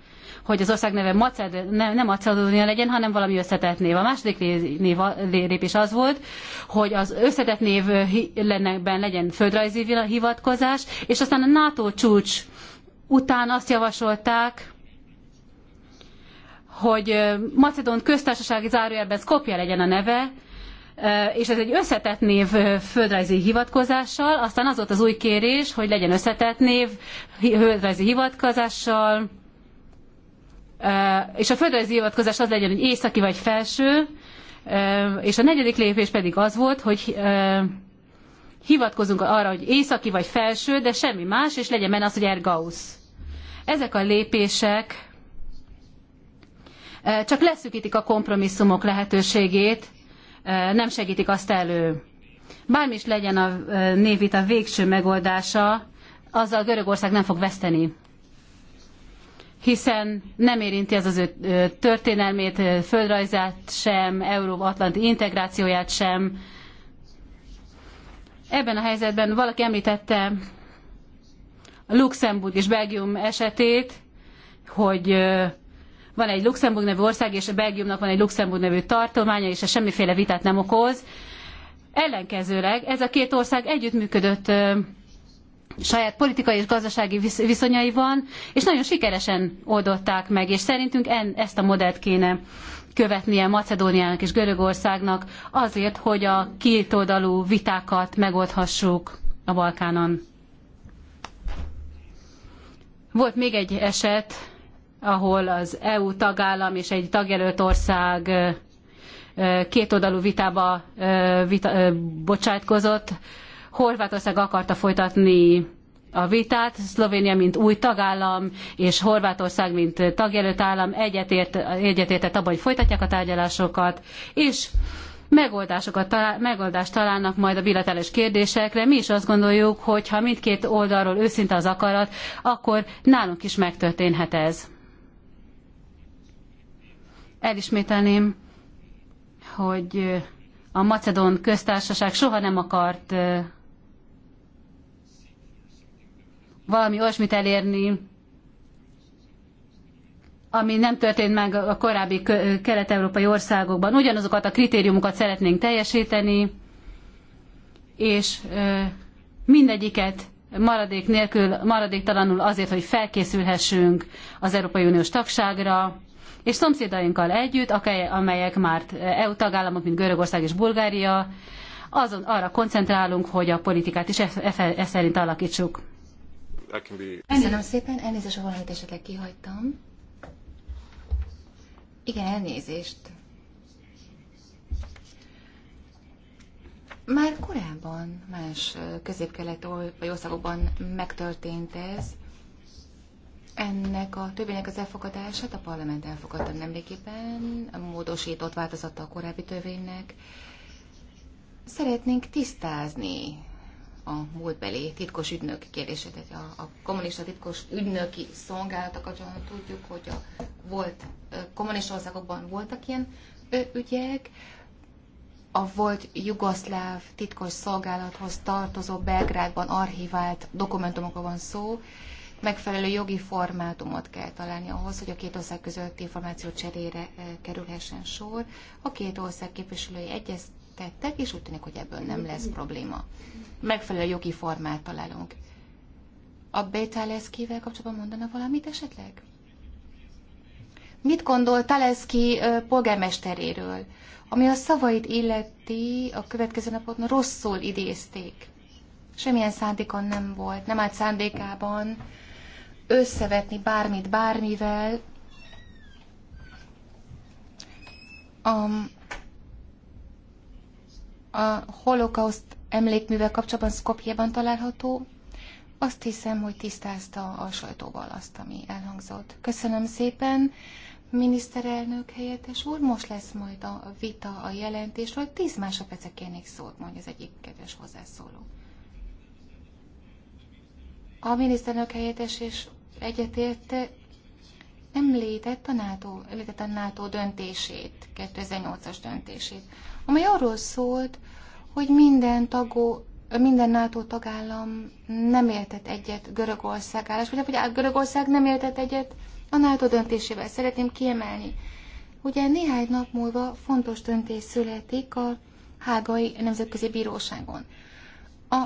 hogy az ország neve Maced, ne, nem Macedónia legyen, hanem valami összetett név. A második név, lépés az volt, hogy az összetett név eh, lennekben legyen földrajzi hivatkozás, és aztán a NATO csúcs után azt javasolták, hogy eh, Macedón köztársasági zárójelben Skopje legyen a neve, eh, és ez egy összetett név földrajzi hivatkozással, aztán az volt az új kérés, hogy legyen összetett név földrajzi hivatkozással, és a földrajzi hivatkozás az legyen, hogy északi vagy felső, és a negyedik lépés pedig az volt, hogy hivatkozunk arra, hogy északi vagy felső, de semmi más, és legyen benne az, hogy ergaus. Ezek a lépések csak leszűkítik a kompromisszumok lehetőségét, nem segítik azt elő. Bármi is legyen a a végső megoldása, azzal Görögország nem fog veszteni hiszen nem érinti ez az ő történelmét, földrajzát sem, euróatlanti integrációját sem. Ebben a helyzetben valaki említette Luxemburg és Belgium esetét, hogy van egy Luxemburg nevű ország, és a Belgiumnak van egy Luxemburg nevű tartománya, és ez semmiféle vitát nem okoz. Ellenkezőleg ez a két ország együttműködött saját politikai és gazdasági viszonyai van, és nagyon sikeresen oldották meg, és szerintünk en, ezt a modellt kéne követnie Macedóniának és Görögországnak azért, hogy a kétoldalú vitákat megoldhassuk a Balkánon. Volt még egy eset, ahol az EU tagállam és egy tagjelölt ország kétoldalú vitába vita, bocsátkozott, Horvátország akarta folytatni a vitát, Szlovénia mint új tagállam, és Horvátország mint tagjelölt állam egyetért, egyetértett abban, hogy folytatják a tárgyalásokat, és megoldásokat talál, megoldást találnak majd a bilaterális kérdésekre. Mi is azt gondoljuk, hogy ha mindkét oldalról őszinte az akarat, akkor nálunk is megtörténhet ez. Elismételném, hogy a Macedón köztársaság soha nem akart valami olyasmit elérni, ami nem történt meg a korábbi kelet-európai országokban. Ugyanazokat a kritériumokat szeretnénk teljesíteni, és mindegyiket maradék nélkül, maradéktalanul azért, hogy felkészülhessünk az Európai Uniós tagságra, és szomszédainkkal együtt, amelyek már EU tagállamok, mint Görögország és Bulgária, azon arra koncentrálunk, hogy a politikát is e, e, e, e szerint alakítsuk that can be... Köszönöm szépen, elnézést, ha valamit esetleg kihagytam. Igen, elnézést. Már korábban más közép-kelet vagy országokban megtörtént ez. Ennek a törvénynek az elfogadását a parlament elfogadta nemrégiben, módosított változata a korábbi törvénynek. Szeretnénk tisztázni a múltbeli titkos ügynök kérdése, tehát a, a kommunista titkos ügynöki szolgálata kapcsolatban tudjuk, hogy a volt kommunista országokban voltak ilyen ügyek, a volt jugoszláv titkos szolgálathoz tartozó Belgrádban archivált dokumentumokról van szó, megfelelő jogi formátumot kell találni ahhoz, hogy a két ország közötti információ cserére kerülhessen sor. A két ország képviselői egyez, tettek, és úgy tűnik, hogy ebből nem lesz probléma. Megfelelő jogi formát találunk. A Betaleszkivel kapcsolatban mondana valamit esetleg? Mit gondol Taleszki polgármesteréről, ami a szavait illeti a következő napon rosszul idézték? Semmilyen szándékon nem volt, nem állt szándékában összevetni bármit bármivel. Um, a holokauszt emlékművel kapcsolatban Skopjeban található. Azt hiszem, hogy tisztázta a sajtóval azt, ami elhangzott. Köszönöm szépen, miniszterelnök helyettes úr. Most lesz majd a vita a jelentésről. Tíz másodpercet kérnék szót, mondja az egyik kedves hozzászóló. A miniszterelnök helyettes és egyetért említett a NATO, említett a NATO döntését, 2008-as döntését amely arról szólt, hogy minden tagó, minden NATO tagállam nem értett egyet Görögország állás, vagy hogy Görögország nem értett egyet a NATO döntésével. Szeretném kiemelni. Ugye néhány nap múlva fontos döntés születik a Hágai Nemzetközi Bíróságon. A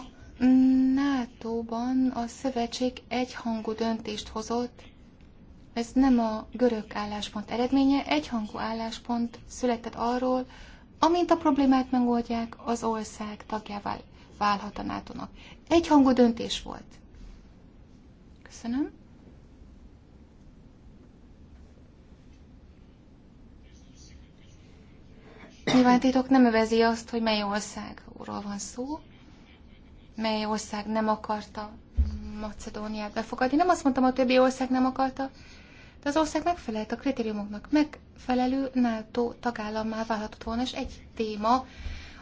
NATO-ban a szövetség egyhangú döntést hozott, ez nem a görög álláspont eredménye, egyhangú álláspont született arról, Amint a problémát megoldják, az ország tagjává válhat a NATO-nak. hangú döntés volt. Köszönöm. Nyilván titok nem övezi azt, hogy mely országról van szó, mely ország nem akarta Macedóniát befogadni. Nem azt mondtam, a többi ország nem akarta, de az ország megfelelt a kritériumoknak, megfelelő NATO tagállammá válhatott volna, és egy téma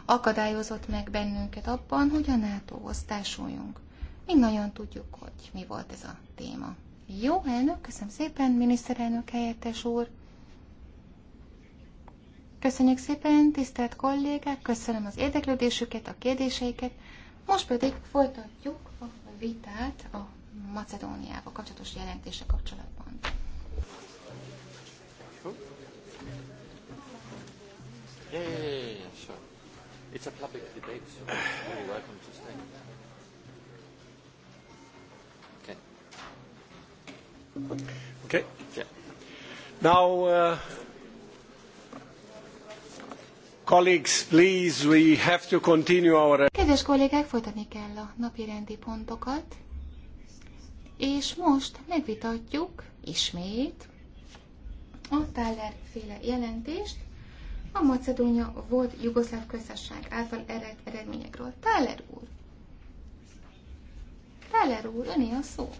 akadályozott meg bennünket abban, hogy a NATO-hoz társuljunk. Mindannyian tudjuk, hogy mi volt ez a téma. Jó, elnök, köszönöm szépen, miniszterelnök helyettes úr. Köszönjük szépen, tisztelt kollégák, köszönöm az érdeklődésüket, a kérdéseiket. Most pedig folytatjuk a vitát a Macedóniával kapcsolatos jelentése kapcsolatban. Yeah, yeah, yeah, yeah, sure. It's a public debate, so you're welcome to stay. Okay. Okay. Yeah. Now, uh, colleagues, please, we have to continue our... Kedves kollégák, folytatni kell a napi rendi pontokat. És most megvitatjuk ismét a Táler féle jelentést a Macedónia volt Jugoszláv köztársaság által ered eredményekről. Táler úr! Táler úr, öné a szó!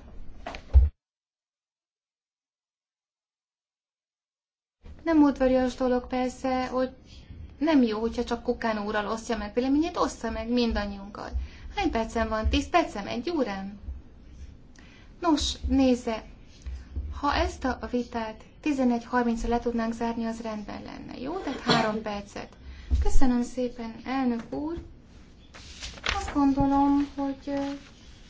Nem udvarias dolog persze, hogy nem jó, hogyha csak Kukán úrral osztja meg véleményét, ossza meg mindannyiunkkal. Hány percem van? Tíz percem? Egy órám? Nos, nézze, ha ezt a vitát 11.30-ra le tudnánk zárni, az rendben lenne. Jó? Tehát három percet. Köszönöm szépen, elnök úr. Azt gondolom, hogy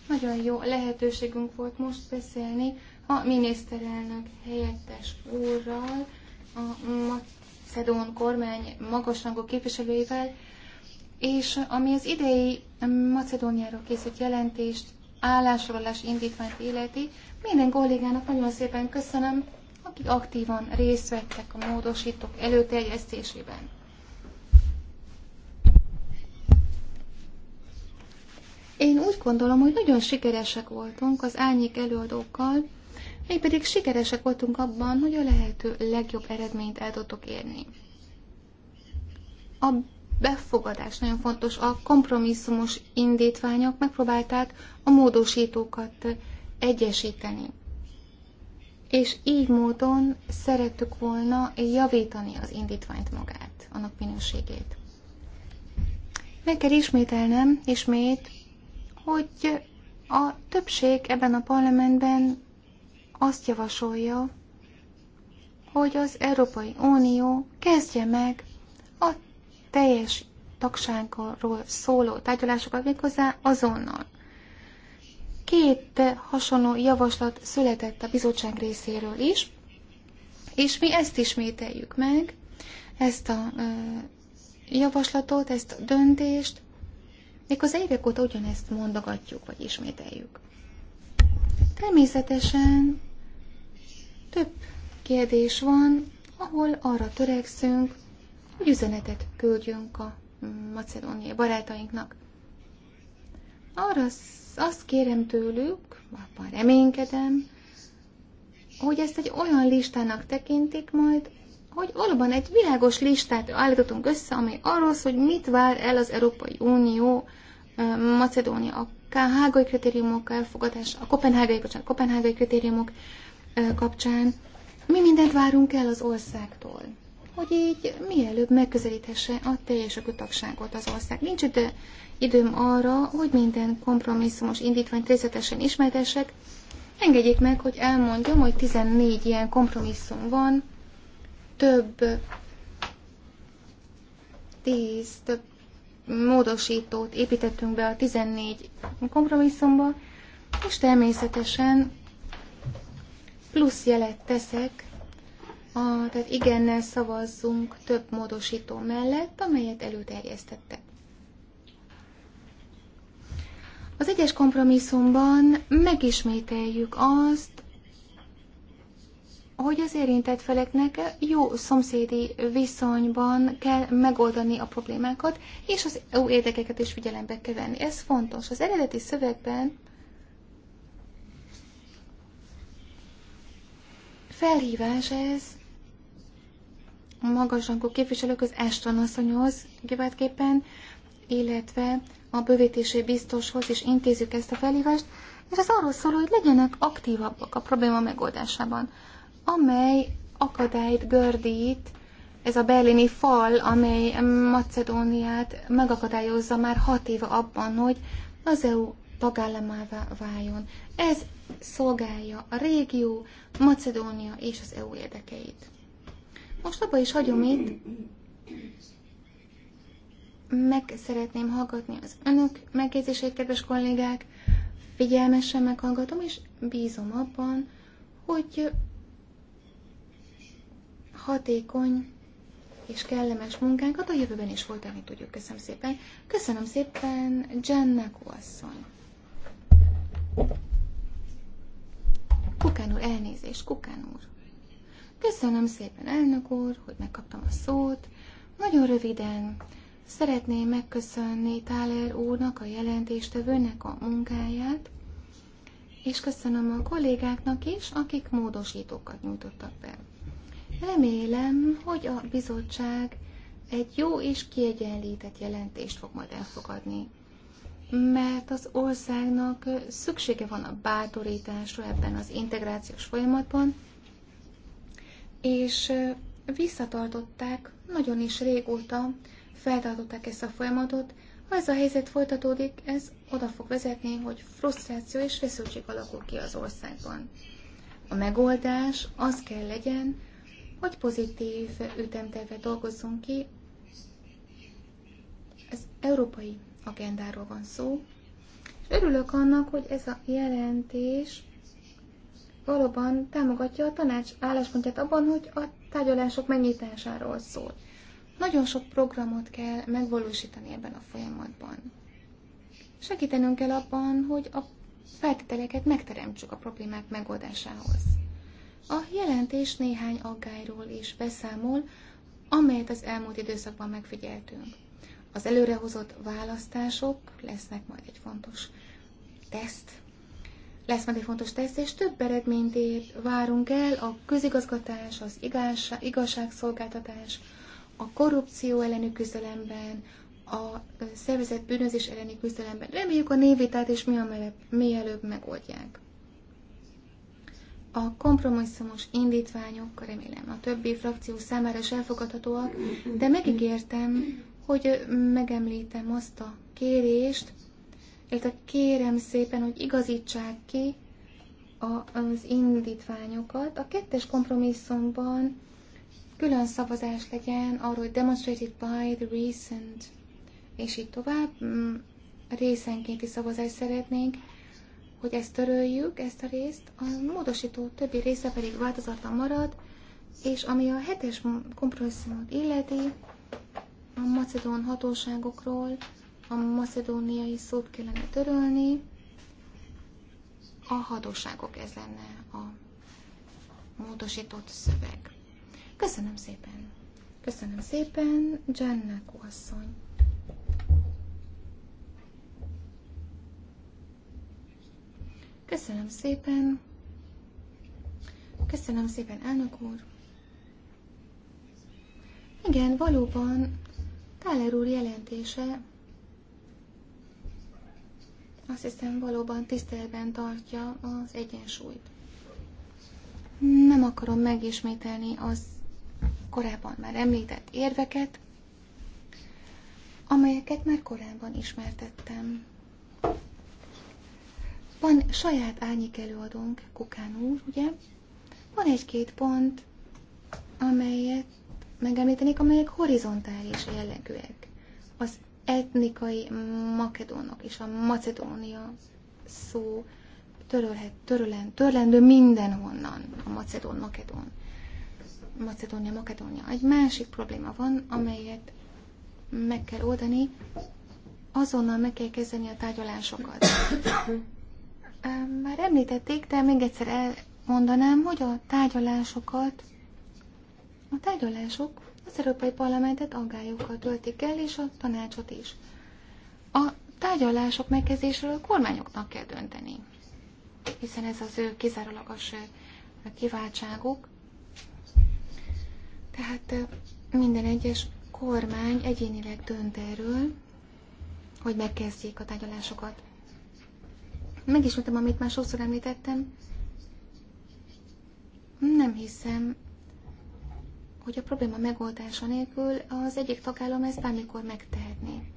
nagyon jó lehetőségünk volt most beszélni a miniszterelnök helyettes úrral, a Macedón kormány magasrangú képviselőivel, és ami az idei Macedóniáról készült jelentést, állásolás indítványt illeti, minden kollégának nagyon szépen köszönöm, akik aktívan részt vettek a módosítók előterjesztésében. Én úgy gondolom, hogy nagyon sikeresek voltunk az árnyék előadókkal, pedig sikeresek voltunk abban, hogy a lehető legjobb eredményt el tudtok érni. A befogadás nagyon fontos. A kompromisszumos indítványok megpróbálták a módosítókat egyesíteni és így módon szerettük volna javítani az indítványt magát, annak minőségét. Meg kell ismételnem ismét, hogy a többség ebben a parlamentben azt javasolja, hogy az Európai Unió kezdje meg a teljes tagságról szóló tárgyalásokat méghozzá azonnal. Két hasonló javaslat született a bizottság részéről is, és mi ezt ismételjük meg, ezt a javaslatot, ezt a döntést, méghozzá évek óta ugyanezt mondogatjuk, vagy ismételjük. Természetesen több kérdés van, ahol arra törekszünk, hogy üzenetet küldjünk a macedóniai barátainknak. Arra azt kérem tőlük, abban reménykedem, hogy ezt egy olyan listának tekintik majd, hogy valóban egy világos listát állítottunk össze, ami arról szól, hogy mit vár el az Európai Unió Macedónia a hágai kritériumok elfogadása, a kopenhágai, bocsánat, kopenhágai kritériumok kapcsán. Mi mindent várunk el az országtól, hogy így mielőbb megközelíthesse a teljes tagságot az ország. Nincs itt időm arra, hogy minden kompromisszumos indítványt részletesen ismertessek. Engedjék meg, hogy elmondjam, hogy 14 ilyen kompromisszum van, több, 10 több módosítót építettünk be a 14 kompromisszumba, és természetesen plusz jelet teszek, a, tehát igennel szavazzunk több módosító mellett, amelyet előterjesztettek. Az egyes kompromisszumban megismételjük azt, hogy az érintett feleknek jó szomszédi viszonyban kell megoldani a problémákat, és az EU érdekeket is figyelembe kell venni. Ez fontos. Az eredeti szövegben felhívás ez a magasrangú képviselők az Ashton asszonyhoz kiváltképpen, illetve a bővítési biztoshoz, és intézzük ezt a felhívást, és ez arról szól, hogy legyenek aktívabbak a probléma megoldásában, amely akadályt gördít, ez a berlini fal, amely Macedóniát megakadályozza már hat éve abban, hogy az EU tagállamává váljon. Ez szolgálja a régió, Macedónia és az EU érdekeit. Most abba is hagyom itt, meg szeretném hallgatni az önök megjegyzését, kedves kollégák, figyelmesen meghallgatom, és bízom abban, hogy hatékony és kellemes munkánkat a jövőben is folytatni tudjuk. Köszönöm szépen. Köszönöm szépen, Jenna asszony. Kukán úr, elnézést, Kukán úr. Köszönöm szépen, elnök úr, hogy megkaptam a szót. Nagyon röviden Szeretném megköszönni Táler úrnak, a jelentéstevőnek a munkáját, és köszönöm a kollégáknak is, akik módosítókat nyújtottak be. Remélem, hogy a bizottság egy jó és kiegyenlített jelentést fog majd elfogadni, mert az országnak szüksége van a bátorításra ebben az integrációs folyamatban, és visszatartották nagyon is régóta feltartották ezt a folyamatot. Ha ez a helyzet folytatódik, ez oda fog vezetni, hogy frusztráció és feszültség alakul ki az országban. A megoldás az kell legyen, hogy pozitív ütemtervet dolgozzunk ki. Ez európai agendáról van szó. És örülök annak, hogy ez a jelentés valóban támogatja a tanács álláspontját abban, hogy a tárgyalások megnyitásáról szól. Nagyon sok programot kell megvalósítani ebben a folyamatban. Segítenünk kell abban, hogy a feltételeket megteremtsük a problémák megoldásához. A jelentés néhány aggályról is beszámol, amelyet az elmúlt időszakban megfigyeltünk. Az előrehozott választások lesznek majd egy fontos teszt, lesz majd egy fontos teszt, és több eredményt ér, várunk el a közigazgatás, az igazság, igazságszolgáltatás, a korrupció elleni küzdelemben, a szervezett bűnözés elleni küzdelemben. Reméljük a névvitát is mielőbb megoldják. A kompromisszumos indítványok remélem a többi frakció számára is elfogadhatóak, de megígértem, hogy megemlítem azt a kérést, illetve kérem szépen, hogy igazítsák ki az indítványokat. A kettes kompromisszumban külön szavazás legyen arról, hogy demonstrated by the recent, és így tovább, mm, részenkénti szavazást szeretnénk, hogy ezt töröljük, ezt a részt, a módosító többi része pedig változatlan marad, és ami a hetes kompromisszumot illeti, a macedón hatóságokról a macedóniai szót kellene törölni, a hatóságok ez lenne a módosított szöveg. Köszönöm szépen. Köszönöm szépen, Jennek asszony. Köszönöm szépen. Köszönöm szépen, elnök úr. Igen, valóban Táler úr jelentése azt hiszem valóban tiszteletben tartja az egyensúlyt. Nem akarom megismételni az korábban már említett érveket, amelyeket már korábban ismertettem. Van saját árnyék előadónk, Kukán úr, ugye? Van egy-két pont, amelyet megemlítenék, amelyek horizontális jellegűek. Az etnikai makedónok és a macedónia szó törölhet, törölen, törlendő mindenhonnan a macedón-makedón. Macedónia, Makedónia. Egy másik probléma van, amelyet meg kell oldani, azonnal meg kell kezdeni a tárgyalásokat. [coughs] Már említették, de még egyszer elmondanám, hogy a tárgyalásokat, a tárgyalások az Európai Parlamentet aggályokkal töltik el, és a tanácsot is. A tárgyalások megkezdéséről a kormányoknak kell dönteni, hiszen ez az ő kizárólagos kiváltságuk. Tehát eh, minden egyes kormány egyénileg dönt erről, hogy megkezdjék a tárgyalásokat. Megismertem, amit már sokszor említettem. Nem hiszem, hogy a probléma megoldása nélkül az egyik tagállam ezt bármikor megtehetné.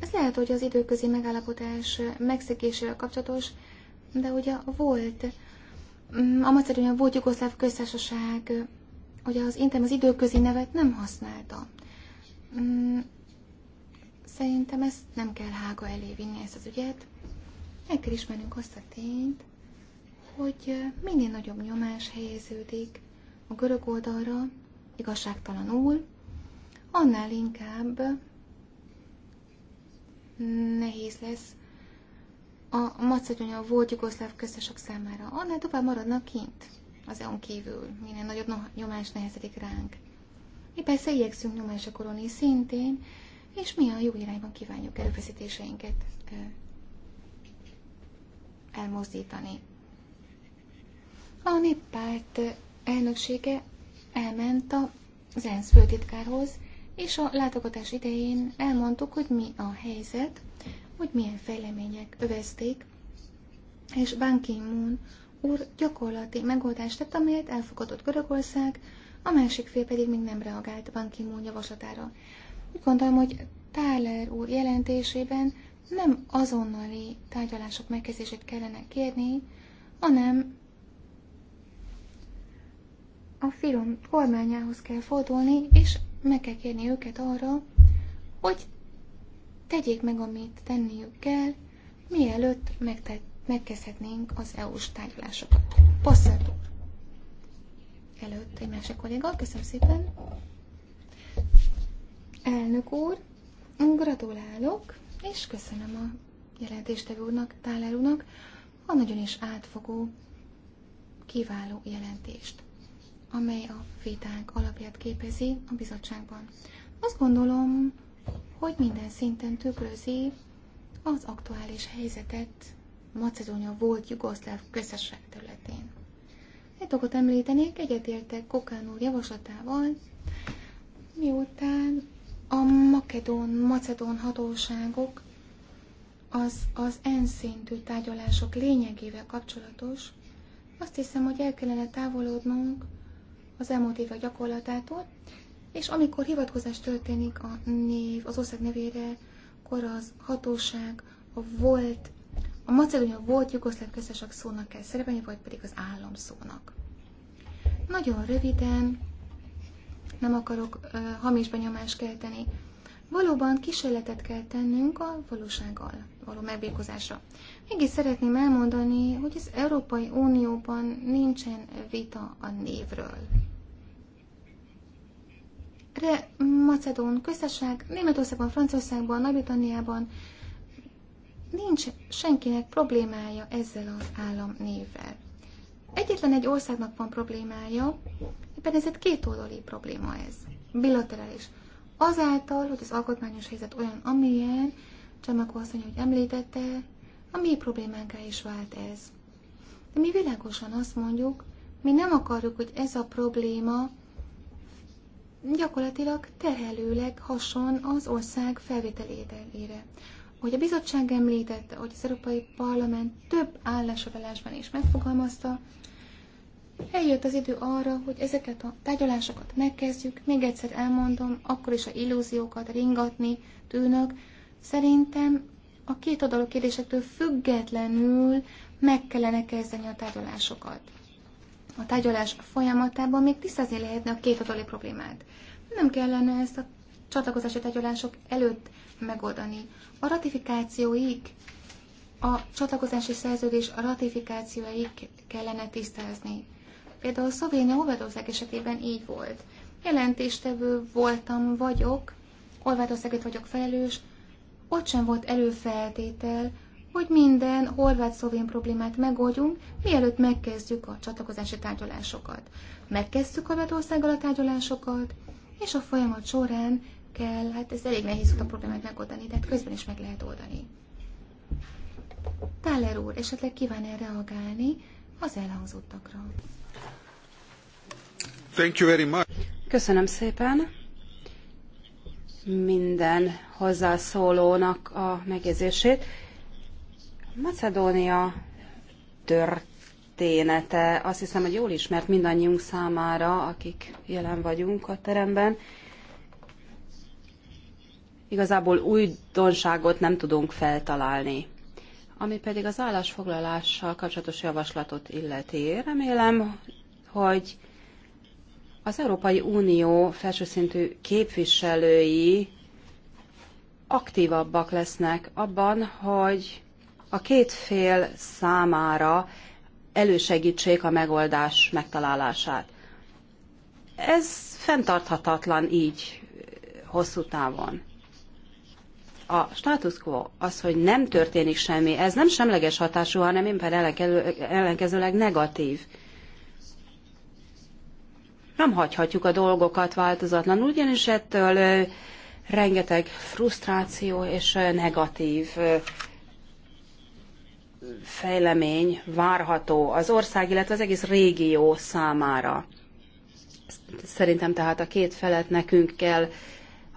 Ez lehet, hogy az időközi megállapodás megszegésével kapcsolatos, de ugye volt, mm, a Macedónia volt Jugoszláv köztársaság hogy az intem az időközi nevet nem használta. Mm, szerintem ezt nem kell hága elé vinni ezt az ügyet. El kell ismernünk azt a tényt, hogy minél nagyobb nyomás helyeződik a görög oldalra, igazságtalanul, annál inkább nehéz lesz a Macedónia volt Jugoszláv köztesek számára, annál tovább maradnak kint az EON kívül. Minél nagyobb nyomás nehezedik ránk. Mi persze igyekszünk a koroni szintén, és mi a jó irányban kívánjuk erőfeszítéseinket elmozdítani. A néppárt elnöksége elment az ENSZ főtitkárhoz, és a látogatás idején elmondtuk, hogy mi a helyzet, hogy milyen fejlemények övezték, és Ban Ki-moon úr gyakorlati megoldást tett, amelyet elfogadott Görögország, a másik fél pedig még nem reagált Ban ki javaslatára. Úgy gondolom, hogy Tyler úr jelentésében nem azonnali tárgyalások megkezdését kellene kérni, hanem a film kormányához kell fordulni, és meg kell kérni őket arra, hogy tegyék meg, amit tenniük kell, mielőtt megtett megkezdhetnénk az EU-s tárgyalásokat. Passzert Előtt egy másik kolléga, köszönöm szépen! Elnök úr, gratulálok, és köszönöm a jelentéstevő úrnak, Tálár úrnak, a nagyon is átfogó, kiváló jelentést, amely a vitánk alapját képezi a bizottságban. Azt gondolom, hogy minden szinten tükrözi az aktuális helyzetet Macedónia volt jugoszláv közösség területén. Egy dolgot említenék, egyetértek Kokán úr javaslatával, miután a makedón, macedón hatóságok az, az enszintű tárgyalások lényegével kapcsolatos, azt hiszem, hogy el kellene távolodnunk az elmúlt évek gyakorlatától, és amikor hivatkozás történik a név, az ország nevére, akkor az hatóság a volt a Macedónia volt jugoszláv köztársaság szónak kell szerepelni, vagy pedig az állam szónak. Nagyon röviden, nem akarok ö, hamis benyomást kelteni. Valóban kísérletet kell tennünk a valósággal való megbékozásra. Mégis szeretném elmondani, hogy az Európai Unióban nincsen vita a névről. Re Macedón köztársaság Németországban, Franciaországban, Nagy-Britanniában, nincs senkinek problémája ezzel az államnévvel. Egyetlen egy országnak van problémája, éppen ez egy kétoldali probléma ez, bilaterális. Azáltal, hogy az alkotmányos helyzet olyan, amilyen, Csemako asszony, hogy említette, a mi problémánká is vált ez. De mi világosan azt mondjuk, mi nem akarjuk, hogy ez a probléma gyakorlatilag terhelőleg hason az ország felvételére hogy a bizottság említette, hogy az Európai Parlament több állásfoglalásban is megfogalmazta, eljött az idő arra, hogy ezeket a tárgyalásokat megkezdjük. Még egyszer elmondom, akkor is a illúziókat ringatni tűnök. Szerintem a két adaló kérdésektől függetlenül meg kellene kezdeni a tárgyalásokat. A tárgyalás folyamatában még tisztázni lehetne a két adali problémát. Nem kellene ezt a csatlakozási tárgyalások előtt megoldani. A ratifikációig, a csatlakozási szerződés a ratifikációig kellene tisztázni. Például szovénia Horvátország esetében így volt. Jelentéstevő voltam, vagyok, Horvátországért vagyok felelős, ott sem volt előfeltétel, hogy minden horvát szovén problémát megoldjunk, mielőtt megkezdjük a csatlakozási tárgyalásokat. Megkezdtük Horvátországgal a tárgyalásokat, és a folyamat során kell, hát ez elég nehéz a problémát megoldani, de hát közben is meg lehet oldani. Táler úr, esetleg kíván erre reagálni az elhangzottakra? Thank you very much. Köszönöm szépen minden hozzászólónak a megjegyzését. Macedónia története azt hiszem, hogy jól ismert mindannyiunk számára, akik jelen vagyunk a teremben, Igazából újdonságot nem tudunk feltalálni. Ami pedig az állásfoglalással kapcsolatos javaslatot illeti, remélem, hogy az Európai Unió felsőszintű képviselői aktívabbak lesznek abban, hogy a két fél számára elősegítsék a megoldás megtalálását. Ez fenntarthatatlan így hosszú távon a status quo, az, hogy nem történik semmi, ez nem semleges hatású, hanem éppen ellenkezőleg negatív. Nem hagyhatjuk a dolgokat változatlanul, ugyanis ettől rengeteg frusztráció és negatív fejlemény várható az ország, illetve az egész régió számára. Szerintem tehát a két felet nekünk kell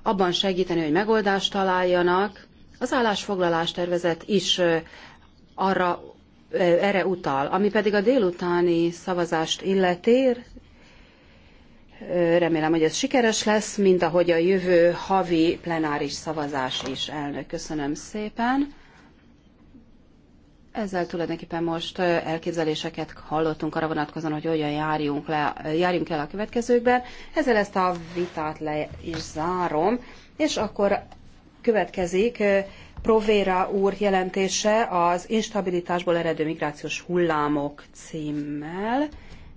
abban segíteni, hogy megoldást találjanak. Az állásfoglalás tervezet is arra, erre utal, ami pedig a délutáni szavazást illetér, Remélem, hogy ez sikeres lesz, mint ahogy a jövő havi plenáris szavazás is, elnök. Köszönöm szépen. Ezzel tulajdonképpen most elképzeléseket hallottunk arra vonatkozóan, hogy olyan járjunk, le, járjunk el a következőkben. Ezzel ezt a vitát le is zárom, és akkor következik Provera úr jelentése az instabilitásból eredő migrációs hullámok címmel.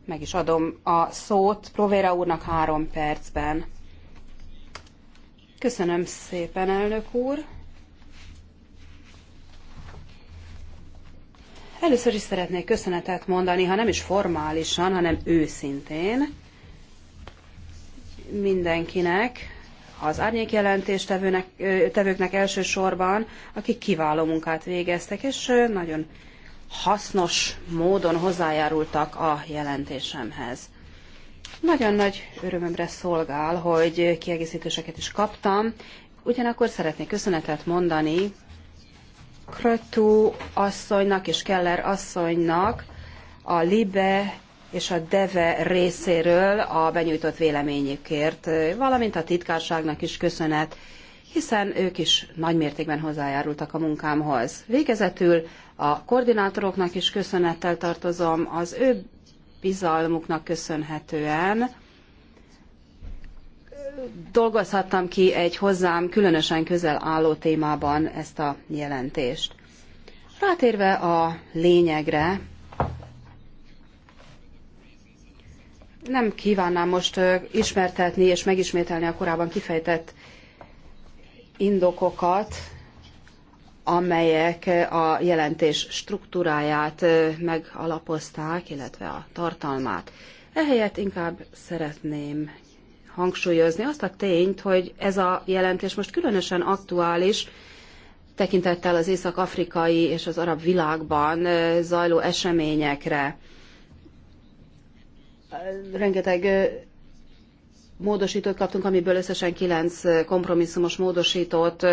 Meg is adom a szót Provera úrnak három percben. Köszönöm szépen, elnök úr! Először is szeretnék köszönetet mondani, ha nem is formálisan, hanem őszintén mindenkinek, az árnyék tevőknek elsősorban, akik kiváló munkát végeztek, és nagyon hasznos módon hozzájárultak a jelentésemhez. Nagyon nagy örömömre szolgál, hogy kiegészítéseket is kaptam, ugyanakkor szeretnék köszönetet mondani Krötú asszonynak és Keller asszonynak a LIBE és a DEVE részéről a benyújtott véleményükért, valamint a titkárságnak is köszönet, hiszen ők is nagymértékben hozzájárultak a munkámhoz. Végezetül a koordinátoroknak is köszönettel tartozom, az ő bizalmuknak köszönhetően, dolgozhattam ki egy hozzám különösen közel álló témában ezt a jelentést. Rátérve a lényegre, nem kívánnám most ismertetni és megismételni a korábban kifejtett indokokat, amelyek a jelentés struktúráját megalapozták, illetve a tartalmát. Ehelyett inkább szeretném hangsúlyozni azt a tényt, hogy ez a jelentés most különösen aktuális, tekintettel az észak-afrikai és az arab világban zajló eseményekre. Rengeteg módosítót kaptunk, amiből összesen kilenc kompromisszumos módosítót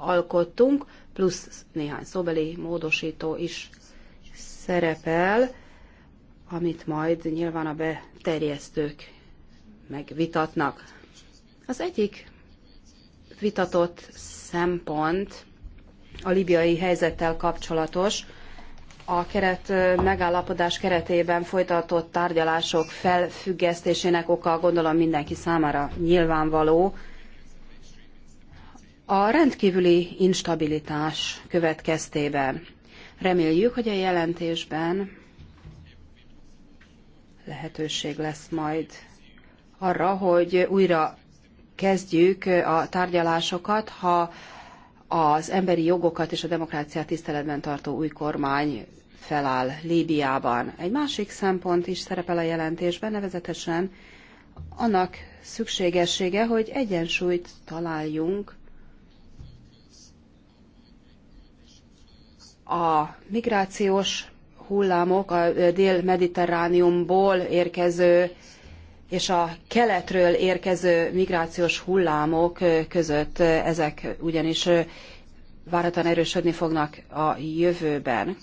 alkottunk, plusz néhány szóbeli módosító is szerepel, amit majd nyilván a beterjesztők megvitatnak. Az egyik vitatott szempont a libiai helyzettel kapcsolatos, a keret megállapodás keretében folytatott tárgyalások felfüggesztésének oka gondolom mindenki számára nyilvánvaló. A rendkívüli instabilitás következtében reméljük, hogy a jelentésben lehetőség lesz majd arra, hogy újra kezdjük a tárgyalásokat, ha az emberi jogokat és a demokráciát tiszteletben tartó új kormány feláll Líbiában. Egy másik szempont is szerepel a jelentésben, nevezetesen annak szükségessége, hogy egyensúlyt találjunk a migrációs hullámok a dél-mediterrániumból érkező és a keletről érkező migrációs hullámok között ezek ugyanis várhatóan erősödni fognak a jövőben.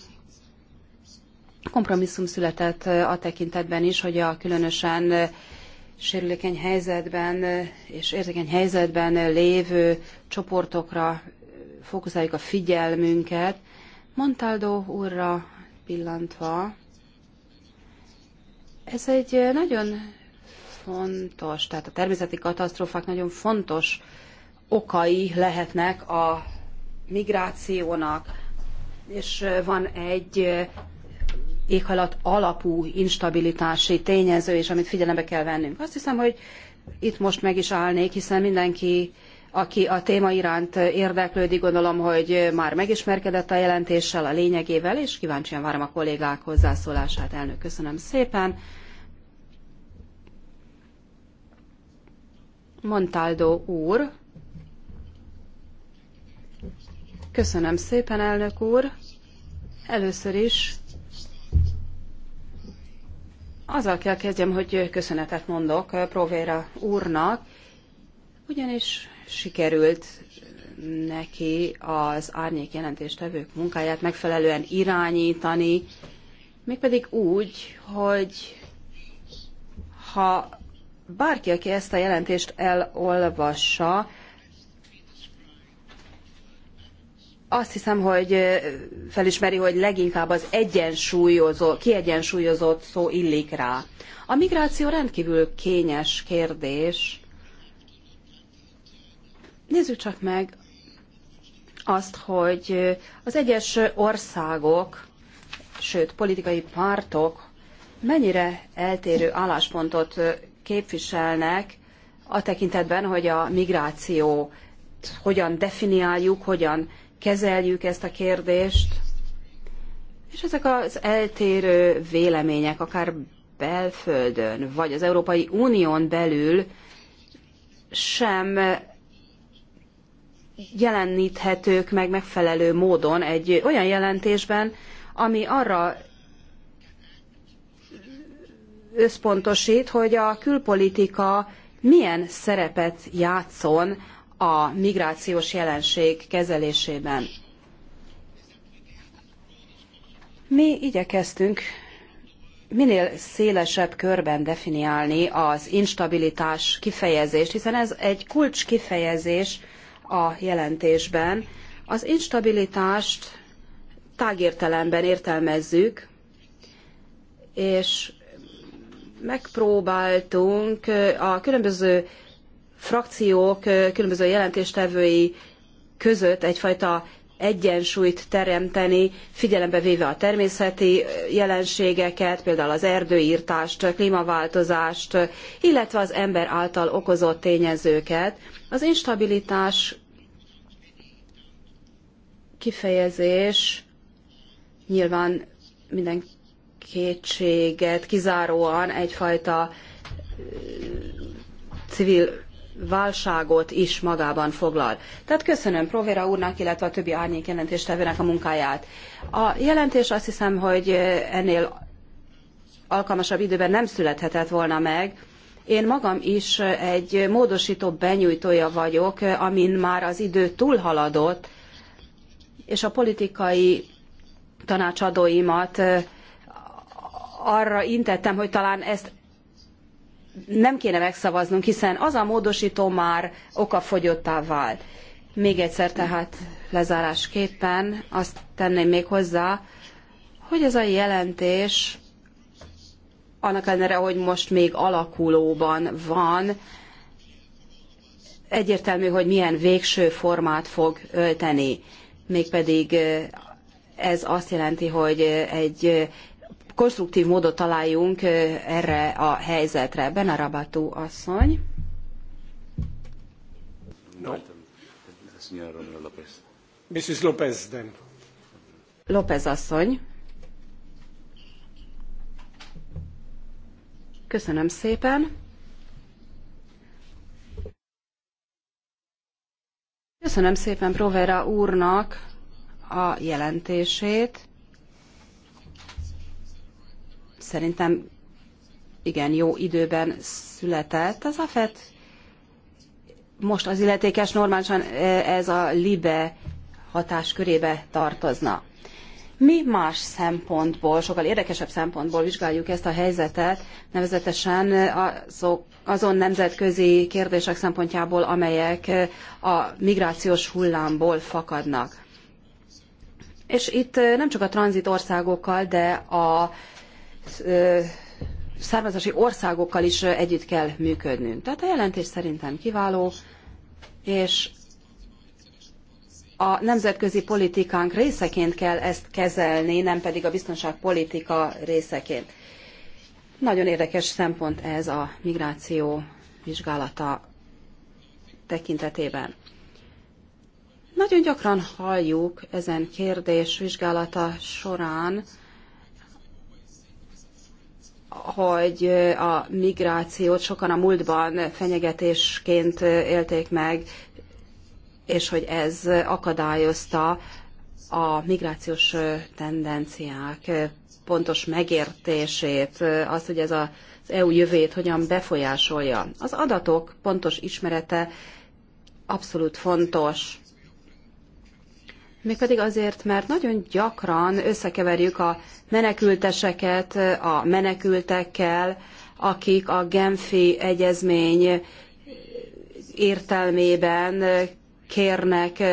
Kompromisszum született a tekintetben is, hogy a különösen sérülékeny helyzetben és érzékeny helyzetben lévő csoportokra fókuszáljuk a figyelmünket. Montaldo úrra pillantva, ez egy nagyon fontos, tehát a természeti katasztrófák nagyon fontos okai lehetnek a migrációnak, és van egy éghajlat alapú instabilitási tényező, és amit figyelembe kell vennünk. Azt hiszem, hogy itt most meg is állnék, hiszen mindenki, aki a téma iránt érdeklődik, gondolom, hogy már megismerkedett a jelentéssel, a lényegével, és kíváncsian várom a kollégák hozzászólását. Elnök, köszönöm szépen. Montaldo úr. Köszönöm szépen, elnök úr. Először is azzal kell kezdjem, hogy köszönetet mondok Provéra úrnak, ugyanis sikerült neki az árnyék jelentéstevők munkáját megfelelően irányítani, mégpedig úgy, hogy ha bárki, aki ezt a jelentést elolvassa, azt hiszem, hogy felismeri, hogy leginkább az egyensúlyozó, kiegyensúlyozott szó illik rá. A migráció rendkívül kényes kérdés. Nézzük csak meg azt, hogy az egyes országok, sőt politikai pártok mennyire eltérő álláspontot képviselnek a tekintetben, hogy a migráció hogyan definiáljuk, hogyan kezeljük ezt a kérdést. És ezek az eltérő vélemények, akár belföldön, vagy az Európai Unión belül sem jeleníthetők meg megfelelő módon egy olyan jelentésben, ami arra összpontosít, hogy a külpolitika milyen szerepet játszon a migrációs jelenség kezelésében. Mi igyekeztünk minél szélesebb körben definiálni az instabilitás kifejezést, hiszen ez egy kulcs kifejezés a jelentésben. Az instabilitást tágértelemben értelmezzük, és megpróbáltunk a különböző frakciók különböző jelentéstevői között egyfajta egyensúlyt teremteni, figyelembe véve a természeti jelenségeket, például az erdőírtást, klímaváltozást, illetve az ember által okozott tényezőket. Az instabilitás kifejezés nyilván minden kétséget kizáróan egyfajta civil válságot is magában foglal. Tehát köszönöm Provera úrnak, illetve a többi árnyék jelentéstevőnek a munkáját. A jelentés azt hiszem, hogy ennél alkalmasabb időben nem születhetett volna meg. Én magam is egy módosító benyújtója vagyok, amin már az idő túlhaladott, és a politikai tanácsadóimat arra intettem, hogy talán ezt nem kéne megszavaznunk, hiszen az a módosító már okafogyottá vált. Még egyszer tehát lezárásképpen azt tenném még hozzá, hogy ez a jelentés annak ellenére, hogy most még alakulóban van, egyértelmű, hogy milyen végső formát fog ölteni. Mégpedig ez azt jelenti, hogy egy konstruktív módot találjunk erre a helyzetre. Bena Rabatú asszony. No. Mrs. López, then. López asszony. Köszönöm szépen. Köszönöm szépen Provera úrnak a jelentését szerintem igen jó időben született. Az AFET most az illetékes normálisan e, ez a LIBE hatáskörébe tartozna. Mi más szempontból, sokkal érdekesebb szempontból vizsgáljuk ezt a helyzetet, nevezetesen azok, azon nemzetközi kérdések szempontjából, amelyek a migrációs hullámból fakadnak. És itt nem csak a tranzitországokkal, de a származási országokkal is együtt kell működnünk. Tehát a jelentés szerintem kiváló, és a nemzetközi politikánk részeként kell ezt kezelni, nem pedig a biztonságpolitika részeként. Nagyon érdekes szempont ez a migráció vizsgálata tekintetében. Nagyon gyakran halljuk ezen kérdés vizsgálata során, hogy a migrációt sokan a múltban fenyegetésként élték meg, és hogy ez akadályozta a migrációs tendenciák pontos megértését, azt, hogy ez az EU jövőjét hogyan befolyásolja. Az adatok pontos ismerete abszolút fontos. Mégpedig azért, mert nagyon gyakran összekeverjük a menekülteseket a menekültekkel, akik a Genfi egyezmény értelmében kérnek,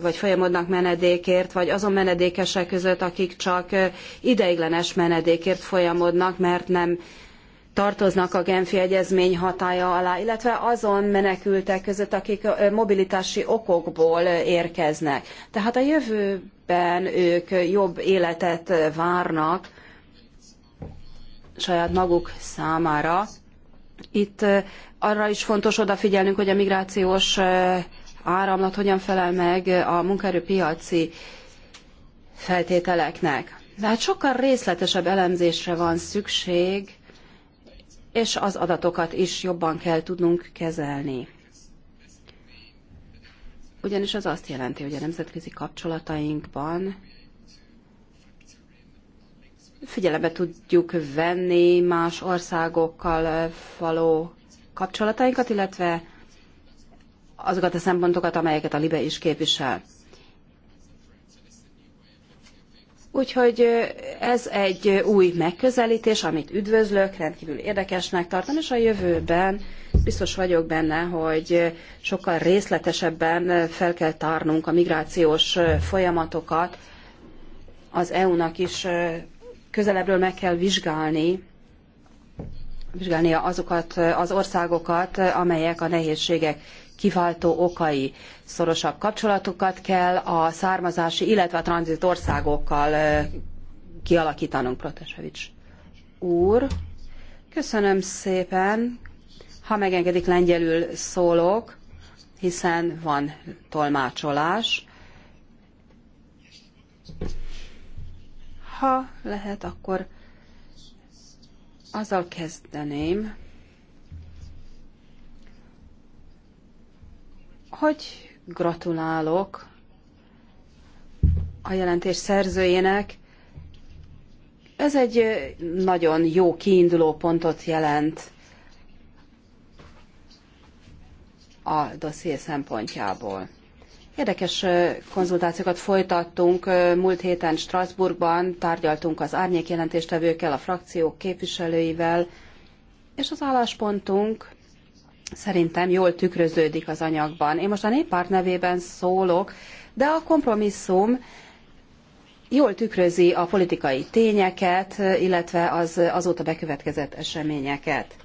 vagy folyamodnak menedékért, vagy azon menedékesek között, akik csak ideiglenes menedékért folyamodnak, mert nem tartoznak a Genfi Egyezmény hatálya alá, illetve azon menekültek között, akik mobilitási okokból érkeznek. Tehát a jövőben ők jobb életet várnak saját maguk számára. Itt arra is fontos odafigyelnünk, hogy a migrációs áramlat hogyan felel meg a munkaerőpiaci feltételeknek. De hát sokkal részletesebb elemzésre van szükség, és az adatokat is jobban kell tudnunk kezelni. Ugyanis az azt jelenti, hogy a nemzetközi kapcsolatainkban figyelembe tudjuk venni más országokkal való kapcsolatainkat, illetve azokat a szempontokat, amelyeket a LIBE is képvisel. Úgyhogy ez egy új megközelítés, amit üdvözlök, rendkívül érdekesnek tartom, és a jövőben biztos vagyok benne, hogy sokkal részletesebben fel kell tárnunk a migrációs folyamatokat. Az EU-nak is közelebbről meg kell vizsgálni, vizsgálnia azokat az országokat, amelyek a nehézségek kiváltó okai. Szorosabb kapcsolatokat kell a származási, illetve a tranzit országokkal kialakítanunk, Protasevics úr. Köszönöm szépen. Ha megengedik, lengyelül szólok, hiszen van tolmácsolás. Ha lehet, akkor azzal kezdeném, hogy gratulálok a jelentés szerzőjének. Ez egy nagyon jó kiinduló pontot jelent a dosszié szempontjából. Érdekes konzultációkat folytattunk múlt héten Strasbourgban, tárgyaltunk az árnyék jelentéstevőkkel, a frakciók képviselőivel, és az álláspontunk szerintem jól tükröződik az anyagban. Én most a néppárt nevében szólok, de a kompromisszum jól tükrözi a politikai tényeket, illetve az azóta bekövetkezett eseményeket.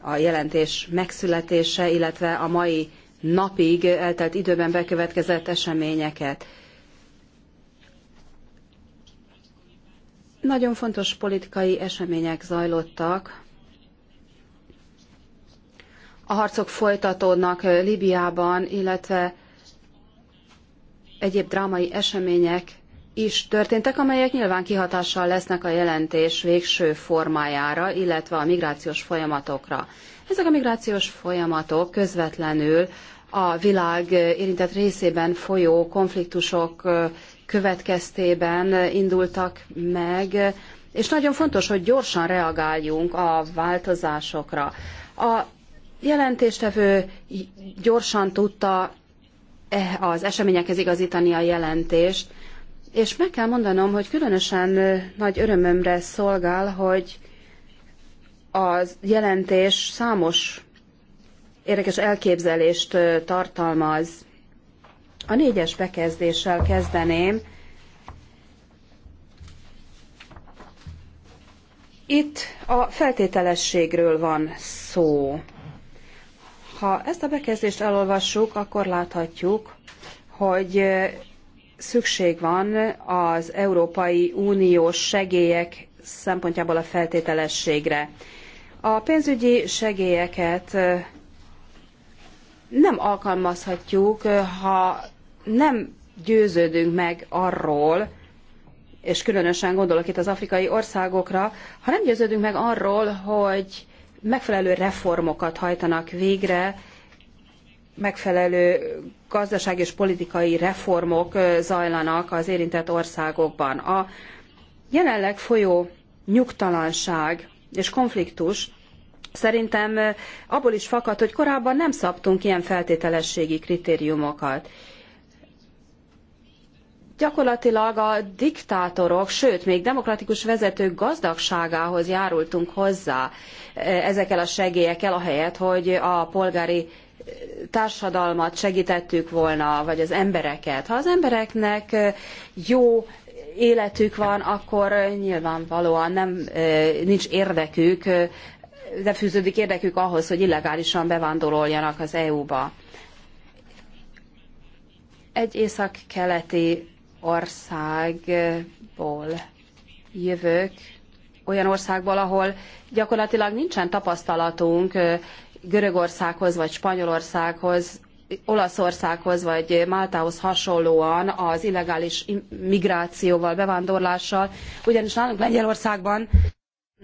A jelentés megszületése, illetve a mai napig eltelt időben bekövetkezett eseményeket. Nagyon fontos politikai események zajlottak, a harcok folytatódnak Libiában, illetve egyéb drámai események is történtek, amelyek nyilván kihatással lesznek a jelentés végső formájára, illetve a migrációs folyamatokra. Ezek a migrációs folyamatok közvetlenül a világ érintett részében folyó konfliktusok következtében indultak meg, és nagyon fontos, hogy gyorsan reagáljunk a változásokra. A jelentéstevő gyorsan tudta e az eseményekhez igazítani a jelentést, és meg kell mondanom, hogy különösen nagy örömömre szolgál, hogy a jelentés számos érdekes elképzelést tartalmaz. A négyes bekezdéssel kezdeném. Itt a feltételességről van szó. Ha ezt a bekezdést elolvassuk, akkor láthatjuk, hogy szükség van az Európai Uniós segélyek szempontjából a feltételességre. A pénzügyi segélyeket nem alkalmazhatjuk, ha nem győződünk meg arról, és különösen gondolok itt az afrikai országokra, ha nem győződünk meg arról, hogy megfelelő reformokat hajtanak végre, megfelelő gazdasági és politikai reformok zajlanak az érintett országokban. A jelenleg folyó nyugtalanság és konfliktus szerintem abból is fakad, hogy korábban nem szabtunk ilyen feltételességi kritériumokat gyakorlatilag a diktátorok, sőt, még demokratikus vezetők gazdagságához járultunk hozzá e, ezekkel a segélyekkel, ahelyett, hogy a polgári e, társadalmat segítettük volna, vagy az embereket. Ha az embereknek e, jó életük van, akkor nyilvánvalóan nem, nincs érdekük, de fűződik érdekük ahhoz, hogy illegálisan bevándoroljanak az EU-ba. Egy észak-keleti országból jövök, olyan országból, ahol gyakorlatilag nincsen tapasztalatunk Görögországhoz, vagy Spanyolországhoz, Olaszországhoz, vagy Máltához hasonlóan az illegális migrációval, bevándorlással, ugyanis nálunk Lengyelországban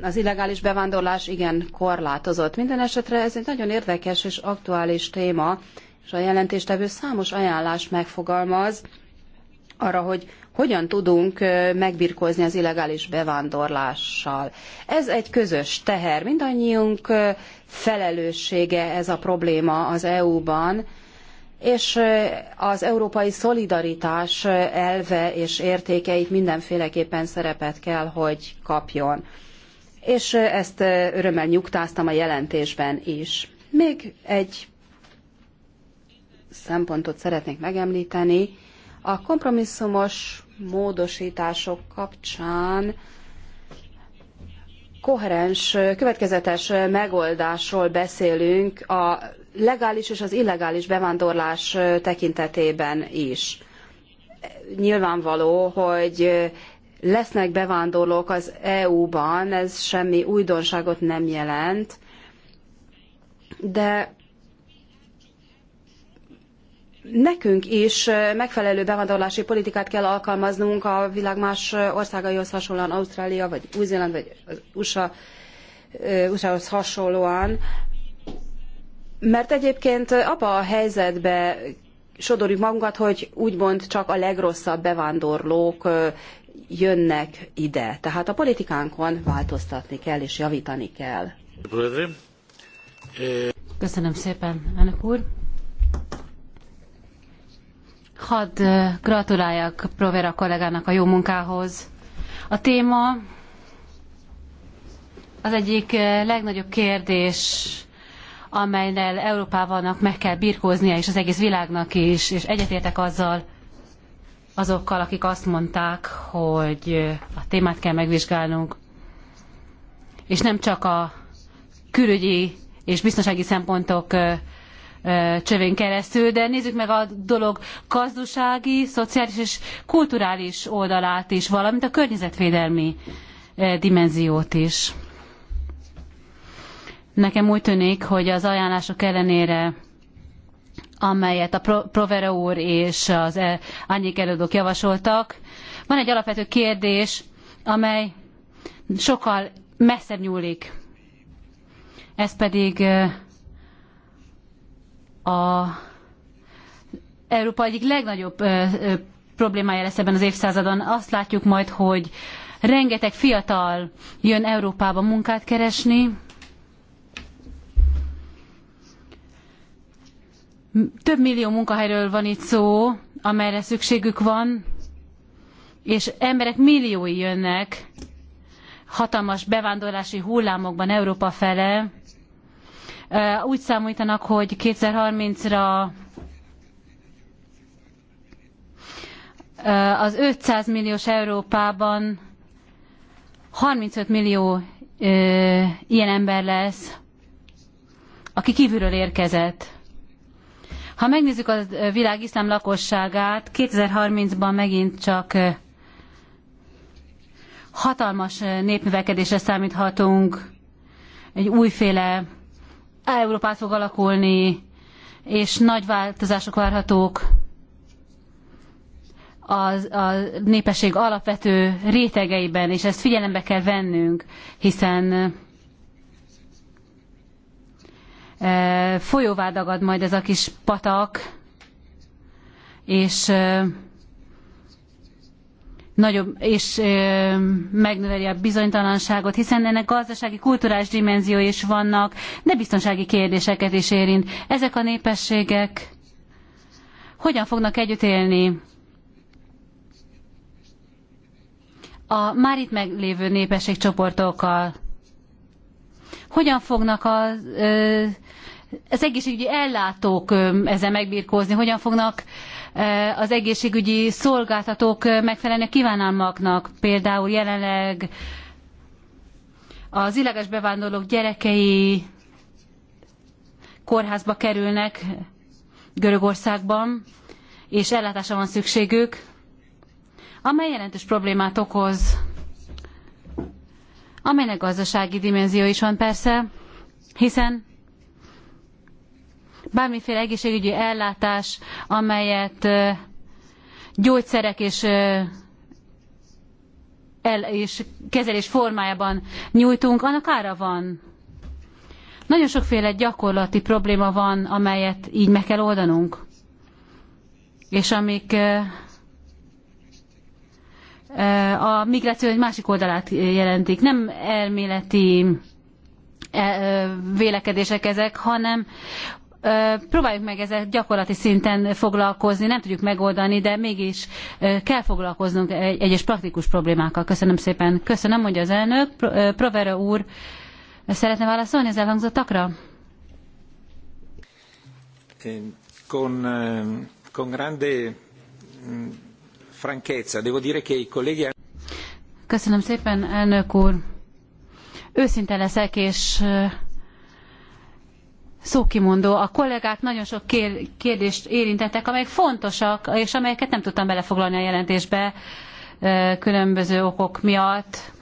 az illegális bevándorlás igen korlátozott. Minden esetre ez egy nagyon érdekes és aktuális téma, és a jelentéstevő számos ajánlást megfogalmaz, arra, hogy hogyan tudunk megbirkózni az illegális bevándorlással. Ez egy közös teher, mindannyiunk felelőssége ez a probléma az EU-ban, és az európai szolidaritás elve és értékeit mindenféleképpen szerepet kell, hogy kapjon. És ezt örömmel nyugtáztam a jelentésben is. Még egy szempontot szeretnék megemlíteni, a kompromisszumos módosítások kapcsán koherens, következetes megoldásról beszélünk a legális és az illegális bevándorlás tekintetében is. Nyilvánvaló, hogy lesznek bevándorlók az EU-ban, ez semmi újdonságot nem jelent, de nekünk is megfelelő bevándorlási politikát kell alkalmaznunk a világ más országaihoz hasonlóan, Ausztrália, vagy Új-Zéland, vagy az USA, USA-hoz hasonlóan, mert egyébként abba a helyzetbe sodorjuk magunkat, hogy úgymond csak a legrosszabb bevándorlók jönnek ide. Tehát a politikánkon változtatni kell és javítani kell. Köszönöm szépen, elnök úr. Hadd gratuláljak Provera kollégának a jó munkához. A téma az egyik legnagyobb kérdés, amelynel Európának meg kell birkóznia, és az egész világnak is, és egyetértek azzal, azokkal, akik azt mondták, hogy a témát kell megvizsgálnunk, és nem csak a külügyi és biztonsági szempontok csövén keresztül, de nézzük meg a dolog gazdasági, szociális és kulturális oldalát is, valamint a környezetvédelmi dimenziót is. Nekem úgy tűnik, hogy az ajánlások ellenére amelyet a Provera úr és az Ányék előadók javasoltak. Van egy alapvető kérdés, amely sokkal messzebb nyúlik. Ez pedig a Európa egyik legnagyobb ö, ö, problémája lesz ebben az évszázadon. Azt látjuk majd, hogy rengeteg fiatal jön Európába munkát keresni. Több millió munkahelyről van itt szó, amelyre szükségük van, és emberek milliói jönnek hatalmas bevándorlási hullámokban Európa fele Eh, úgy számítanak, hogy 2030-ra eh, az 500 milliós Európában 35 millió eh, ilyen ember lesz, aki kívülről érkezett. Ha megnézzük a világ iszlám lakosságát, 2030-ban megint csak hatalmas népnövekedésre számíthatunk, egy újféle Európát fog alakulni, és nagy változások várhatók a, a népesség alapvető rétegeiben, és ezt figyelembe kell vennünk, hiszen e, folyóvá dagad majd ez a kis patak, és e, nagyobb és megnöveli a bizonytalanságot, hiszen ennek gazdasági, kulturális dimenziói is vannak, de biztonsági kérdéseket is érint. Ezek a népességek hogyan fognak együtt élni? a már itt meglévő népességcsoportokkal? Hogyan fognak a az egészségügyi ellátók ezzel megbirkózni, hogyan fognak az egészségügyi szolgáltatók megfelelni a kívánalmaknak. Például jelenleg az illeges bevándorlók gyerekei kórházba kerülnek Görögországban, és ellátásra van szükségük, amely jelentős problémát okoz, amelynek gazdasági dimenzió is van persze, hiszen bármiféle egészségügyi ellátás, amelyet gyógyszerek és el és kezelés formájában nyújtunk, annak ára van. Nagyon sokféle gyakorlati probléma van, amelyet így meg kell oldanunk. És amik a migráció egy másik oldalát jelentik. Nem elméleti e, vélekedések ezek, hanem próbáljuk meg ezzel gyakorlati szinten foglalkozni, nem tudjuk megoldani, de mégis kell foglalkoznunk egyes praktikus problémákkal. Köszönöm szépen. Köszönöm, mondja az elnök. Provera úr, szeretne válaszolni az elhangzottakra? Con, con grande mm, franchezza, devo dire che i colleghi... Köszönöm szépen, elnök úr. Őszinte leszek, és szókimondó. A kollégák nagyon sok kérdést érintettek, amelyek fontosak, és amelyeket nem tudtam belefoglalni a jelentésbe különböző okok miatt.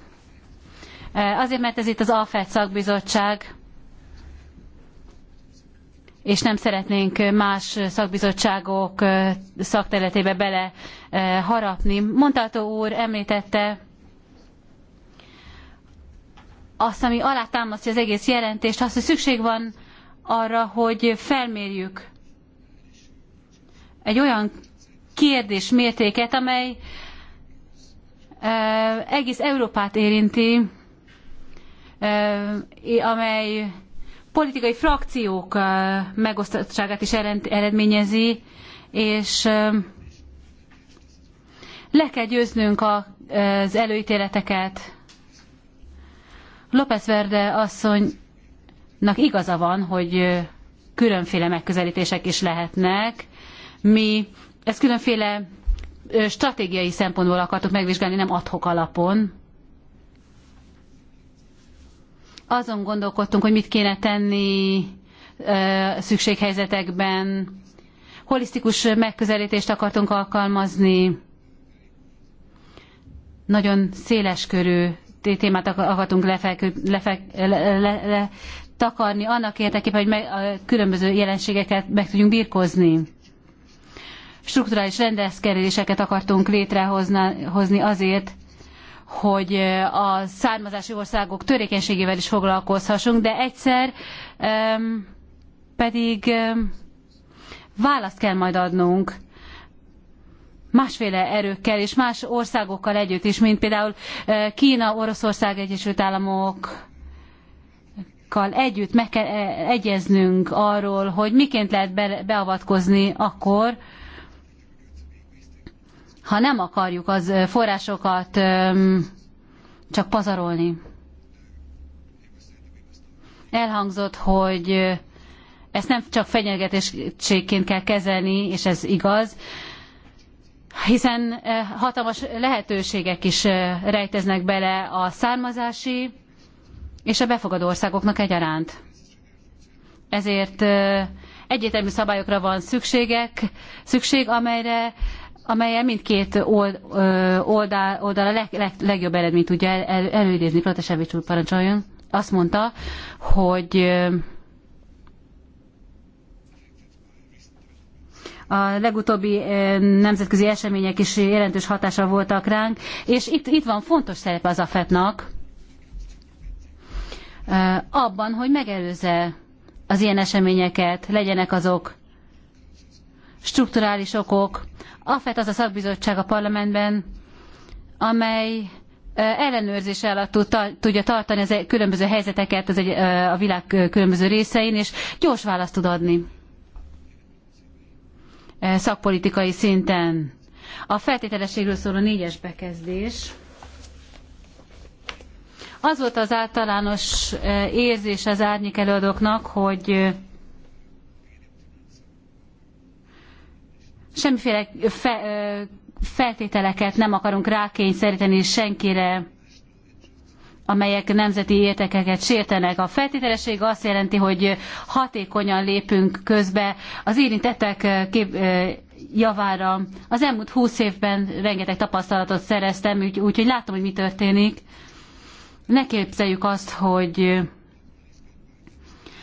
Azért, mert ez itt az AFET szakbizottság, és nem szeretnénk más szakbizottságok szakterületébe bele harapni. Montató úr említette azt, ami alátámasztja az egész jelentést, azt, hogy szükség van arra, hogy felmérjük egy olyan kérdés mértéket, amely e, egész Európát érinti, e, amely politikai frakciók e, megosztottságát is eredményezi, és le kell győznünk az előítéleteket. López Verde asszony igaza van, hogy különféle megközelítések is lehetnek. Mi ezt különféle stratégiai szempontból akartuk megvizsgálni, nem adhok alapon. Azon gondolkodtunk, hogy mit kéne tenni szükséghelyzetekben. Holisztikus megközelítést akartunk alkalmazni. Nagyon széleskörű témát akartunk lefek, lefek, le, le, le, takarni annak érdekében, hogy meg, a különböző jelenségeket meg tudjunk birkozni. Strukturális rendezkedéseket akartunk létrehozni azért, hogy eh, a származási országok törékenységével is foglalkozhassunk, de egyszer pedig um, választ kell majd adnunk másféle erőkkel és más országokkal együtt is, mint például eh, Kína, Oroszország, Egyesült Államok, kal együtt meg kell eh, egyeznünk arról, hogy miként lehet beavatkozni akkor, ha nem akarjuk az eh, forrásokat ehm, csak pazarolni. Elhangzott, hogy eh, ezt nem csak fenyegetésségként kell kezelni, és ez igaz, hiszen hatalmas lehetőségek is rejteznek bele a származási és a befogadó országoknak egyaránt. Ezért egyértelmű szabályokra van szükségek, szükség, amelyre amelyen mindkét oldal, oldal a leg, leg, legjobb eredményt tudja el, előidézni. Protasevics úr parancsoljon. Azt mondta, hogy a legutóbbi nemzetközi események is jelentős hatással voltak ránk, és itt, itt van fontos szerepe az AFET-nak, abban, hogy megelőzze az ilyen eseményeket, legyenek azok strukturális okok. AFET az a szakbizottság a parlamentben, amely ellenőrzés alatt tudja tartani az e- különböző helyzeteket az egy, a világ különböző részein, és gyors választ tud adni szakpolitikai szinten. A feltételességről szóló négyes bekezdés az volt az általános eh, érzés az árnyék előadóknak, hogy eh, semmiféle fe, eh, feltételeket nem akarunk rákényszeríteni senkire, amelyek nemzeti értekeket sértenek. A feltételesség azt jelenti, hogy hatékonyan lépünk közbe az érintettek kép, javára. Az elmúlt húsz évben rengeteg tapasztalatot szereztem, úgyhogy úgy, látom, hogy mi történik ne képzeljük azt, hogy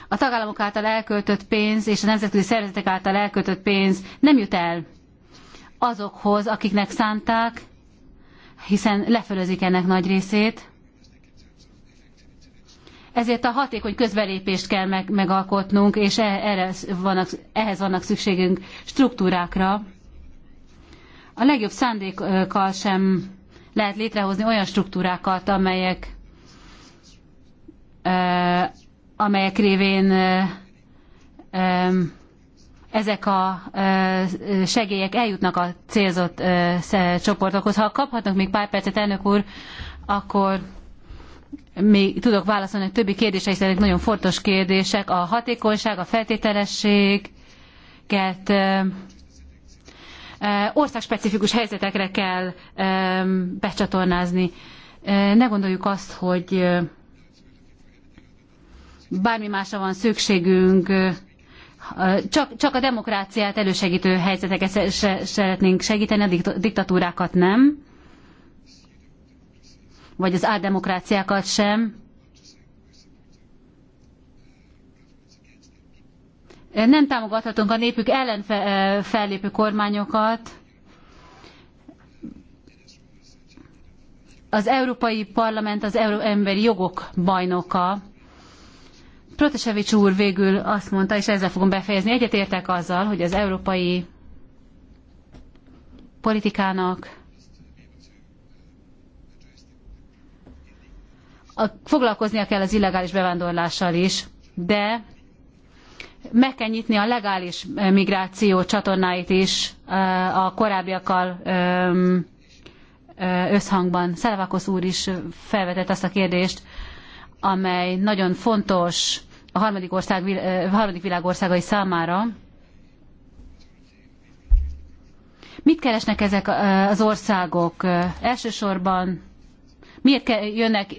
a tagállamok által elköltött pénz és a nemzetközi szervezetek által elköltött pénz nem jut el azokhoz, akiknek szánták, hiszen lefölözik ennek nagy részét. Ezért a hatékony közbelépést kell meg, megalkotnunk, és e, erre vannak, ehhez vannak szükségünk struktúrákra. A legjobb szándékkal sem lehet létrehozni olyan struktúrákat, amelyek amelyek révén ezek a segélyek eljutnak a célzott csoportokhoz. Ha kaphatnak még pár percet, elnök úr, akkor még tudok válaszolni a többi kérdésre, hiszen ezek nagyon fontos kérdések. A hatékonyság, a feltételességet, országspecifikus helyzetekre kell becsatornázni. Ne gondoljuk azt, hogy bármi másra van szükségünk, csak, csak a demokráciát elősegítő helyzeteket szeretnénk segíteni, a diktatúrákat nem, vagy az áldemokráciákat sem. Nem támogathatunk a népük ellen eh, fellépő kormányokat. Az Európai Parlament az emberi jogok bajnoka Protasevics úr végül azt mondta, és ezzel fogom befejezni, egyetértek azzal, hogy az európai politikának a, foglalkoznia kell az illegális bevándorlással is, de meg kell nyitni a legális migráció csatornáit is a korábbiakkal összhangban. Szelevakosz úr is felvetett azt a kérdést, amely nagyon fontos a harmadik, ország, a harmadik világ országai számára. Mit keresnek ezek az országok? Elsősorban miért jönnek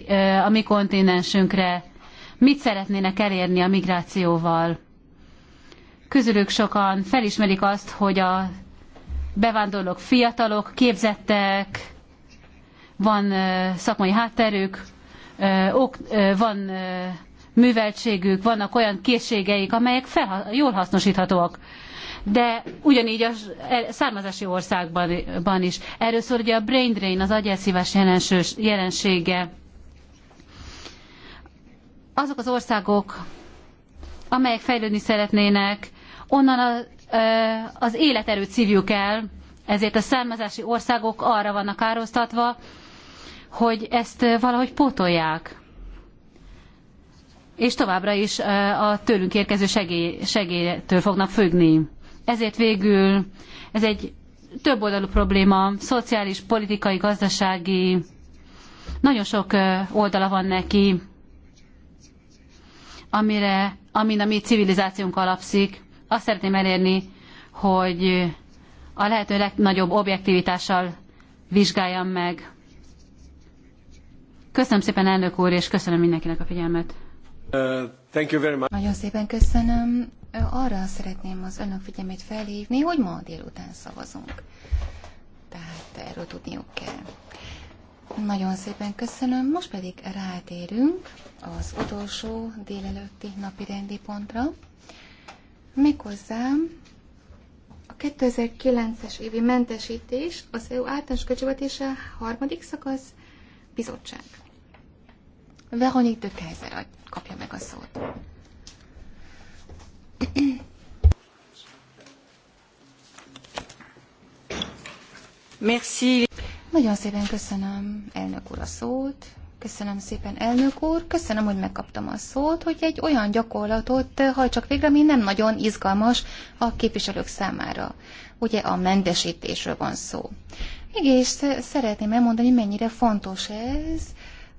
a mi kontinensünkre? Mit szeretnének elérni a migrációval? Közülük sokan felismerik azt, hogy a bevándorlók fiatalok, képzettek, van szakmai hátterük, van műveltségük, vannak olyan készségeik, amelyek jól hasznosíthatóak. De ugyanígy a e, származási országban is. Erről szól ugye a brain drain, az agyelszívás jelensége. Azok az országok, amelyek fejlődni szeretnének, onnan a, e, az életerőt szívjuk el, ezért a származási országok arra vannak ároztatva, hogy ezt e, valahogy pótolják és továbbra is a tőlünk érkező segély, segélytől fognak függni. Ezért végül ez egy több oldalú probléma, szociális, politikai, gazdasági, nagyon sok oldala van neki, amire, amin a mi civilizációnk alapszik. Azt szeretném elérni, hogy a lehető legnagyobb objektivitással vizsgáljam meg. Köszönöm szépen, elnök úr, és köszönöm mindenkinek a figyelmet. Uh, thank you very much. Nagyon szépen köszönöm. Arra szeretném az önök figyelmét felhívni, hogy ma délután szavazunk. Tehát erről tudniuk kell. Nagyon szépen köszönöm. Most pedig rátérünk az utolsó délelőtti napi rendi pontra. Méghozzá a 2009-es évi mentesítés, az EU általános költségvetése harmadik szakasz bizottság. Veronique de Kaiser kapja meg a szót. Merci. Nagyon szépen köszönöm, elnök úr, a szót. Köszönöm szépen, elnök úr. Köszönöm, hogy megkaptam a szót, hogy egy olyan gyakorlatot eh, hajtsak végre, ami nem nagyon izgalmas a képviselők számára. Ugye a mentesítésről van szó. Mégis szeretném elmondani, mennyire fontos ez,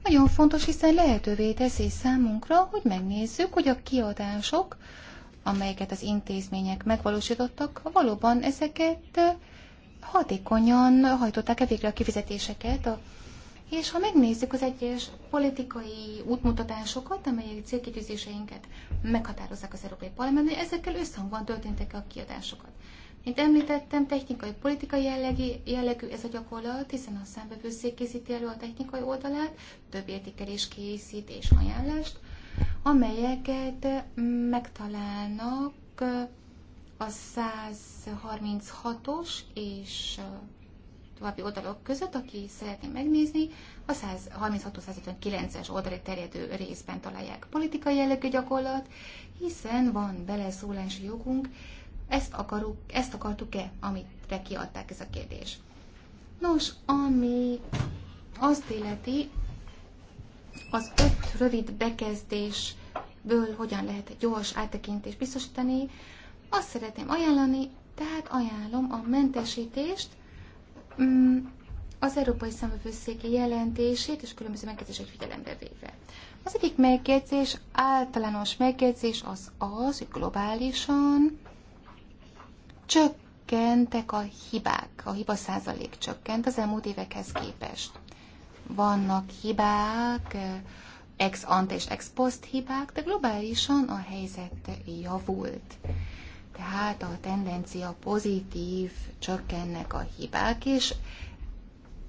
nagyon fontos, hiszen lehetővé teszi számunkra, hogy megnézzük, hogy a kiadások, amelyeket az intézmények megvalósítottak, valóban ezeket hatékonyan hajtották-e végre a kifizetéseket. A, és ha megnézzük az egyes politikai útmutatásokat, amelyek célkitűzéseinket meghatározzák az Európai Parlamentben, ezekkel összhangban történtek -e a kiadásokat. Mint említettem, technikai, politikai jellegű, jellegű ez a gyakorlat, hiszen a számbevőszék készíti elő a technikai oldalát, több értékelés készít és ajánlást, amelyeket mm, megtalálnak a 136-os és további oldalok között, aki szeretné megnézni, a 136-159-es oldali terjedő részben találják politikai jellegű gyakorlat, hiszen van beleszólási jogunk, ezt, akaruk, ezt akartuk-e, amit kiadták ez a kérdés? Nos, ami azt illeti, az öt rövid bekezdésből hogyan lehet egy gyors áttekintést biztosítani, azt szeretném ajánlani, tehát ajánlom a mentesítést, mm, az Európai Számövőszéki jelentését és különböző megjegyzések figyelembe véve. Az egyik megjegyzés, általános megjegyzés az az, hogy globálisan csökkentek a hibák, a hiba százalék csökkent az elmúlt évekhez képest. Vannak hibák, ex ante és ex post hibák, de globálisan a helyzet javult. Tehát a tendencia pozitív, csökkennek a hibák, és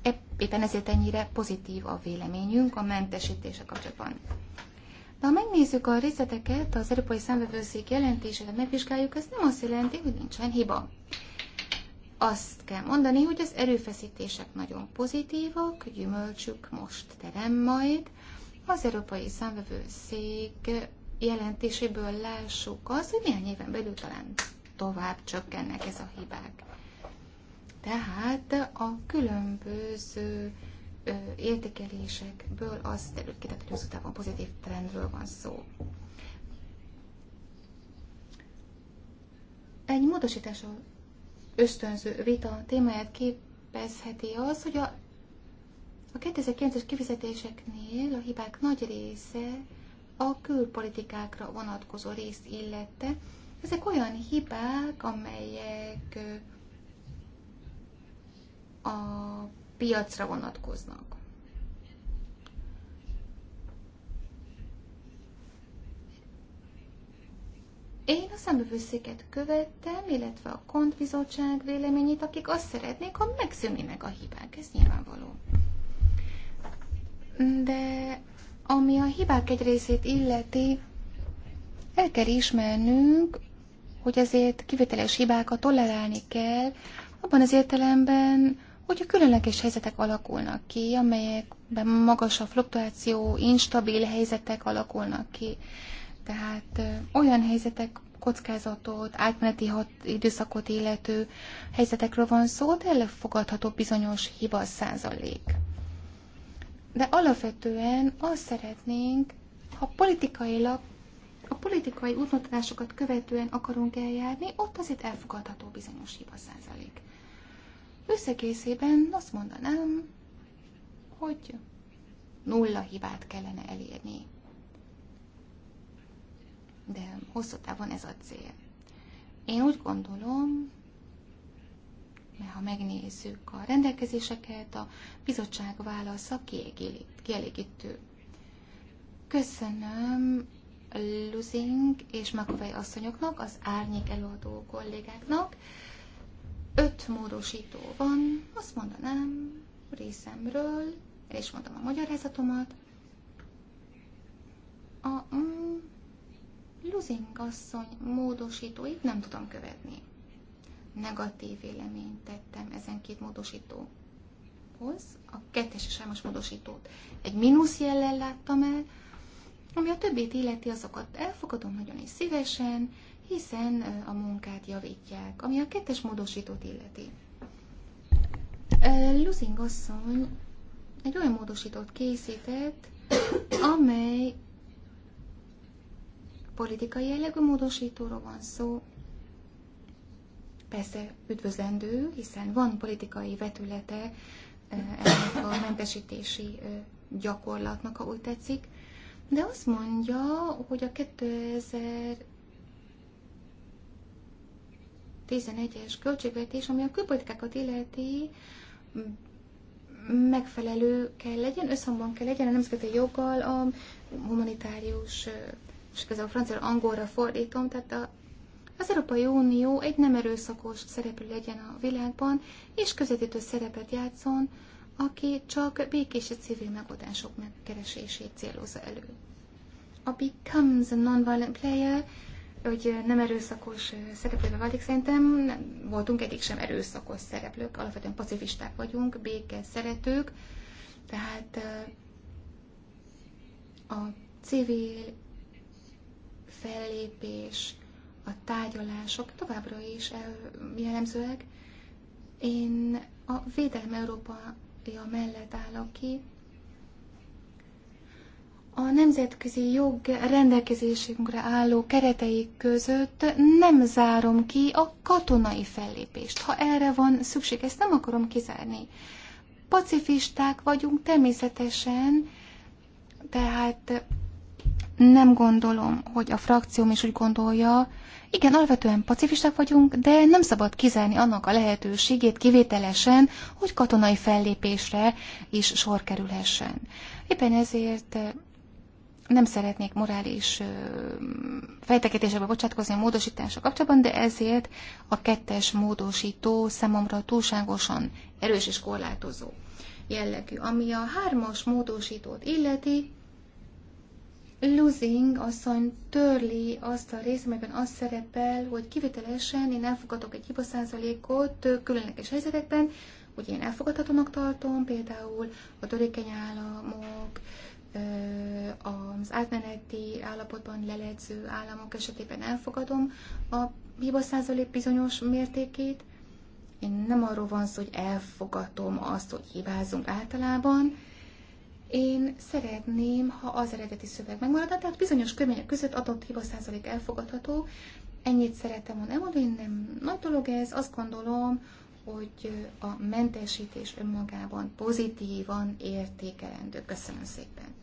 e- éppen ezért ennyire pozitív a véleményünk a mentesítése kapcsolatban. De ha megnézzük a részleteket, az Európai Számvevőszék jelentéseket megvizsgáljuk, ez nem azt jelenti, hogy nincsen hiba. Azt kell mondani, hogy az erőfeszítések nagyon pozitívak, gyümölcsük most terem majd. Az Európai Számvevőszék jelentéséből lássuk azt, hogy néhány éven belül talán tovább csökkennek ez a hibák. Tehát a különböző értékelésekből az derül ki, tehát hogy hosszú távon pozitív trendről van szó. Egy módosítás ösztönző vita témáját képezheti az, hogy a, a 2009-es kifizetéseknél a hibák nagy része a külpolitikákra vonatkozó részt illette. Ezek olyan hibák, amelyek a piacra vonatkoznak. Én a szemövőszéket követtem, illetve a kontbizottság véleményét, akik azt szeretnék, ha megszűnnének a hibák. Ez nyilvánvaló. De ami a hibák egy részét illeti, el kell ismernünk, hogy ezért kivételes hibákat tolerálni kell, abban az értelemben, Hogyha különleges helyzetek alakulnak ki, amelyekben magas a fluktuáció, instabil helyzetek alakulnak ki, tehát olyan helyzetek, kockázatot, átmeneti hat, időszakot illető helyzetekről van szó, de elfogadható bizonyos hiba százalék. De alapvetően azt szeretnénk, ha politikailag a politikai útmutatásokat követően akarunk eljárni, ott azért elfogadható bizonyos hiba százalék. Összegészében azt mondanám, hogy nulla hibát kellene elérni. De hosszú távon ez a cél. Én úgy gondolom, mert ha megnézzük a rendelkezéseket, a bizottság válasza kielégítő. Köszönöm Luzing és Makovai asszonyoknak, az árnyék előadó kollégáknak, öt módosító van, azt mondanám részemről, és mondom a magyarázatomat, a mm, Luzing asszony módosítóit nem tudom követni. Negatív véleményt tettem ezen két módosítóhoz, a kettes és hármas módosítót. Egy mínusz jellel láttam el, ami a többét illeti azokat elfogadom nagyon is szívesen, hiszen a munkát javítják, ami a kettes módosítót illeti. Lusing asszony egy olyan módosítót készített, amely politikai jellegű módosítóról van szó, persze üdvözlendő, hiszen van politikai vetülete ennek a mentesítési gyakorlatnak, ha úgy tetszik, de azt mondja, hogy a 2000 2011-es költségvetés, ami a külpolitikákat illeti, megfelelő kell legyen, összhangban kell legyen a nemzeti joggal, a humanitárius, és ez a francia angolra fordítom, tehát a, az Európai Unió egy nem erőszakos szereplő legyen a világban, és közvetítő szerepet játszon, aki csak békés és civil megoldások megkeresését célozza elő. A becomes a non-violent player hogy nem erőszakos szereplőbe válik, szerintem nem voltunk egyik sem erőszakos szereplők, alapvetően pacifisták vagyunk, béke szeretők, tehát eh, a civil fellépés, a tárgyalások továbbra is jellemzőek. Én a Védelme Európa mellett állok ki, a nemzetközi jog rendelkezésünkre álló keretei között nem zárom ki a katonai fellépést, ha erre van szükség. Ezt nem akarom kizárni. Pacifisták vagyunk természetesen, tehát nem gondolom, hogy a frakcióm is úgy gondolja, igen, alapvetően pacifisták vagyunk, de nem szabad kizárni annak a lehetőségét kivételesen, hogy katonai fellépésre is sor kerülhessen. Éppen ezért nem szeretnék morális fejteketésekbe bocsátkozni a módosítása kapcsolatban, de ezért a kettes módosító számomra túlságosan erős és korlátozó jellegű. Ami a hármas módosítót illeti, Losing asszony törli azt a részt, amelyben az szerepel, hogy kivételesen én elfogadok egy hibaszázalékot különleges helyzetekben, hogy én elfogadhatónak tartom, például a törékeny államok, az átmeneti állapotban leledző államok esetében elfogadom a hiba százalék bizonyos mértékét. Én nem arról van szó, hogy elfogadom azt, hogy hibázunk általában. Én szeretném, ha az eredeti szöveg megmarad, tehát bizonyos körülmények között adott hiba százalék elfogadható. Ennyit szerettem volna elmondani, nem nagy dolog ez. Azt gondolom, hogy a mentesítés önmagában pozitívan értékelendő. Köszönöm szépen!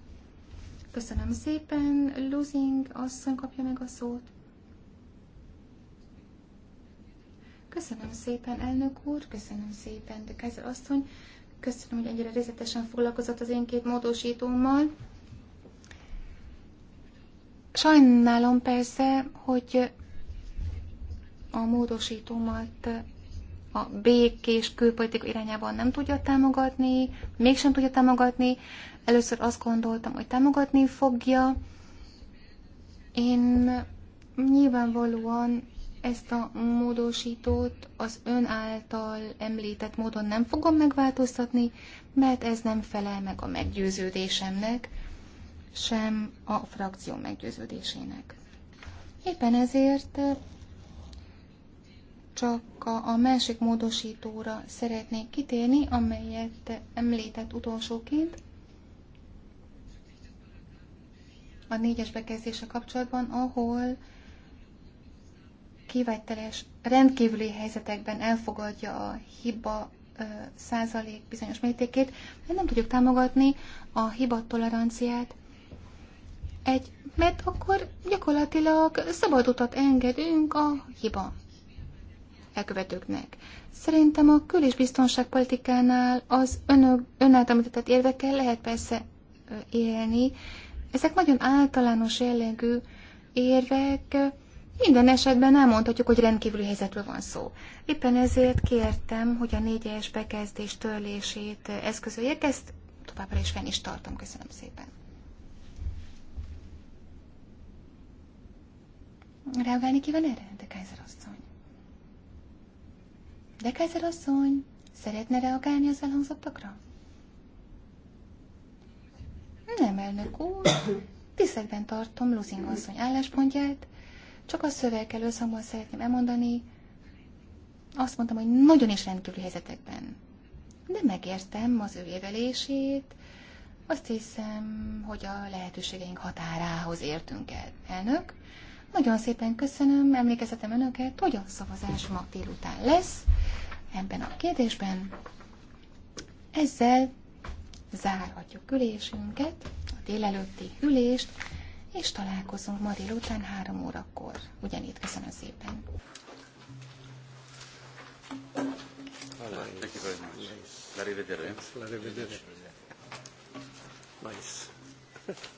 Köszönöm szépen. Losing asszony kapja meg a szót. Köszönöm szépen, elnök úr, köszönöm szépen, de Kaiser asszony, köszönöm, hogy ennyire részletesen foglalkozott az én két módosítómmal. Sajnálom persze, hogy a módosítómat a békés külpolitika irányában nem tudja támogatni, mégsem tudja támogatni. Először azt gondoltam, hogy támogatni fogja. Én nyilvánvalóan ezt a módosítót az ön által említett módon nem fogom megváltoztatni, mert ez nem felel meg a meggyőződésemnek, sem a frakció meggyőződésének. Éppen ezért csak a másik módosítóra szeretnék kitérni, amelyet említett utolsóként. a négyes bekezdése kapcsolatban, ahol kivételes, rendkívüli helyzetekben elfogadja a hiba ö, százalék bizonyos mértékét, mert nem tudjuk támogatni a hiba toleranciát, egy, mert akkor gyakorlatilag szabad utat engedünk a hiba elkövetőknek. Szerintem a kül- és biztonságpolitikánál az önök, önáltalmitetett által érvekkel lehet persze élni, ezek nagyon általános jellegű érvek, minden esetben nem mondhatjuk, hogy rendkívüli helyzetről van szó. Éppen ezért kértem, hogy a négyes bekezdés törlését eszközöljék, ezt továbbra is fenn is tartom. Köszönöm szépen. Reagálni kíván erre, de Kaiser asszony? De Kaiser asszony, szeretne reagálni az elhangzottakra? Nem, elnök úr, tiszekben tartom Luzing asszony álláspontját, csak a szöveg előszakban szeretném elmondani, azt mondtam, hogy nagyon is rendkívüli helyzetekben. De megértem az ő évelését, azt hiszem, hogy a lehetőségeink határához értünk el. Elnök, nagyon szépen köszönöm, emlékezetem önöket, hogy a szavazás ma délután lesz ebben a kérdésben. Ezzel zárhatjuk ülésünket, a délelőtti ülést, és találkozunk ma délután három órakor. Ugyanígy köszönöm szépen. Thank you very much. Nice. Nice. [laughs]